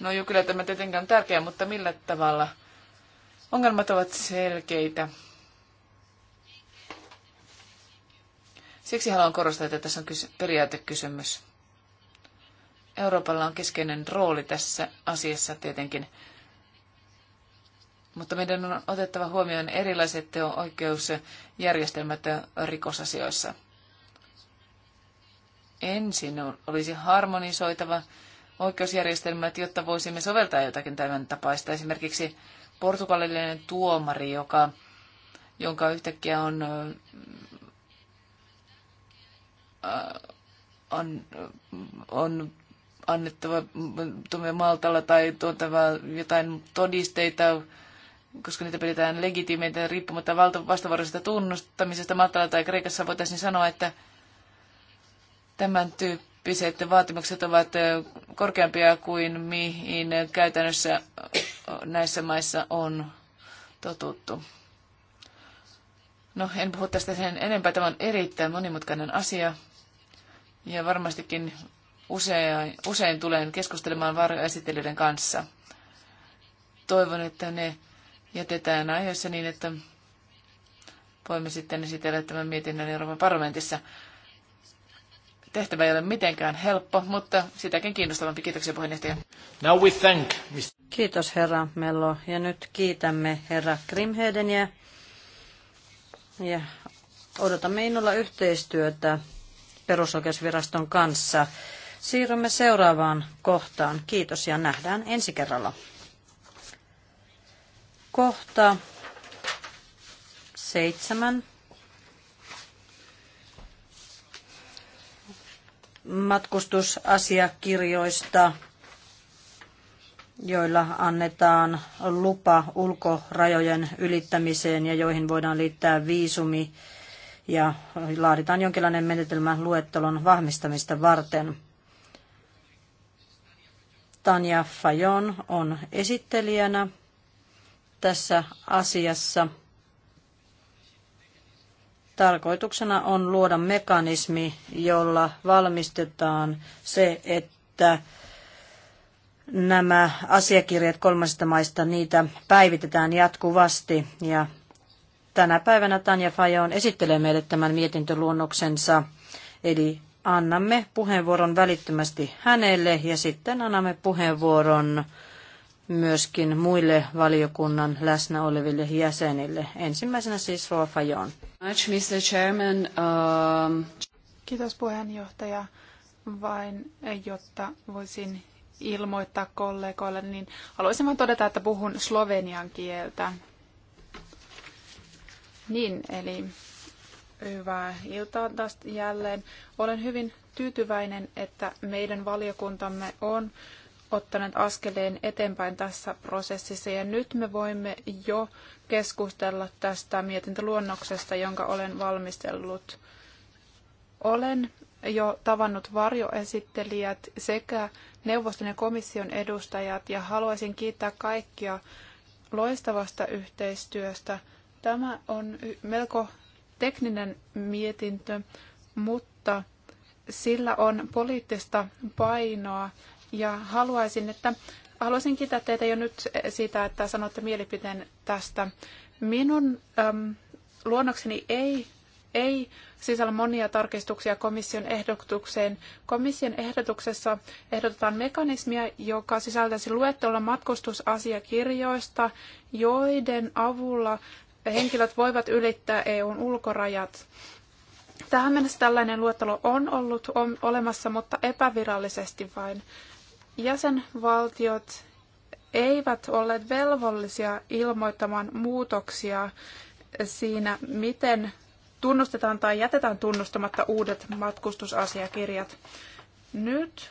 No joo, kyllä tämä tietenkin on tärkeää, mutta millä tavalla? Ongelmat ovat selkeitä. Siksi haluan korostaa, että tässä on periaatekysymys. Euroopalla on keskeinen rooli tässä asiassa tietenkin. Mutta meidän on otettava huomioon erilaiset teon oikeusjärjestelmät rikosasioissa. Ensin olisi harmonisoitava oikeusjärjestelmät, jotta voisimme soveltaa jotakin tämän tapaista. Esimerkiksi portugalilainen tuomari, joka, jonka yhtäkkiä on, äh, on, on annettava tuomme Maltalla tai tuotava jotain todisteita, koska niitä pidetään legitiimeitä riippumatta vastavuoroisesta tunnustamisesta Maltalla tai Kreikassa, voitaisiin sanoa, että tämän tyyppiset vaatimukset ovat korkeampia kuin mihin käytännössä näissä maissa on totuttu. No, en puhu tästä sen enempää. Tämä on erittäin monimutkainen asia. Ja varmastikin usein, usein tulen keskustelemaan varjoesittelijöiden kanssa. Toivon, että ne jätetään aiheessa niin, että voimme sitten esitellä tämän mietinnön Euroopan parlamentissa. Tehtävä ei ole mitenkään helppo, mutta sitäkin kiinnostavampi. Kiitoksia puheenjohtaja. Now we thank Mr. Kiitos herra Mello. Ja nyt kiitämme herra Grimhedeniä. Ja odotamme innolla yhteistyötä perusoikeusviraston kanssa. Siirrymme seuraavaan kohtaan. Kiitos ja nähdään ensi kerralla. Kohta seitsemän. matkustusasiakirjoista, joilla annetaan lupa ulkorajojen ylittämiseen ja joihin voidaan liittää viisumi ja laaditaan jonkinlainen menetelmä luettelon vahvistamista varten. Tanja Fajon on esittelijänä tässä asiassa. Tarkoituksena on luoda mekanismi, jolla valmistetaan se, että nämä asiakirjat kolmansista maista, niitä päivitetään jatkuvasti. Ja tänä päivänä Tanja Fajon esittelee meille tämän mietintöluonnoksensa, eli annamme puheenvuoron välittömästi hänelle ja sitten annamme puheenvuoron myöskin muille valiokunnan läsnä oleville jäsenille. Ensimmäisenä siis Roa Fajon. Um, Kiitos puheenjohtaja. Vain jotta voisin ilmoittaa kollegoille, niin haluaisin vain todeta, että puhun slovenian kieltä. Niin, eli Hyvää iltaa taas jälleen. Olen hyvin tyytyväinen, että meidän valiokuntamme on ottanut askeleen eteenpäin tässä prosessissa ja nyt me voimme jo keskustella tästä mietintöluonnoksesta, jonka olen valmistellut. Olen jo tavannut varjoesittelijät sekä neuvoston ja komission edustajat ja haluaisin kiittää kaikkia loistavasta yhteistyöstä. Tämä on melko tekninen mietintö, mutta sillä on poliittista painoa ja haluaisin, että haluaisin kiittää teitä jo nyt siitä, että sanotte mielipiteen tästä. Minun äm, luonnokseni ei, ei sisällä monia tarkistuksia komission ehdotukseen. Komission ehdotuksessa ehdotetaan mekanismia, joka sisältäisi luettelon matkustusasiakirjoista, joiden avulla henkilöt voivat ylittää EUn ulkorajat. Tähän mennessä tällainen luettelo on ollut olemassa, mutta epävirallisesti vain. Jäsenvaltiot eivät olleet velvollisia ilmoittamaan muutoksia siinä, miten tunnustetaan tai jätetään tunnustamatta uudet matkustusasiakirjat. Nyt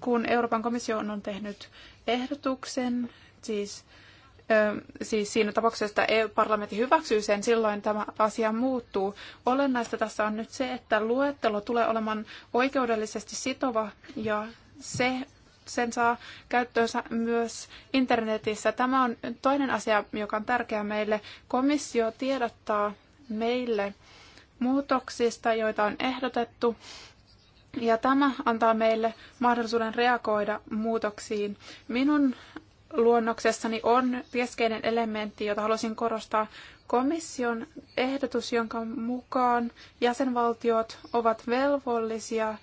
kun Euroopan komissio on tehnyt ehdotuksen, siis siis siinä tapauksessa, että EU-parlamentti hyväksyy sen, silloin tämä asia muuttuu. Olennaista tässä on nyt se, että luettelo tulee olemaan oikeudellisesti sitova ja se sen saa käyttöönsä myös internetissä. Tämä on toinen asia, joka on tärkeä meille. Komissio tiedottaa meille muutoksista, joita on ehdotettu, ja tämä antaa meille mahdollisuuden reagoida muutoksiin. Minun luonnoksessani on keskeinen elementti, jota haluaisin korostaa. Komission ehdotus, jonka mukaan jäsenvaltiot ovat velvollisia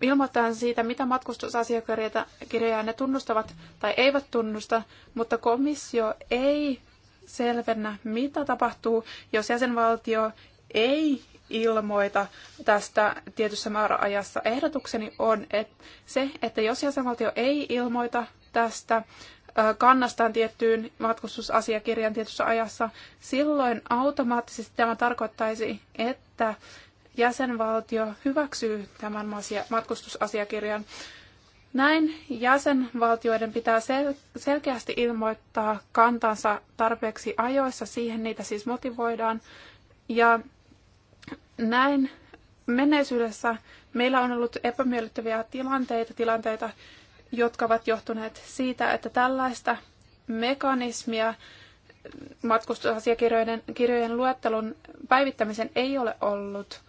ilmoittamaan siitä, mitä matkustusasiakirjoja ne tunnustavat tai eivät tunnusta, mutta komissio ei selvennä, mitä tapahtuu, jos jäsenvaltio ei ilmoita tästä tietyssä määräajassa. Ehdotukseni on että se, että jos jäsenvaltio ei ilmoita tästä kannastaan tiettyyn matkustusasiakirjan tietyssä ajassa, silloin automaattisesti tämä tarkoittaisi, että jäsenvaltio hyväksyy tämän matkustusasiakirjan. Näin jäsenvaltioiden pitää sel- selkeästi ilmoittaa kantansa tarpeeksi ajoissa, siihen niitä siis motivoidaan. Ja näin menneisyydessä meillä on ollut epämiellyttäviä tilanteita, tilanteita, jotka ovat johtuneet siitä, että tällaista mekanismia matkustusasiakirjojen kirjojen luettelun päivittämisen ei ole ollut.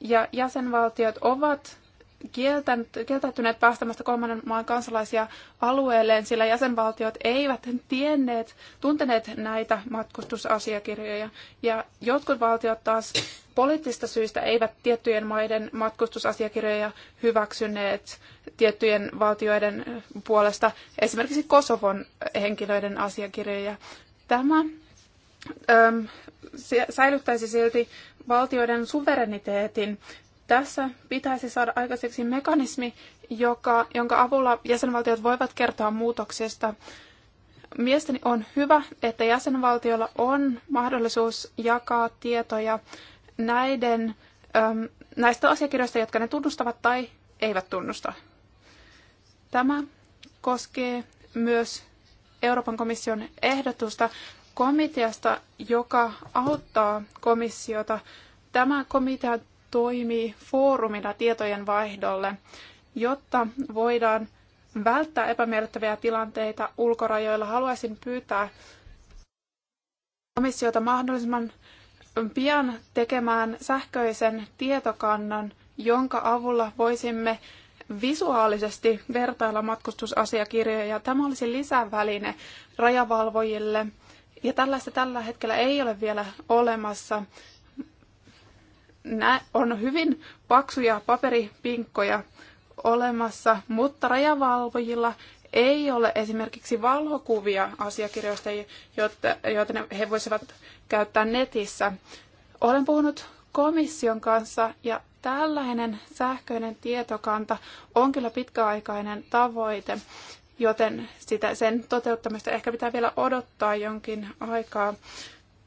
Ja jäsenvaltiot ovat kieltäytyneet päästämästä kolmannen maan kansalaisia alueelleen, sillä jäsenvaltiot eivät tienneet, tunteneet näitä matkustusasiakirjoja. Ja jotkut valtiot taas poliittisista syistä eivät tiettyjen maiden matkustusasiakirjoja hyväksyneet tiettyjen valtioiden puolesta, esimerkiksi Kosovon henkilöiden asiakirjoja. Tämä säilyttäisi silti valtioiden suvereniteetin tässä pitäisi saada aikaiseksi mekanismi, joka, jonka avulla jäsenvaltiot voivat kertoa muutoksesta. Mielestäni on hyvä, että jäsenvaltiolla on mahdollisuus jakaa tietoja näiden, äm, näistä asiakirjoista, jotka ne tunnustavat tai eivät tunnusta. Tämä koskee myös Euroopan komission ehdotusta komiteasta, joka auttaa komissiota. Tämä komitea toimii foorumina tietojen vaihdolle, jotta voidaan välttää epämiellyttäviä tilanteita ulkorajoilla. Haluaisin pyytää komissiota mahdollisimman pian tekemään sähköisen tietokannan, jonka avulla voisimme visuaalisesti vertailla matkustusasiakirjoja. Tämä olisi lisäväline rajavalvojille, ja tällaista tällä hetkellä ei ole vielä olemassa nä- on hyvin paksuja paperipinkkoja olemassa, mutta rajavalvojilla ei ole esimerkiksi valokuvia asiakirjoista, jotta, joita he voisivat käyttää netissä. Olen puhunut komission kanssa ja tällainen sähköinen tietokanta on kyllä pitkäaikainen tavoite, joten sitä, sen toteuttamista ehkä pitää vielä odottaa jonkin aikaa.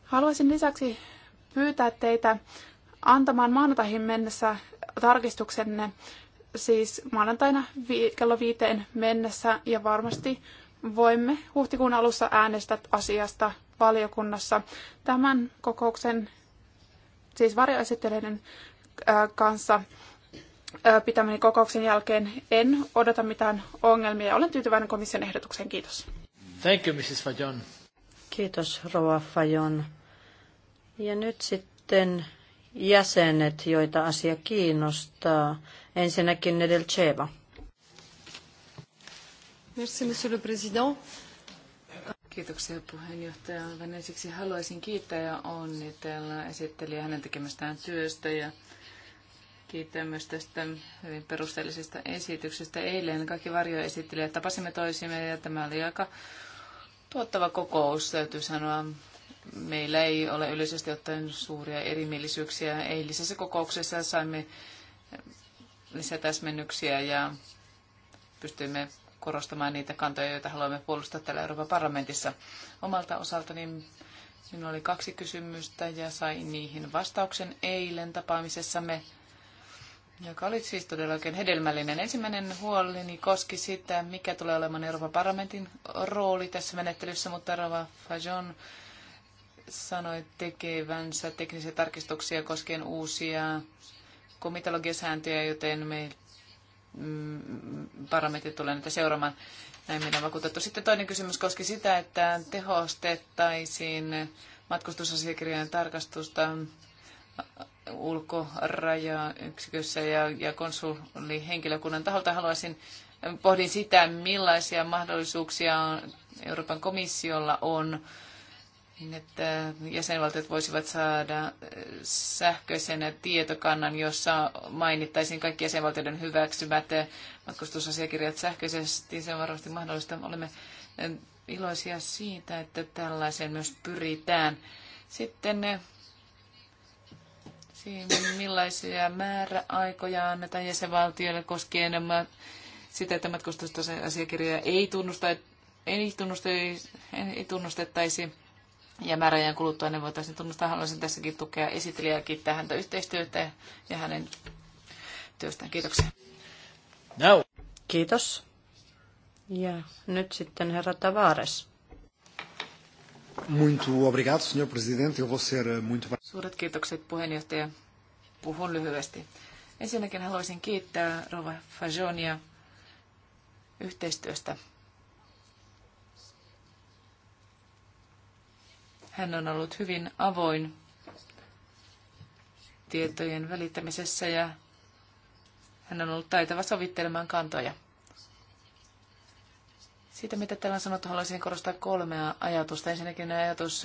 Haluaisin lisäksi pyytää teitä antamaan maanantaihin mennessä tarkistuksenne siis maanantaina kello viiteen mennessä ja varmasti voimme huhtikuun alussa äänestää asiasta valiokunnassa. Tämän kokouksen, siis varjoesittelijöiden kanssa pitämäni kokouksen jälkeen en odota mitään ongelmia ja olen tyytyväinen komission ehdotukseen. Kiitos. Thank you, Mrs. Fajon. Kiitos, Rova Fajon. Ja nyt sitten jäsenet, joita asia kiinnostaa. Ensinnäkin Nedelcheva. Merci, monsieur le président. Kiitoksia puheenjohtaja. Aivan ensiksi haluaisin kiittää ja onnitella esittelijä hänen tekemästään työstä ja kiittää myös tästä hyvin perusteellisesta esityksestä. Eilen kaikki varjoesittelijät tapasimme toisimme ja tämä oli aika tuottava kokous, täytyy sanoa. Meillä ei ole yleisesti ottaen suuria erimielisyyksiä. Eilisessä kokouksessa saimme lisätäsmennyksiä ja pystyimme korostamaan niitä kantoja, joita haluamme puolustaa täällä Euroopan parlamentissa. Omalta osaltani minulla oli kaksi kysymystä ja sain niihin vastauksen eilen tapaamisessamme, joka oli siis todella oikein hedelmällinen. Ensimmäinen huoleni koski sitä, mikä tulee olemaan Euroopan parlamentin rooli tässä menettelyssä, mutta Rava Fajon sanoi tekevänsä teknisiä tarkistuksia koskien uusia komitologiasääntöjä, joten me mm, parametrit tulee näitä seuraamaan. Näin meidän vakuutettu. Sitten toinen kysymys koski sitä, että tehostettaisiin matkustusasiakirjojen tarkastusta ulkorajayksikössä ja, ja konsulihenkilökunnan taholta. Haluaisin, pohdin sitä, millaisia mahdollisuuksia Euroopan komissiolla on niin että jäsenvaltiot voisivat saada äh, sähköisen tietokannan, jossa mainittaisiin kaikki jäsenvaltioiden hyväksymät äh, matkustusasiakirjat sähköisesti. Se on varmasti mahdollista. Olemme äh, iloisia siitä, että tällaiseen myös pyritään. Sitten ne, millaisia määräaikoja annetaan jäsenvaltioille koskien ähm, sitä, että matkustusasiakirjoja ei, tunnusta, ei, tunnusta, ei tunnustettaisi ja määräajan kuluttua ne voitaisiin tunnustaa. Haluaisin tässäkin tukea esittelijää kiittää häntä yhteistyötä ja hänen työstään. Kiitoksia. No. Kiitos. Ja nyt sitten herra Tavares. Muito obrigado, senhor presidente. Eu vou ser eh, muito... Suuret kiitokset puheenjohtaja. Puhun lyhyesti. Ensinnäkin haluaisin kiittää Rova Fajonia yhteistyöstä Hän on ollut hyvin avoin tietojen välittämisessä ja hän on ollut taitava sovittelemaan kantoja. Siitä, mitä täällä on sanottu, haluaisin korostaa kolmea ajatusta. Ensinnäkin ajatus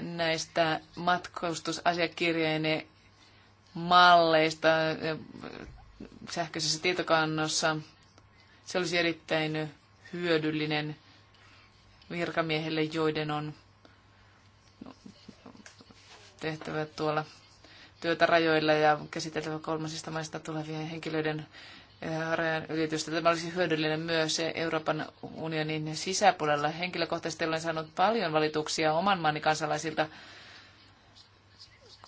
näistä matkustusasiakirjojen malleista sähköisessä tietokannossa. Se olisi erittäin hyödyllinen virkamiehille, joiden on tehtävä tuolla työtä rajoilla ja käsiteltävä kolmasista maista tulevien henkilöiden eh, rajan ylitystä. Tämä olisi hyödyllinen myös Euroopan unionin sisäpuolella. Henkilökohtaisesti olen saanut paljon valituksia oman maani kansalaisilta,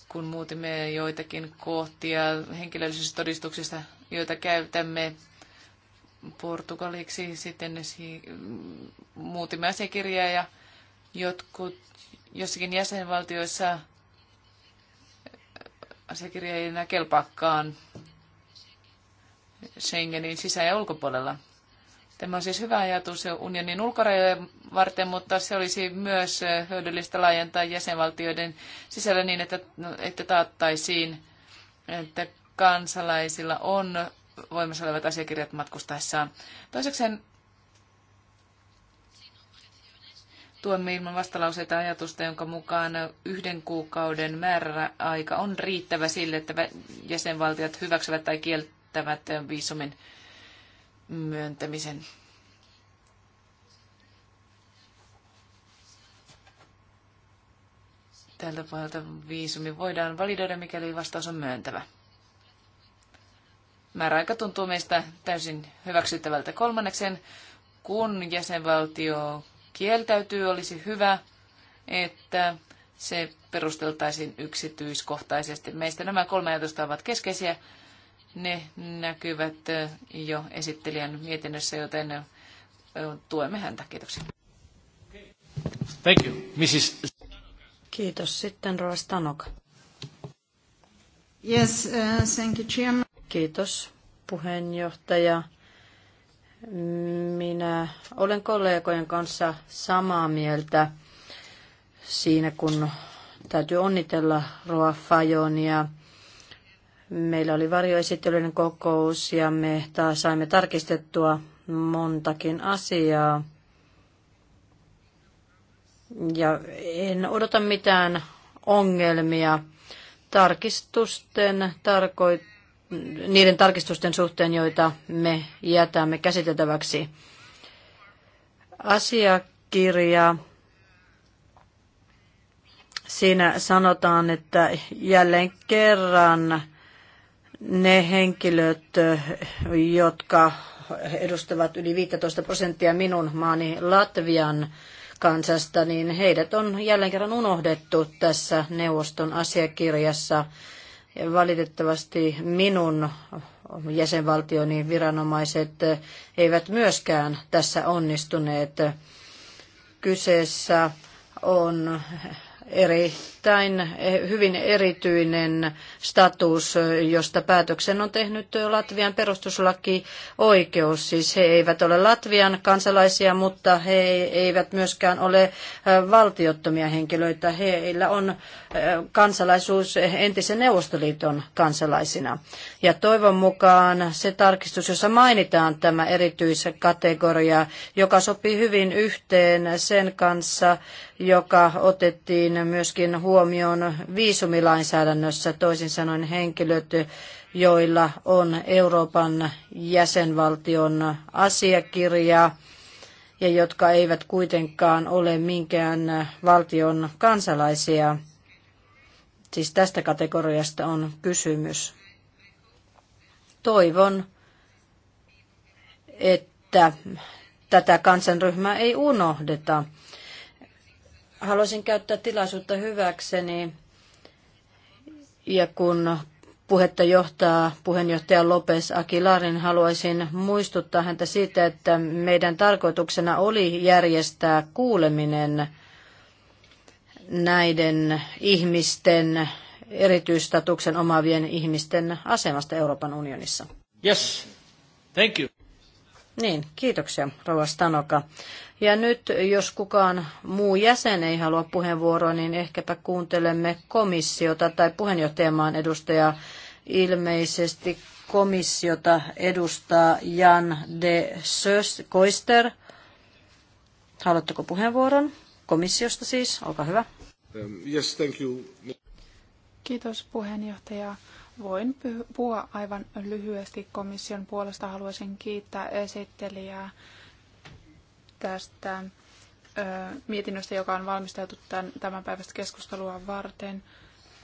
kun muutimme joitakin kohtia henkilöllisyystodistuksista, joita käytämme portugaliksi. Sitten muutimme asiakirjaa ja jotkut jossakin jäsenvaltioissa asiakirja ei enää kelpaakaan Schengenin sisä- ja ulkopuolella. Tämä on siis hyvä ajatus unionin ulkorajoja varten, mutta se olisi myös hyödyllistä laajentaa jäsenvaltioiden sisällä niin, että, että taattaisiin, että kansalaisilla on voimassa olevat asiakirjat matkustaessaan. Toisekseen tuomme ilman vastalauseita ajatusta, jonka mukaan yhden kuukauden määräaika on riittävä sille, että jäsenvaltiot hyväksyvät tai kieltävät viisumin myöntämisen. Tältä puolelta viisumi voidaan validoida, mikäli vastaus on myöntävä. Määräaika tuntuu meistä täysin hyväksyttävältä kolmanneksen. Kun jäsenvaltio kieltäytyy, olisi hyvä, että se perusteltaisiin yksityiskohtaisesti. Meistä nämä kolme ajatusta ovat keskeisiä. Ne näkyvät jo esittelijän mietinnössä, joten tuemme häntä. Kiitoksia. Thank you. Mrs. Kiitos. Sitten Rova Stanoka. Yes, uh, thank you, Chairman. Kiitos puheenjohtaja. Minä olen kollegojen kanssa samaa mieltä siinä, kun täytyy onnitella Roa Fajonia. Meillä oli varjoesittelyinen kokous ja me taas saimme tarkistettua montakin asiaa. Ja en odota mitään ongelmia. Tarkistusten tarkoittaa niiden tarkistusten suhteen, joita me jätämme käsiteltäväksi. Asiakirja. Siinä sanotaan, että jälleen kerran ne henkilöt, jotka edustavat yli 15 prosenttia minun maani Latvian kansasta, niin heidät on jälleen kerran unohdettu tässä neuvoston asiakirjassa. Valitettavasti minun jäsenvaltioni viranomaiset eivät myöskään tässä onnistuneet. Kyseessä on eri erittäin eh, hyvin erityinen status, josta päätöksen on tehnyt Latvian perustuslaki oikeus. Siis he eivät ole Latvian kansalaisia, mutta he eivät myöskään ole eh, valtiottomia henkilöitä. Heillä on eh, kansalaisuus entisen Neuvostoliiton kansalaisina. Ja toivon mukaan se tarkistus, jossa mainitaan tämä erityiskategoria, joka sopii hyvin yhteen sen kanssa, joka otettiin myöskin huomioon huomioon viisumilainsäädännössä, toisin sanoen henkilöt, joilla on Euroopan jäsenvaltion asiakirja ja jotka eivät kuitenkaan ole minkään valtion kansalaisia. Siis tästä kategoriasta on kysymys. Toivon, että tätä kansanryhmää ei unohdeta haluaisin käyttää tilaisuutta hyväkseni ja kun puhetta johtaa puheenjohtaja Lopes Akilarin, haluaisin muistuttaa häntä siitä, että meidän tarkoituksena oli järjestää kuuleminen näiden ihmisten, erityistatuksen omaavien ihmisten asemasta Euroopan unionissa. Yes, thank you. Niin, kiitoksia rouva Stanoka. Ja nyt jos kukaan muu jäsen ei halua puheenvuoroa, niin ehkäpä kuuntelemme komissiota tai puheenjohtajamaan edustajaa ilmeisesti komissiota edustaa Jan de Koister. Haluatteko puheenvuoron? Komissiosta siis, olkaa hyvä. Um, yes, thank you. Kiitos puheenjohtaja. Voin puhua aivan lyhyesti komission puolesta. Haluaisin kiittää esittelijää tästä mietinnöstä, joka on valmisteltu tämän, päivästä keskustelua varten.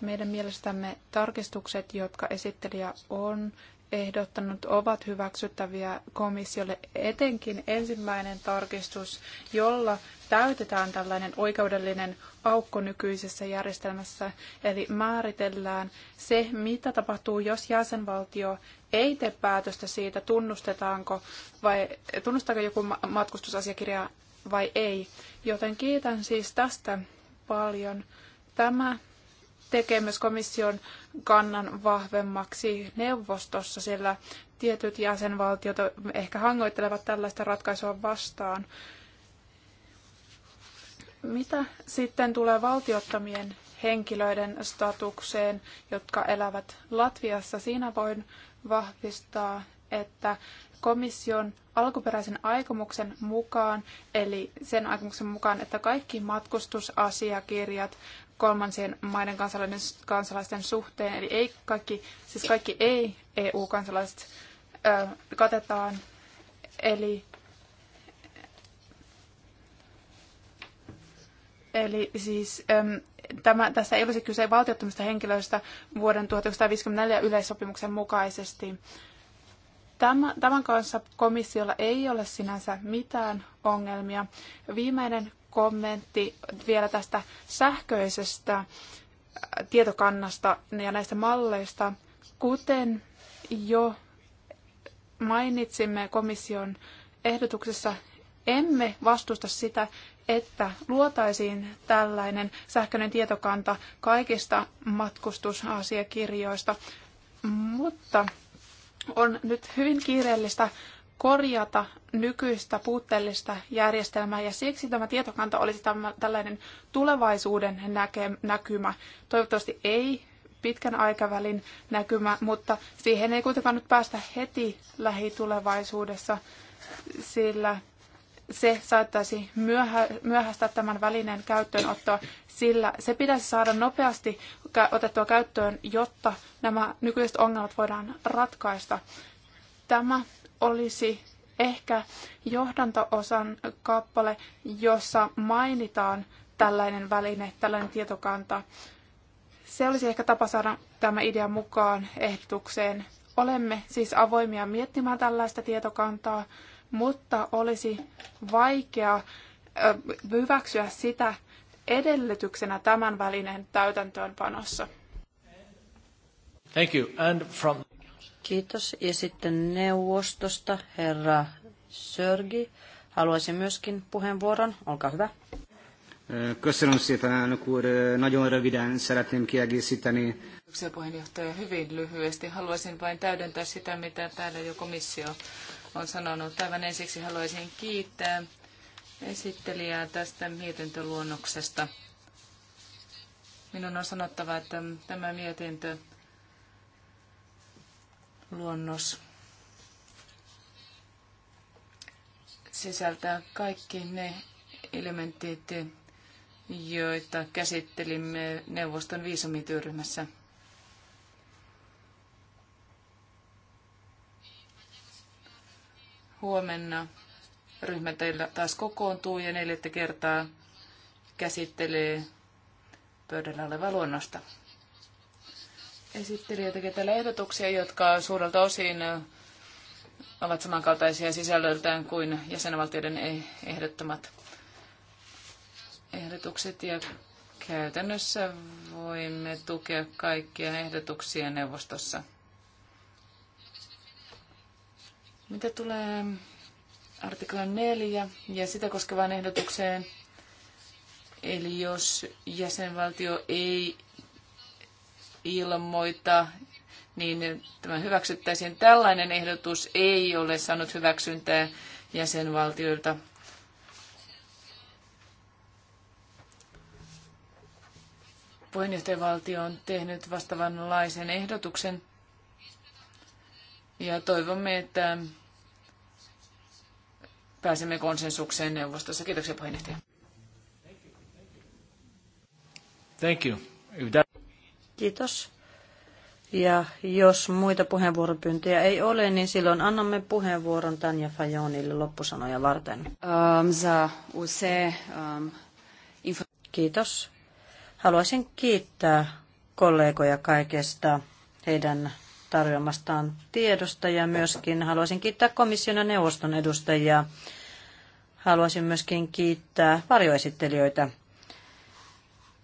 Meidän mielestämme tarkistukset, jotka esittelijä on ehdottanut, ovat hyväksyttäviä komissiolle, etenkin ensimmäinen tarkistus, jolla täytetään tällainen oikeudellinen aukko nykyisessä järjestelmässä, eli määritellään se, mitä tapahtuu, jos jäsenvaltio ei tee päätöstä siitä, tunnustetaanko vai tunnustaako joku matkustusasiakirja vai ei. Joten kiitän siis tästä paljon. Tämä tekee myös komission kannan vahvemmaksi neuvostossa, sillä tietyt jäsenvaltiot ehkä hangoittelevat tällaista ratkaisua vastaan. Mitä sitten tulee valtiottomien henkilöiden statukseen, jotka elävät Latviassa? Siinä voin vahvistaa, että komission alkuperäisen aikomuksen mukaan, eli sen aikomuksen mukaan, että kaikki matkustusasiakirjat kolmansien maiden kansalaisten suhteen, eli ei kaikki, siis kaikki ei-EU-kansalaiset katetaan. Eli Eli siis äm, tämä, tässä ei olisi kyse valtiottomista henkilöistä vuoden 1954 yleissopimuksen mukaisesti. Tämän, tämän kanssa komissiolla ei ole sinänsä mitään ongelmia. Viimeinen kommentti vielä tästä sähköisestä äh, tietokannasta ja näistä malleista. Kuten jo mainitsimme komission ehdotuksessa emme vastusta sitä, että luotaisiin tällainen sähköinen tietokanta kaikista matkustusasiakirjoista, mutta on nyt hyvin kiireellistä korjata nykyistä puutteellista järjestelmää ja siksi tämä tietokanta olisi tällainen tulevaisuuden näke, näkymä. Toivottavasti ei pitkän aikavälin näkymä, mutta siihen ei kuitenkaan nyt päästä heti lähitulevaisuudessa, sillä se saattaisi myöhä, myöhäistää tämän välineen käyttöönottoa, sillä se pitäisi saada nopeasti otettua käyttöön, jotta nämä nykyiset ongelmat voidaan ratkaista. Tämä olisi ehkä johdantoosan kappale, jossa mainitaan tällainen väline, tällainen tietokanta. Se olisi ehkä tapa saada tämä idea mukaan ehdotukseen. Olemme siis avoimia miettimään tällaista tietokantaa, mutta olisi vaikea hyväksyä sitä edellytyksenä tämän välineen täytäntöönpanossa. Thank you. And from... Kiitos. Ja sitten neuvostosta herra Sörgi. Haluaisin myöskin puheenvuoron. Olkaa hyvä. Köszönöm szépen, elnök úr. Nagyon röviden szeretném kiegészíteni. Kiitoksia puheenjohtaja. Hyvin lyhyesti. Haluaisin vain täydentää sitä, mitä täällä jo komissio on sanonut. Aivan ensiksi haluaisin kiittää esittelijää tästä mietintöluonnoksesta. Minun on sanottava, että tämä mietintö luonnos sisältää kaikki ne elementit, joita käsittelimme neuvoston viisumityöryhmässä – Huomenna ryhmä teillä taas kokoontuu ja neljättä kertaa käsittelee pöydällä olevaa luonnosta. Esittelijä tekee täällä ehdotuksia, jotka suurelta osin ovat samankaltaisia sisällöltään kuin jäsenvaltioiden e- ehdottomat ehdotukset ja käytännössä voimme tukea kaikkia ehdotuksia neuvostossa. Mitä tulee artiklan 4 ja sitä koskevaan ehdotukseen, eli jos jäsenvaltio ei ilmoita, niin tämä hyväksyttäisiin. Tällainen ehdotus ei ole saanut hyväksyntää jäsenvaltioilta. Puheenjohtajavaltio on tehnyt vastaavanlaisen ehdotuksen ja toivomme, että pääsemme konsensukseen neuvostossa. Kiitoksia puheenjohtaja. Thank you. That... Kiitos. Ja jos muita puheenvuoropyyntöjä ei ole, niin silloin annamme puheenvuoron Tanja Fajonille loppusanoja varten. Ähm, ähm, Kiitos. Haluaisin kiittää kollegoja kaikesta heidän tarjoamastaan tiedosta ja myöskin haluaisin kiittää komission ja neuvoston edustajia. Haluaisin myöskin kiittää varjoesittelijöitä.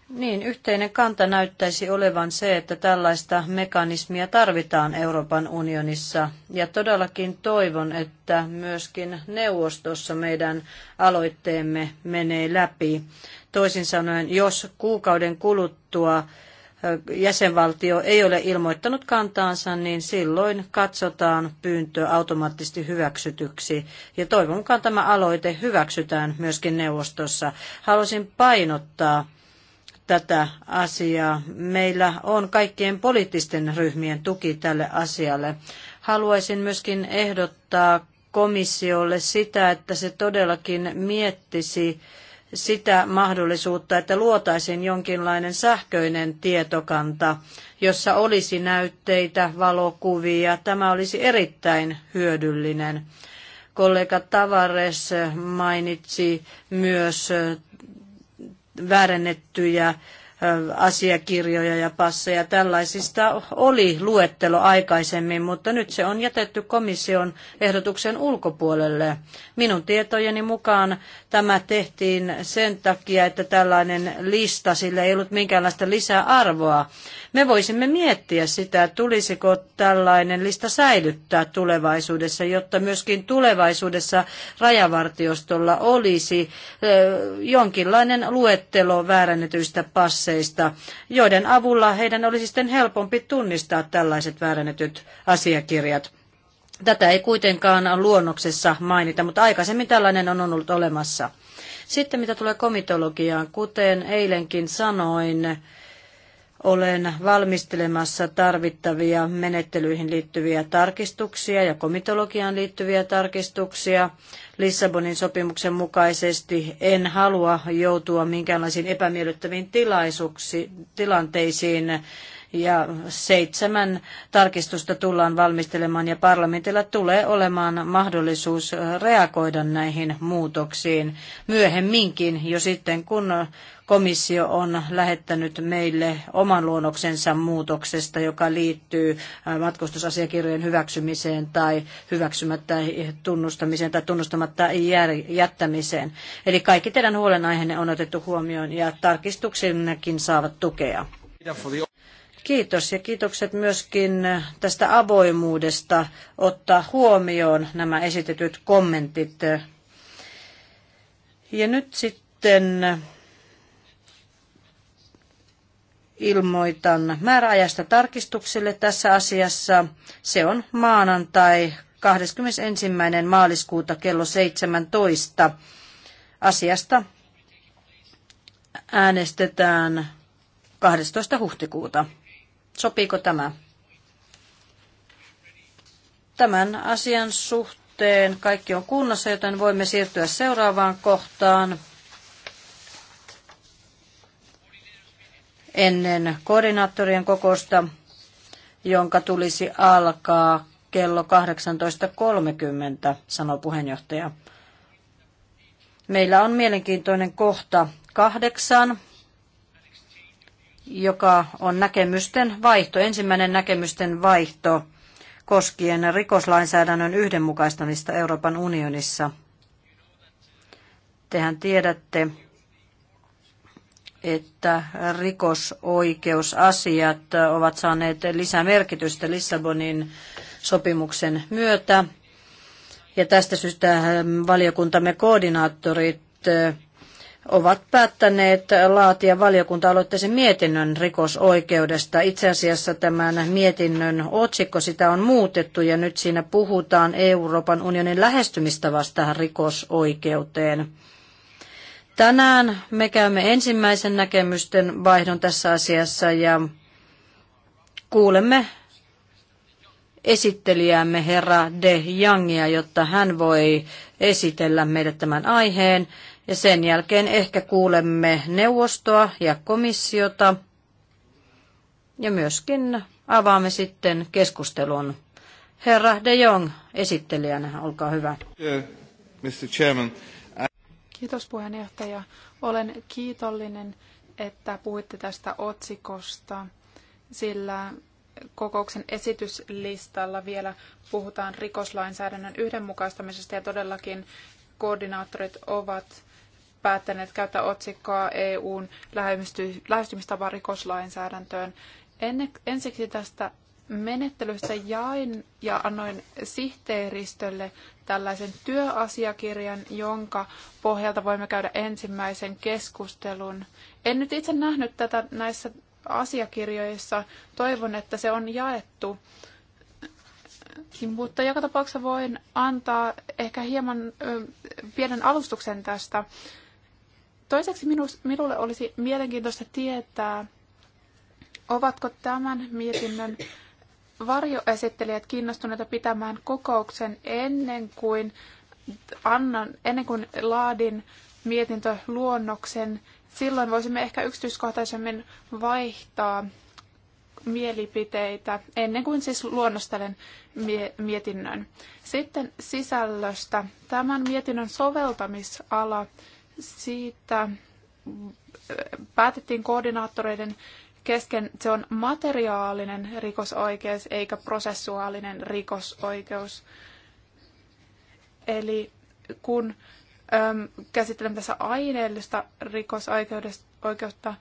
Niin, yhteinen kanta näyttäisi olevan se, että tällaista mekanismia tarvitaan Euroopan unionissa. Ja todellakin toivon, että myöskin neuvostossa meidän aloitteemme menee läpi. Toisin sanoen, jos kuukauden kuluttua jäsenvaltio ei ole ilmoittanut kantaansa, niin silloin katsotaan pyyntö automaattisesti hyväksytyksi. Ja toivon mukaan tämä aloite hyväksytään myöskin neuvostossa. Haluaisin painottaa tätä asiaa. Meillä on kaikkien poliittisten ryhmien tuki tälle asialle. Haluaisin myöskin ehdottaa komissiolle sitä, että se todellakin miettisi, sitä mahdollisuutta, että luotaisiin jonkinlainen sähköinen tietokanta, jossa olisi näytteitä, valokuvia. Tämä olisi erittäin hyödyllinen. Kollega Tavares mainitsi myös väärennettyjä asiakirjoja ja passeja. Tällaisista oli luettelo aikaisemmin, mutta nyt se on jätetty komission ehdotuksen ulkopuolelle. Minun tietojeni mukaan Tämä tehtiin sen takia, että tällainen lista, sillä ei ollut minkäänlaista lisäarvoa. Me voisimme miettiä sitä, tulisiko tällainen lista säilyttää tulevaisuudessa, jotta myöskin tulevaisuudessa rajavartiostolla olisi jonkinlainen luettelo väärännetyistä passeista, joiden avulla heidän olisi sitten helpompi tunnistaa tällaiset väärännetyt asiakirjat. Tätä ei kuitenkaan luonnoksessa mainita, mutta aikaisemmin tällainen on ollut olemassa. Sitten mitä tulee komitologiaan, kuten eilenkin sanoin, olen valmistelemassa tarvittavia menettelyihin liittyviä tarkistuksia ja komitologiaan liittyviä tarkistuksia. Lissabonin sopimuksen mukaisesti en halua joutua minkäänlaisiin epämiellyttäviin tilanteisiin ja seitsemän tarkistusta tullaan valmistelemaan ja parlamentilla tulee olemaan mahdollisuus reagoida näihin muutoksiin myöhemminkin jo sitten, kun komissio on lähettänyt meille oman luonnoksensa muutoksesta, joka liittyy matkustusasiakirjojen hyväksymiseen tai hyväksymättä tunnustamiseen tai tunnustamatta jättämiseen. Eli kaikki teidän huolenaiheenne on otettu huomioon ja tarkistuksennekin saavat tukea. Kiitos ja kiitokset myöskin tästä avoimuudesta ottaa huomioon nämä esitetyt kommentit. Ja nyt sitten ilmoitan määräajasta tarkistuksille tässä asiassa. Se on maanantai 21. maaliskuuta kello 17. Asiasta äänestetään 12. huhtikuuta. Sopiiko tämä? Tämän asian suhteen kaikki on kunnossa, joten voimme siirtyä seuraavaan kohtaan. Ennen koordinaattorien kokousta, jonka tulisi alkaa kello 18.30, sanoi puheenjohtaja. Meillä on mielenkiintoinen kohta kahdeksan joka on näkemysten vaihto, ensimmäinen näkemysten vaihto koskien rikoslainsäädännön yhdenmukaistamista Euroopan unionissa. Tehän tiedätte, että rikosoikeusasiat ovat saaneet lisämerkitystä Lissabonin sopimuksen myötä. Ja tästä syystä ähm, valiokuntamme koordinaattorit äh, ovat päättäneet laatia valiokunta-aloitteisen mietinnön rikosoikeudesta. Itse asiassa tämän mietinnön otsikko sitä on muutettu ja nyt siinä puhutaan Euroopan unionin lähestymistavasta rikosoikeuteen. Tänään me käymme ensimmäisen näkemysten vaihdon tässä asiassa ja kuulemme esittelijäämme herra De Jangia, jotta hän voi esitellä meille tämän aiheen. Ja sen jälkeen ehkä kuulemme neuvostoa ja komissiota. Ja myöskin avaamme sitten keskustelun. Herra De Jong, esittelijänä, olkaa hyvä. Mr. Kiitos puheenjohtaja. Olen kiitollinen, että puhuitte tästä otsikosta, sillä kokouksen esityslistalla vielä puhutaan rikoslainsäädännön yhdenmukaistamisesta ja todellakin koordinaattorit ovat päättäneet käyttää otsikkoa EUn lähestymistapa rikoslainsäädäntöön. Ennen, ensiksi tästä menettelystä jain ja annoin sihteeristölle tällaisen työasiakirjan, jonka pohjalta voimme käydä ensimmäisen keskustelun. En nyt itse nähnyt tätä näissä asiakirjoissa. Toivon, että se on jaettu. Mutta joka tapauksessa voin antaa ehkä hieman ö, pienen alustuksen tästä Toiseksi minus, minulle olisi mielenkiintoista tietää, ovatko tämän mietinnön varjoesittelijät kiinnostuneita pitämään kokouksen ennen kuin, annan, ennen kuin laadin mietintöluonnoksen. Silloin voisimme ehkä yksityiskohtaisemmin vaihtaa mielipiteitä ennen kuin siis luonnostelen mie- mietinnön. Sitten sisällöstä. Tämän mietinnön soveltamisala siitä äh, päätettiin koordinaattoreiden kesken, se on materiaalinen rikosoikeus eikä prosessuaalinen rikosoikeus. Eli kun äm, käsittelemme tässä aineellista rikosoikeutta,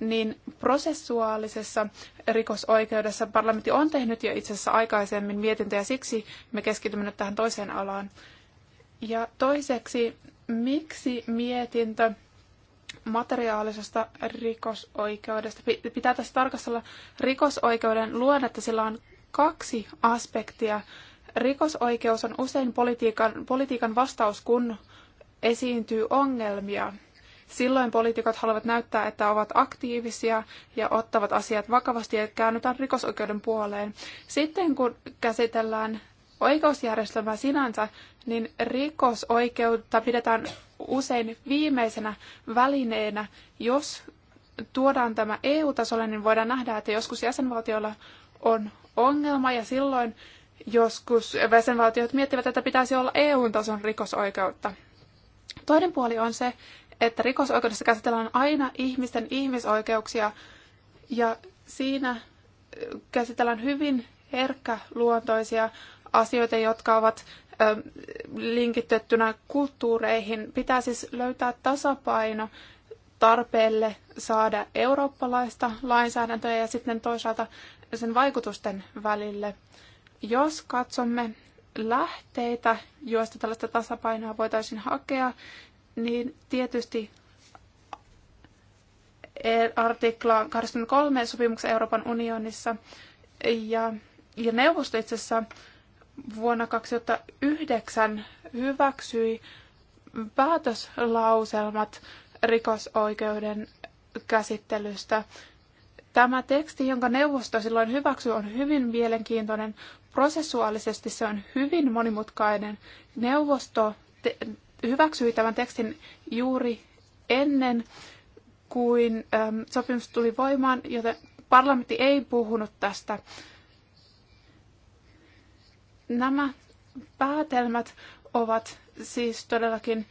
niin prosessuaalisessa rikosoikeudessa parlamentti on tehnyt jo itse asiassa aikaisemmin mietintöjä, siksi me keskitymme nyt tähän toiseen alaan. Ja toiseksi miksi mietintö materiaalisesta rikosoikeudesta. Pitää tässä tarkastella rikosoikeuden luonnetta, sillä on kaksi aspektia. Rikosoikeus on usein politiikan, politiikan vastaus, kun esiintyy ongelmia. Silloin poliitikot haluavat näyttää, että ovat aktiivisia ja ottavat asiat vakavasti ja käännytään rikosoikeuden puoleen. Sitten kun käsitellään Oikeusjärjestelmä sinänsä, niin rikosoikeutta pidetään usein viimeisenä välineenä. Jos tuodaan tämä EU-tasolle, niin voidaan nähdä, että joskus jäsenvaltioilla on ongelma ja silloin joskus jäsenvaltiot miettivät, että pitäisi olla EU-tason rikosoikeutta. Toinen puoli on se, että rikosoikeudessa käsitellään aina ihmisten ihmisoikeuksia ja siinä käsitellään hyvin herkkäluontoisia asioita, jotka ovat linkitettynä kulttuureihin. Pitää siis löytää tasapaino tarpeelle saada eurooppalaista lainsäädäntöä ja sitten toisaalta sen vaikutusten välille. Jos katsomme lähteitä, joista tällaista tasapainoa voitaisiin hakea, niin tietysti artikla 23 sopimuksen Euroopan unionissa ja, ja neuvosto itse asiassa vuonna 2009 hyväksyi päätöslauselmat rikosoikeuden käsittelystä. Tämä teksti, jonka neuvosto silloin hyväksyi, on hyvin mielenkiintoinen. Prosessuaalisesti se on hyvin monimutkainen. Neuvosto hyväksyi tämän tekstin juuri ennen kuin äm, sopimus tuli voimaan, joten parlamentti ei puhunut tästä Nämä päätelmät ovat siis todellakin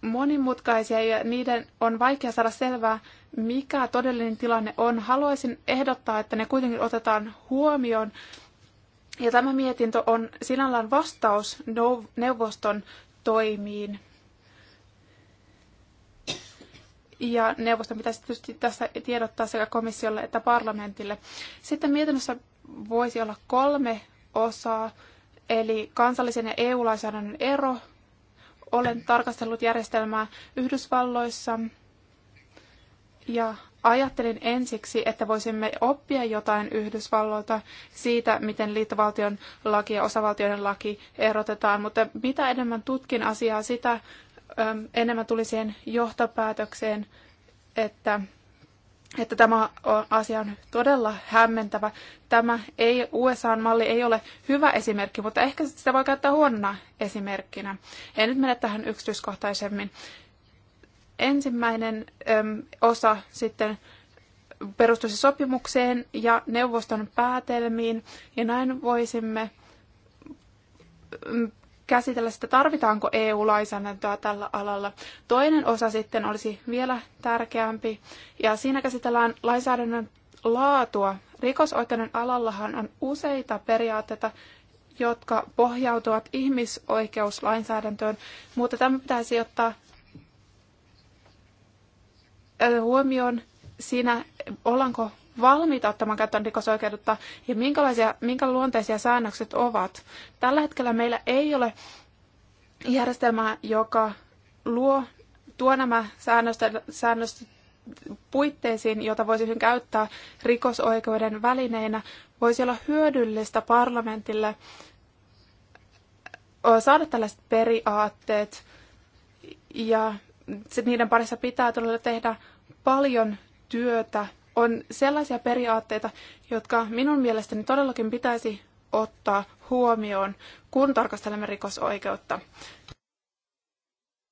monimutkaisia ja niiden on vaikea saada selvää, mikä todellinen tilanne on. Haluaisin ehdottaa, että ne kuitenkin otetaan huomioon. Ja tämä mietintö on sinällään vastaus neuvoston toimiin. Ja neuvoston pitäisi tietysti tässä tiedottaa sekä komissiolle että parlamentille. Sitten mietinnössä voisi olla kolme osaa, eli kansallisen ja EU-lainsäädännön ero. Olen tarkastellut järjestelmää Yhdysvalloissa ja ajattelin ensiksi, että voisimme oppia jotain Yhdysvalloilta siitä, miten liittovaltion laki ja osavaltioiden laki erotetaan, mutta mitä enemmän tutkin asiaa, sitä enemmän tuli siihen johtopäätökseen, että että tämä asia on todella hämmentävä. Tämä ei, USA-malli ei ole hyvä esimerkki, mutta ehkä sitä voi käyttää huonona esimerkkinä. En nyt mene tähän yksityiskohtaisemmin. Ensimmäinen öm, osa sitten perustuisi sopimukseen ja neuvoston päätelmiin, ja näin voisimme käsitellä sitä, tarvitaanko EU-lainsäädäntöä tällä alalla. Toinen osa sitten olisi vielä tärkeämpi, ja siinä käsitellään lainsäädännön laatua. Rikosoikeuden alallahan on useita periaatteita, jotka pohjautuvat ihmisoikeuslainsäädäntöön, mutta tämä pitäisi ottaa huomioon siinä, ollaanko valmiita ottamaan käyttöön rikosoikeudetta ja minkälaisia, minkä luonteisia säännökset ovat. Tällä hetkellä meillä ei ole järjestelmää, joka luo, tuo nämä säännöstä, säännöstä puitteisiin, jota voisi käyttää rikosoikeuden välineinä, voisi olla hyödyllistä parlamentille saada tällaiset periaatteet ja niiden parissa pitää tulla tehdä paljon työtä on sellaisia periaatteita, jotka minun mielestäni todellakin pitäisi ottaa huomioon, kun tarkastelemme rikosoikeutta.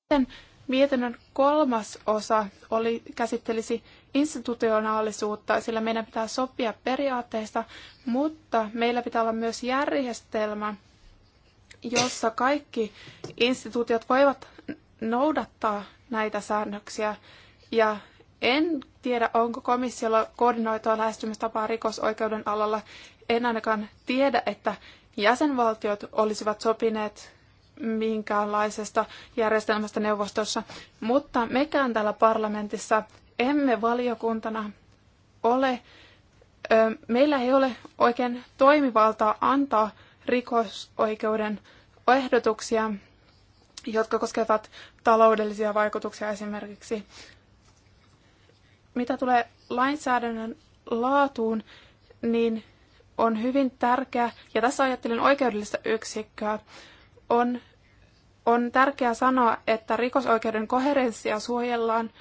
Sitten mietinnön kolmas osa oli, käsittelisi institutionaalisuutta, sillä meidän pitää sopia periaatteista, mutta meillä pitää olla myös järjestelmä, jossa kaikki instituutiot voivat noudattaa näitä säännöksiä ja en tiedä, onko komissiolla koordinoitua lähestymistapaa rikosoikeuden alalla. En ainakaan tiedä, että jäsenvaltiot olisivat sopineet minkäänlaisesta järjestelmästä neuvostossa, mutta mekään täällä parlamentissa emme valiokuntana ole, meillä ei ole oikein toimivaltaa antaa rikosoikeuden ehdotuksia, jotka koskevat taloudellisia vaikutuksia esimerkiksi. Mitä tulee lainsäädännön laatuun, niin on hyvin tärkeää, ja tässä ajattelen oikeudellista yksikköä, on, on tärkeää sanoa, että rikosoikeuden koherenssia suojellaan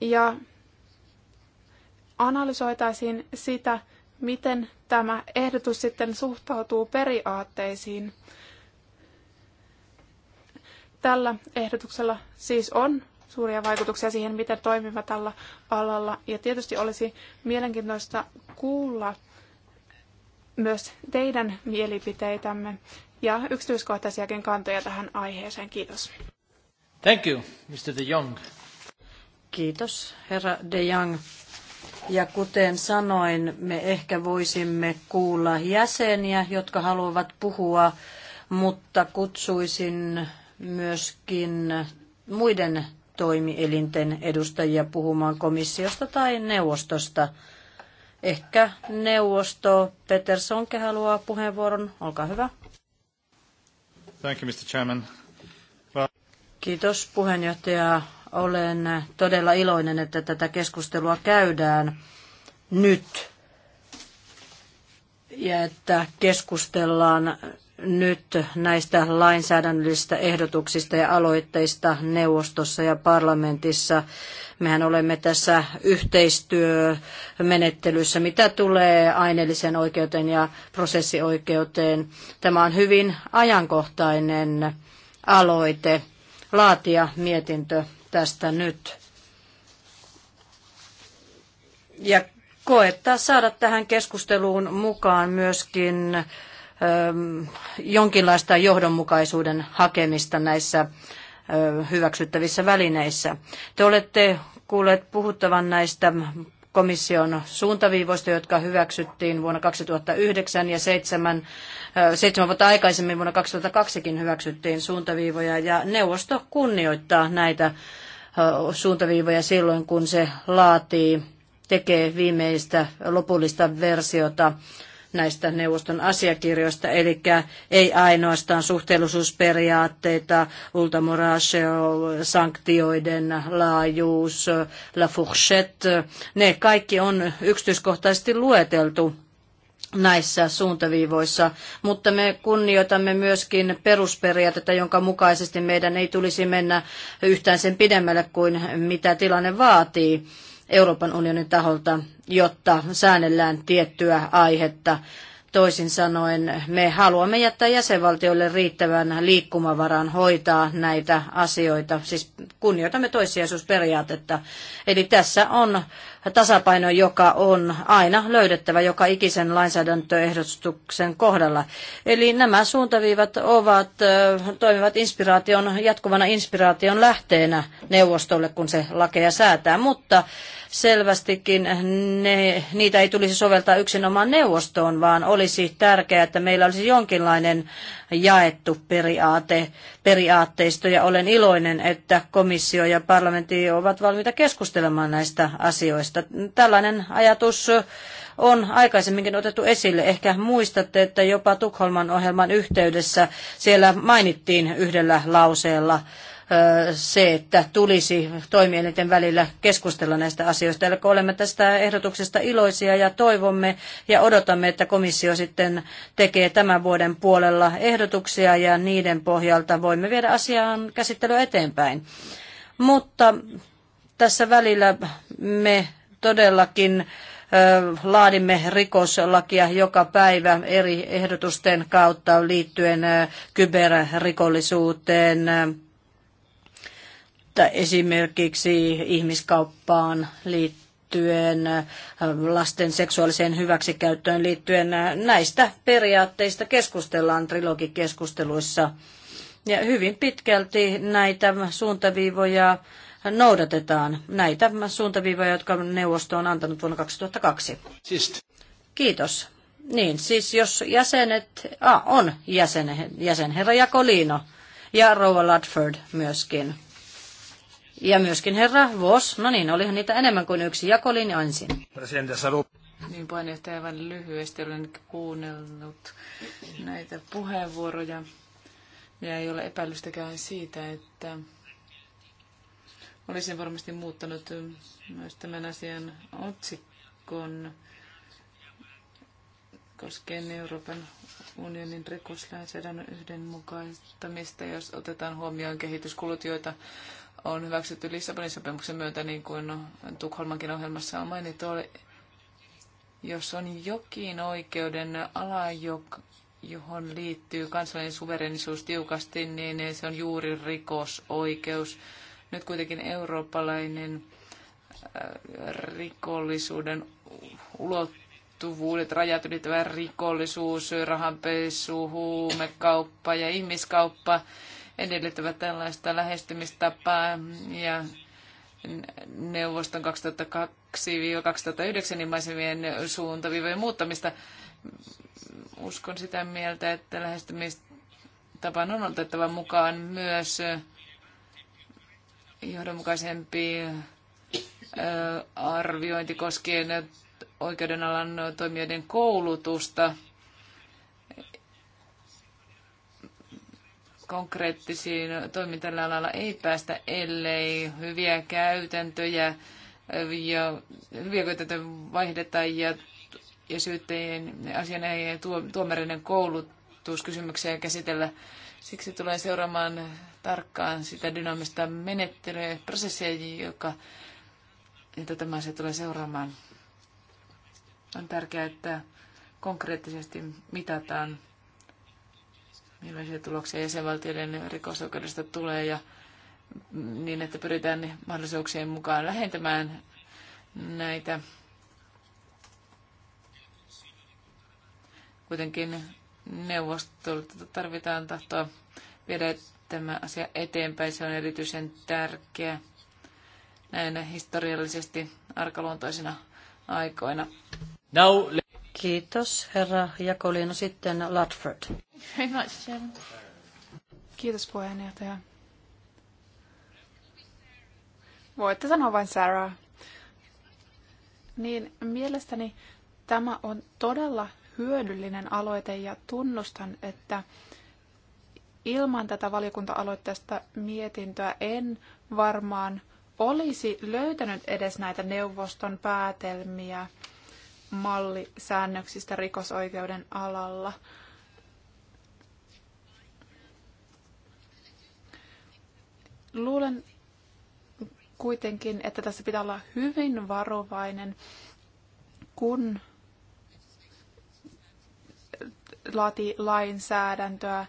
ja analysoitaisiin sitä, miten tämä ehdotus sitten suhtautuu periaatteisiin. Tällä ehdotuksella siis on suuria vaikutuksia siihen, miten toimimme tällä alalla. Ja tietysti olisi mielenkiintoista kuulla myös teidän mielipiteitämme ja yksityiskohtaisiakin kantoja tähän aiheeseen. Kiitos. Thank you, Mr. De Jong. Kiitos, herra De Jong. Ja kuten sanoin, me ehkä voisimme kuulla jäseniä, jotka haluavat puhua, mutta kutsuisin myöskin muiden toimielinten edustajia puhumaan komissiosta tai neuvostosta. Ehkä neuvosto Peter Sonke haluaa puheenvuoron. Olkaa hyvä. Thank you, Mr. Chairman. Kiitos puheenjohtaja. Olen todella iloinen, että tätä keskustelua käydään nyt ja että keskustellaan nyt näistä lainsäädännöllisistä ehdotuksista ja aloitteista neuvostossa ja parlamentissa. Mehän olemme tässä yhteistyömenettelyssä, mitä tulee aineelliseen oikeuteen ja prosessioikeuteen. Tämä on hyvin ajankohtainen aloite laatia mietintö tästä nyt. Ja koettaa saada tähän keskusteluun mukaan myöskin jonkinlaista johdonmukaisuuden hakemista näissä hyväksyttävissä välineissä. Te olette kuulleet puhuttavan näistä komission suuntaviivoista, jotka hyväksyttiin vuonna 2009 ja seitsemän, seitsemän vuotta aikaisemmin vuonna 2002 hyväksyttiin suuntaviivoja ja neuvosto kunnioittaa näitä suuntaviivoja silloin, kun se laatii, tekee viimeistä lopullista versiota näistä neuvoston asiakirjoista, eli ei ainoastaan suhteellisuusperiaatteita, ultamoraseo, sanktioiden laajuus, la fourchette, ne kaikki on yksityiskohtaisesti lueteltu näissä suuntaviivoissa, mutta me kunnioitamme myöskin perusperiaatetta, jonka mukaisesti meidän ei tulisi mennä yhtään sen pidemmälle kuin mitä tilanne vaatii. Euroopan unionin taholta, jotta säännellään tiettyä aihetta. Toisin sanoen me haluamme jättää jäsenvaltioille riittävän liikkumavaran hoitaa näitä asioita, siis kunnioitamme toissijaisuusperiaatetta. Eli tässä on tasapaino, joka on aina löydettävä joka ikisen lainsäädäntöehdotuksen kohdalla. Eli nämä suuntaviivat ovat, toimivat inspiraation, jatkuvana inspiraation lähteenä neuvostolle, kun se lakeja säätää, mutta selvästikin ne, niitä ei tulisi soveltaa yksinomaan neuvostoon, vaan olisi tärkeää, että meillä olisi jonkinlainen jaettu periaate, periaatteisto. Ja olen iloinen, että komissio ja parlamentti ovat valmiita keskustelemaan näistä asioista. Tällainen ajatus on aikaisemminkin otettu esille. Ehkä muistatte, että jopa Tukholman ohjelman yhteydessä siellä mainittiin yhdellä lauseella se, että tulisi toimielinten välillä keskustella näistä asioista. Eli olemme tästä ehdotuksesta iloisia ja toivomme ja odotamme, että komissio sitten tekee tämän vuoden puolella ehdotuksia ja niiden pohjalta voimme viedä asian käsittelyä eteenpäin. Mutta tässä välillä me todellakin laadimme rikoslakia joka päivä eri ehdotusten kautta liittyen kyberrikollisuuteen, esimerkiksi ihmiskauppaan liittyen, lasten seksuaaliseen hyväksikäyttöön liittyen. Näistä periaatteista keskustellaan trilogikeskusteluissa. Ja hyvin pitkälti näitä suuntaviivoja noudatetaan. Näitä suuntaviivoja, jotka neuvosto on antanut vuonna 2002. Kiitos. Niin, siis jos jäsenet, ah, on jäsen, jäsen herra ja Rova Ludford myöskin. Ja myöskin herra Vos, no niin, olihan niitä enemmän kuin yksi jakolinja ensin. Niin puheenjohtaja aivan lyhyesti olen kuunnellut näitä puheenvuoroja ja ei ole epäilystäkään siitä, että olisin varmasti muuttanut myös tämän asian otsikon koskien Euroopan unionin rikoslainsäädännön yhdenmukaistamista, jos otetaan huomioon kehityskulut, joita on hyväksytty Lissabonin sopimuksen myötä, niin kuin Tukholmankin ohjelmassa on mainittu, jos on jokin oikeuden ala, johon liittyy kansallinen suverenisuus tiukasti, niin se on juuri rikosoikeus. Nyt kuitenkin eurooppalainen äh, rikollisuuden ulottuvuudet, rajat ylittävä rikollisuus, rahanpesu, huumekauppa ja ihmiskauppa – edellyttävät tällaista lähestymistapaa ja neuvoston 2002-2009 maisemien suuntavivojen muuttamista. Uskon sitä mieltä, että lähestymistapaan on otettava mukaan myös johdonmukaisempi arviointi koskien oikeudenalan toimijoiden koulutusta – konkreettisiin toimiin alalla ei päästä, ellei hyviä käytäntöjä ja hyviä käytäntöjä vaihdeta ja, ja syyttäjien ei tuo, tuomareiden koulutuskysymyksiä käsitellä. Siksi tulee seuraamaan tarkkaan sitä dynaamista menettelyä ja prosessia, joka, jota tämä se tulee seuraamaan. On tärkeää, että konkreettisesti mitataan millaisia tuloksia jäsenvaltioiden rikosoikeudesta tulee ja niin, että pyritään mahdollisuuksien mukaan lähentämään näitä. Kuitenkin neuvostolta tarvitaan tahtoa viedä tämä asia eteenpäin. Se on erityisen tärkeä näinä historiallisesti arkaluontoisina aikoina. Now, Kiitos, herra Jakolino. Sitten Ludford. Very much, Kiitos puheenjohtaja. Voitte sanoa vain Sarah. Niin mielestäni tämä on todella hyödyllinen aloite ja tunnustan, että ilman tätä valiokunta-aloitteesta mietintöä en varmaan olisi löytänyt edes näitä neuvoston päätelmiä – malli säännöksistä rikosoikeuden alalla. Luulen kuitenkin, että tässä pitää olla hyvin varovainen, kun laatii lainsäädäntöä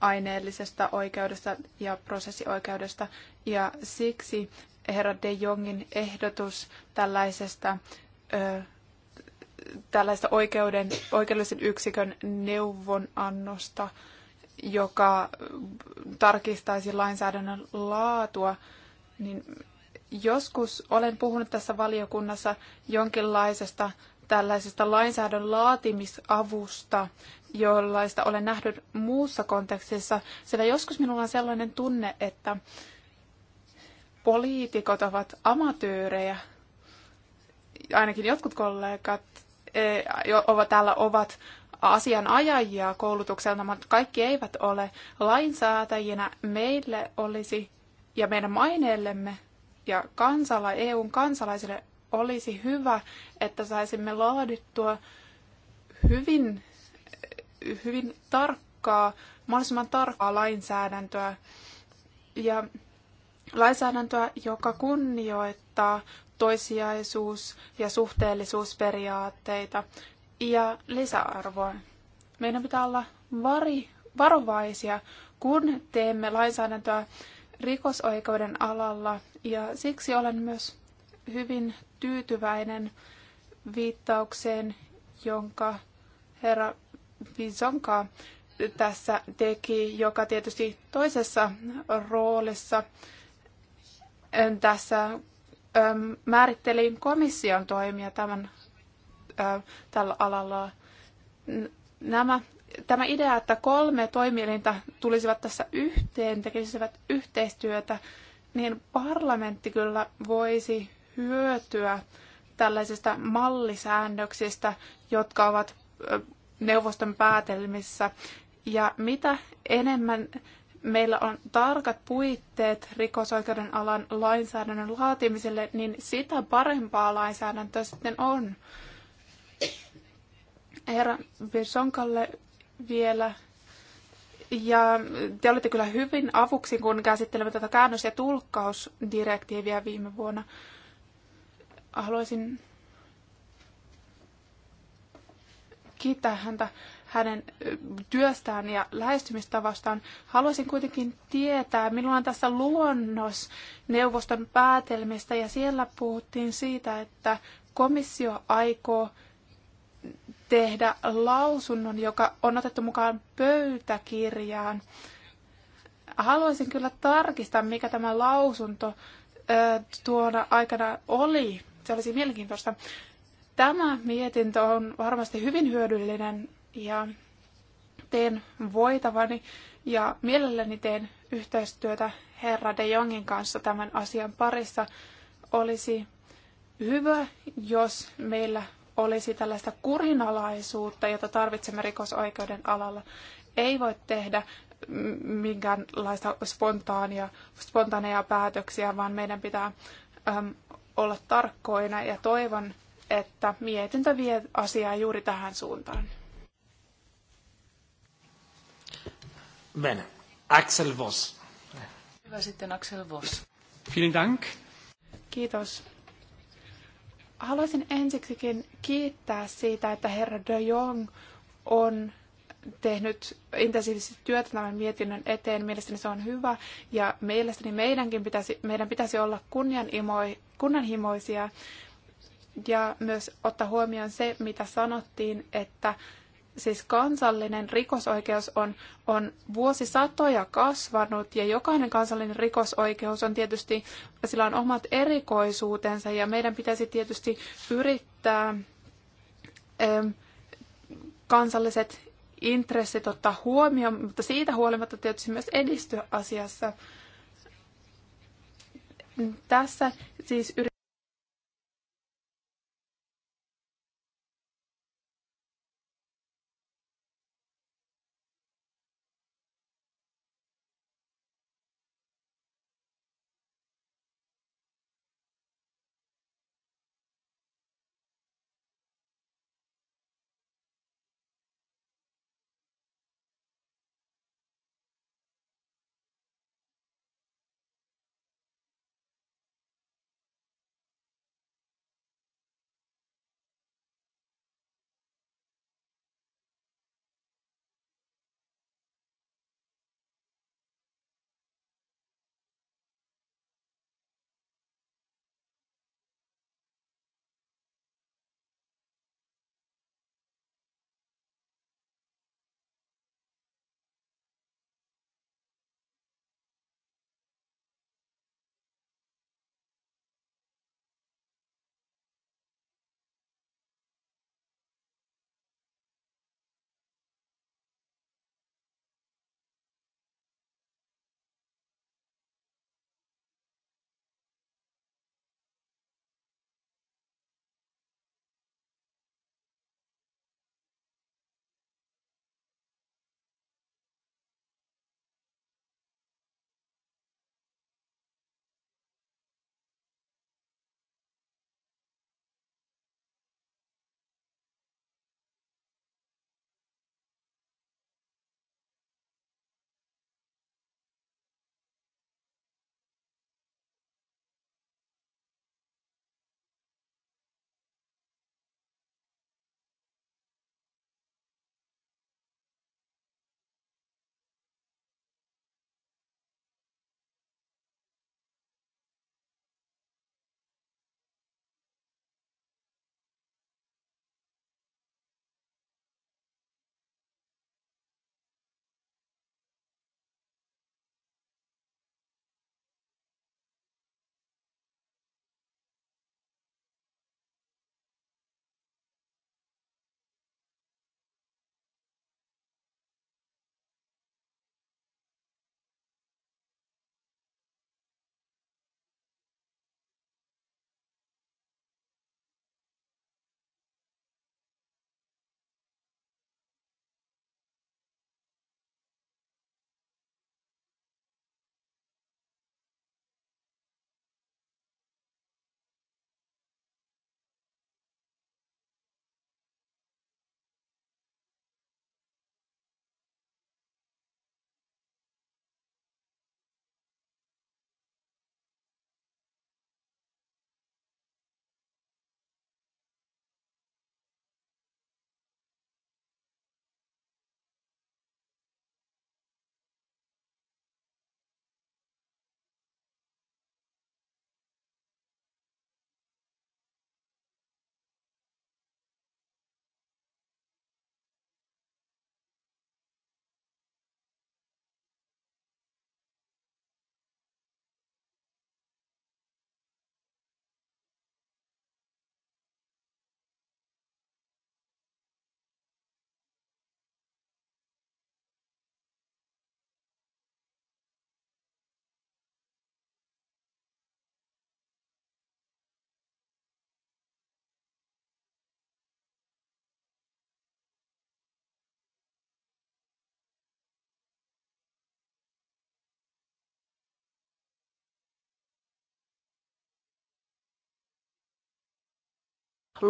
aineellisesta oikeudesta ja prosessioikeudesta. Ja siksi herra De Jongin ehdotus tällaisesta tällaista oikeuden, oikeudellisen yksikön neuvonannosta, joka tarkistaisi lainsäädännön laatua, niin joskus olen puhunut tässä valiokunnassa jonkinlaisesta tällaisesta lainsäädännön laatimisavusta, jollaista olen nähnyt muussa kontekstissa, sillä joskus minulla on sellainen tunne, että poliitikot ovat amatöörejä ainakin jotkut kollegat e, ovat täällä ovat asianajajia koulutukselta, mutta kaikki eivät ole lainsäätäjinä. Meille olisi ja meidän maineellemme ja kansala, EUn kansalaisille olisi hyvä, että saisimme laadittua hyvin, hyvin tarkkaa, mahdollisimman tarkkaa lainsäädäntöä. Ja lainsäädäntöä, joka kunnioittaa toisiaisuus- ja suhteellisuusperiaatteita ja lisäarvoa. Meidän pitää olla vari, varovaisia, kun teemme lainsäädäntöä rikosoikeuden alalla ja siksi olen myös hyvin tyytyväinen viittaukseen, jonka herra Visonka tässä teki, joka tietysti toisessa roolissa tässä määritteli komission toimia tämän, tällä alalla. Nämä, tämä idea, että kolme toimielintä tulisivat tässä yhteen, tekisivät yhteistyötä, niin parlamentti kyllä voisi hyötyä tällaisista mallisäännöksistä, jotka ovat neuvoston päätelmissä. Ja mitä enemmän meillä on tarkat puitteet rikosoikeuden alan lainsäädännön laatimiselle, niin sitä parempaa lainsäädäntöä sitten on. Herra Birsonkalle vielä. Ja te olitte kyllä hyvin avuksi, kun käsittelemme tätä käännös- ja tulkkausdirektiiviä viime vuonna. Haluaisin kiittää häntä hänen työstään ja lähestymistavastaan. Haluaisin kuitenkin tietää, minulla on tässä luonnos neuvoston päätelmistä ja siellä puhuttiin siitä, että komissio aikoo tehdä lausunnon, joka on otettu mukaan pöytäkirjaan. Haluaisin kyllä tarkistaa, mikä tämä lausunto tuona aikana oli. Se olisi mielenkiintoista. Tämä mietintö on varmasti hyvin hyödyllinen ja teen voitavani ja mielelläni teen yhteistyötä herra de Jongin kanssa tämän asian parissa. Olisi hyvä, jos meillä olisi tällaista kurinalaisuutta, jota tarvitsemme rikosoikeuden alalla. Ei voi tehdä minkäänlaista spontaania, spontaaneja päätöksiä, vaan meidän pitää äm, olla tarkkoina ja toivon, että mietintö vie asiaa juuri tähän suuntaan. Bene. Axel Voss. Hyvä sitten Axel Voss. Vielen Dank. Kiitos. Haluaisin ensiksikin kiittää siitä, että herra de Jong on tehnyt intensiivisesti työtä tämän mietinnön eteen. Mielestäni se on hyvä ja mielestäni meidänkin pitäisi, meidän pitäisi olla kunnianhimoisia ja myös ottaa huomioon se, mitä sanottiin, että siis kansallinen rikosoikeus on, on vuosisatoja kasvanut ja jokainen kansallinen rikosoikeus on tietysti, sillä on omat erikoisuutensa ja meidän pitäisi tietysti yrittää ö, kansalliset intressit ottaa huomioon, mutta siitä huolimatta tietysti myös edistyä asiassa. Tässä siis yritetään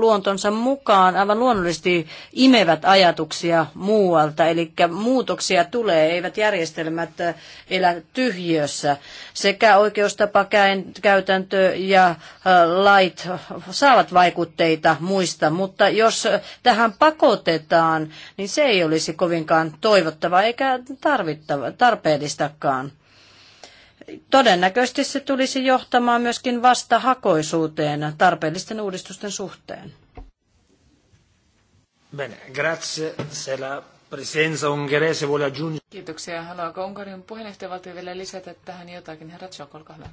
luontonsa mukaan aivan luonnollisesti imevät ajatuksia muualta, eli muutoksia tulee, eivät järjestelmät äh, elä tyhjössä Sekä oikeustapa, käytäntö ja äh, lait saavat vaikutteita muista, mutta jos äh, tähän pakotetaan, niin se ei olisi kovinkaan toivottavaa eikä tarvittava, tarpeellistakaan. Todennäköisesti se tulisi johtamaan myöskin vastahakoisuuteen tarpeellisten uudistusten suhteen. Bene, grazie. Se la presenza ungherese vuole aggiungere... Kiitoksia. Haluaako Unkarin puheenjohtajavaltio vielä lisätä tähän jotakin? Herra Tsok, olkaa hyvä.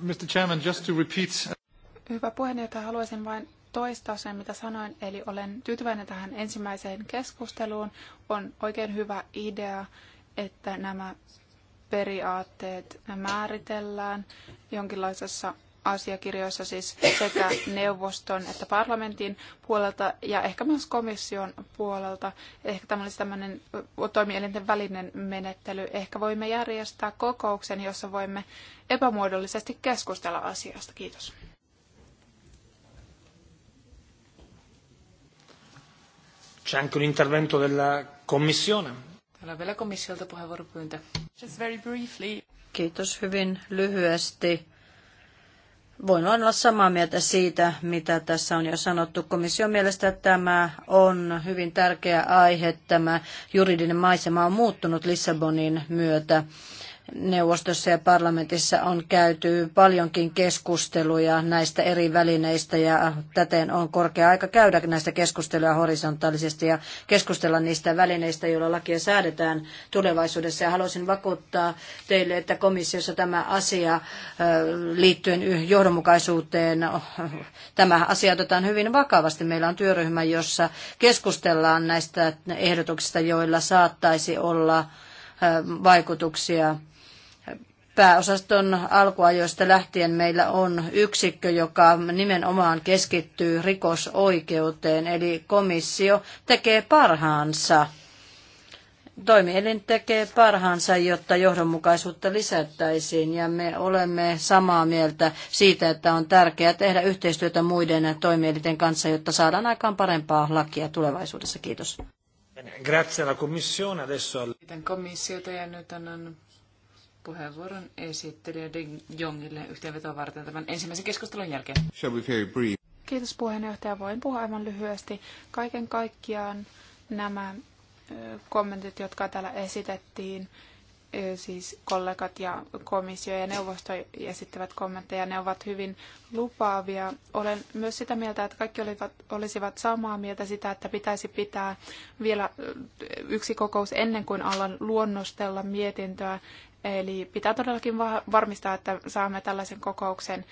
Mr. Chairman, just to repeat... Hyvä puheenjohtaja, haluaisin vain toistaa sen, mitä sanoin, eli olen tyytyväinen tähän ensimmäiseen keskusteluun. On oikein hyvä idea, että nämä periaatteet määritellään jonkinlaisessa asiakirjoissa siis sekä neuvoston että parlamentin puolelta ja ehkä myös komission puolelta. Ehkä tämä olisi tämmöinen toimielinten välinen menettely. Ehkä voimme järjestää kokouksen, jossa voimme epämuodollisesti keskustella asiasta. Kiitos. C'è anche un intervento della Commissione on vielä komissiolta puheenvuoropyyntö. Just very briefly. Kiitos hyvin lyhyesti. Voin olla samaa mieltä siitä, mitä tässä on jo sanottu. Komission mielestä tämä on hyvin tärkeä aihe. Tämä juridinen maisema on muuttunut Lissabonin myötä neuvostossa ja parlamentissa on käyty paljonkin keskusteluja näistä eri välineistä ja täten on korkea aika käydä näistä keskusteluja horisontaalisesti ja keskustella niistä välineistä, joilla lakia säädetään tulevaisuudessa. Ja haluaisin vakuuttaa teille, että komissiossa tämä asia liittyen johdonmukaisuuteen, tämä asia otetaan hyvin vakavasti. Meillä on työryhmä, jossa keskustellaan näistä ehdotuksista, joilla saattaisi olla vaikutuksia pääosaston alkuajoista lähtien meillä on yksikkö, joka nimenomaan keskittyy rikosoikeuteen, eli komissio tekee parhaansa. Toimielin tekee parhaansa, jotta johdonmukaisuutta lisättäisiin ja me olemme samaa mieltä siitä, että on tärkeää tehdä yhteistyötä muiden toimielinten kanssa, jotta saadaan aikaan parempaa lakia tulevaisuudessa. Kiitos. Grazie alla Commissione. Adesso... Kiitän komissiota ja nyt annan puheenvuoron esittelijä De Jongille yhteenvetoa varten tämän ensimmäisen keskustelun jälkeen. Shall we very brief? Kiitos puheenjohtaja. Voin puhua aivan lyhyesti. Kaiken kaikkiaan nämä kommentit, jotka täällä esitettiin, siis kollegat ja komissio ja neuvosto esittävät kommentteja, ne ovat hyvin lupaavia. Olen myös sitä mieltä, että kaikki olivat, olisivat samaa mieltä sitä, että pitäisi pitää vielä yksi kokous ennen kuin alan luonnostella mietintöä Eli pitää todellakin varmistaa, että saamme tällaisen kokouksen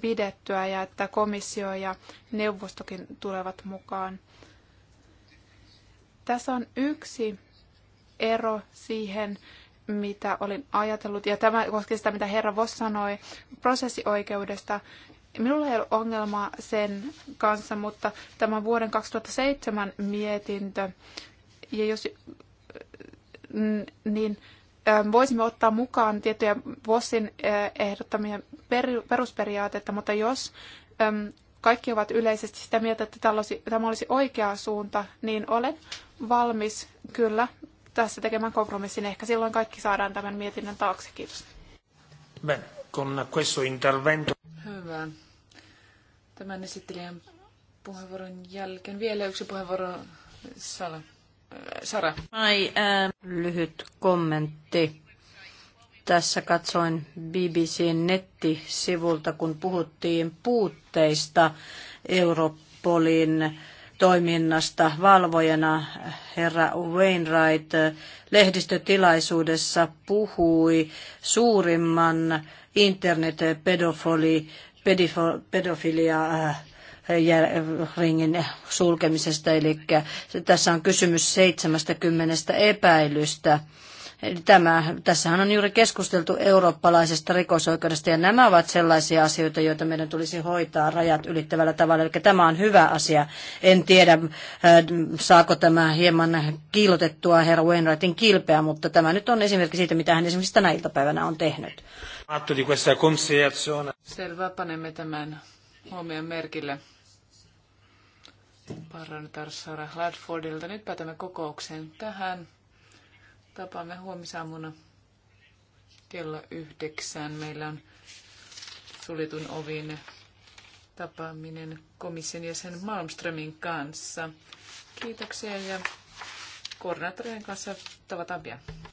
pidettyä ja että komissio ja neuvostokin tulevat mukaan. Tässä on yksi ero siihen, mitä olin ajatellut, ja tämä koski sitä, mitä herra Voss sanoi prosessioikeudesta. Minulla ei ole ongelmaa sen kanssa, mutta tämä vuoden 2007 mietintö, ja jos, niin voisimme ottaa mukaan tiettyjä VOSin ehdottamia perusperiaatteita, mutta jos kaikki ovat yleisesti sitä mieltä, että tämä olisi oikea suunta, niin olen valmis kyllä tässä tekemään kompromissin. Ehkä silloin kaikki saadaan tämän mietinnön taakse. Kiitos. Ben con questo intervento. Hyvä. Tämän esittelijän puheenvuoron jälkeen vielä yksi puheenvuoro Sala. Sara. Ai, um... Lyhyt kommentti. Tässä katsoin BBCn nettisivulta, kun puhuttiin puutteista Europolin toiminnasta valvojana herra Wainwright lehdistötilaisuudessa puhui suurimman internetpedofili pedofilia äh, ringin sulkemisesta, eli tässä on kysymys 70 epäilystä. Tämä, tässähän on juuri keskusteltu eurooppalaisesta rikosoikeudesta ja nämä ovat sellaisia asioita, joita meidän tulisi hoitaa rajat ylittävällä tavalla. Eli tämä on hyvä asia. En tiedä, äh, saako tämä hieman kiilotettua herra Wainwrightin kilpeä, mutta tämä nyt on esimerkki siitä, mitä hän esimerkiksi tänä iltapäivänä on tehnyt. Selvä, panemme tämän huomioon merkille. Parantar Sara Hladfordilta. Nyt päätämme kokouksen tähän. Tapaamme huomisaamuna kello yhdeksän. Meillä on suljetun ovin tapaaminen komission jäsen Malmströmin kanssa. Kiitoksia ja koordinaattorien kanssa tavataan pian.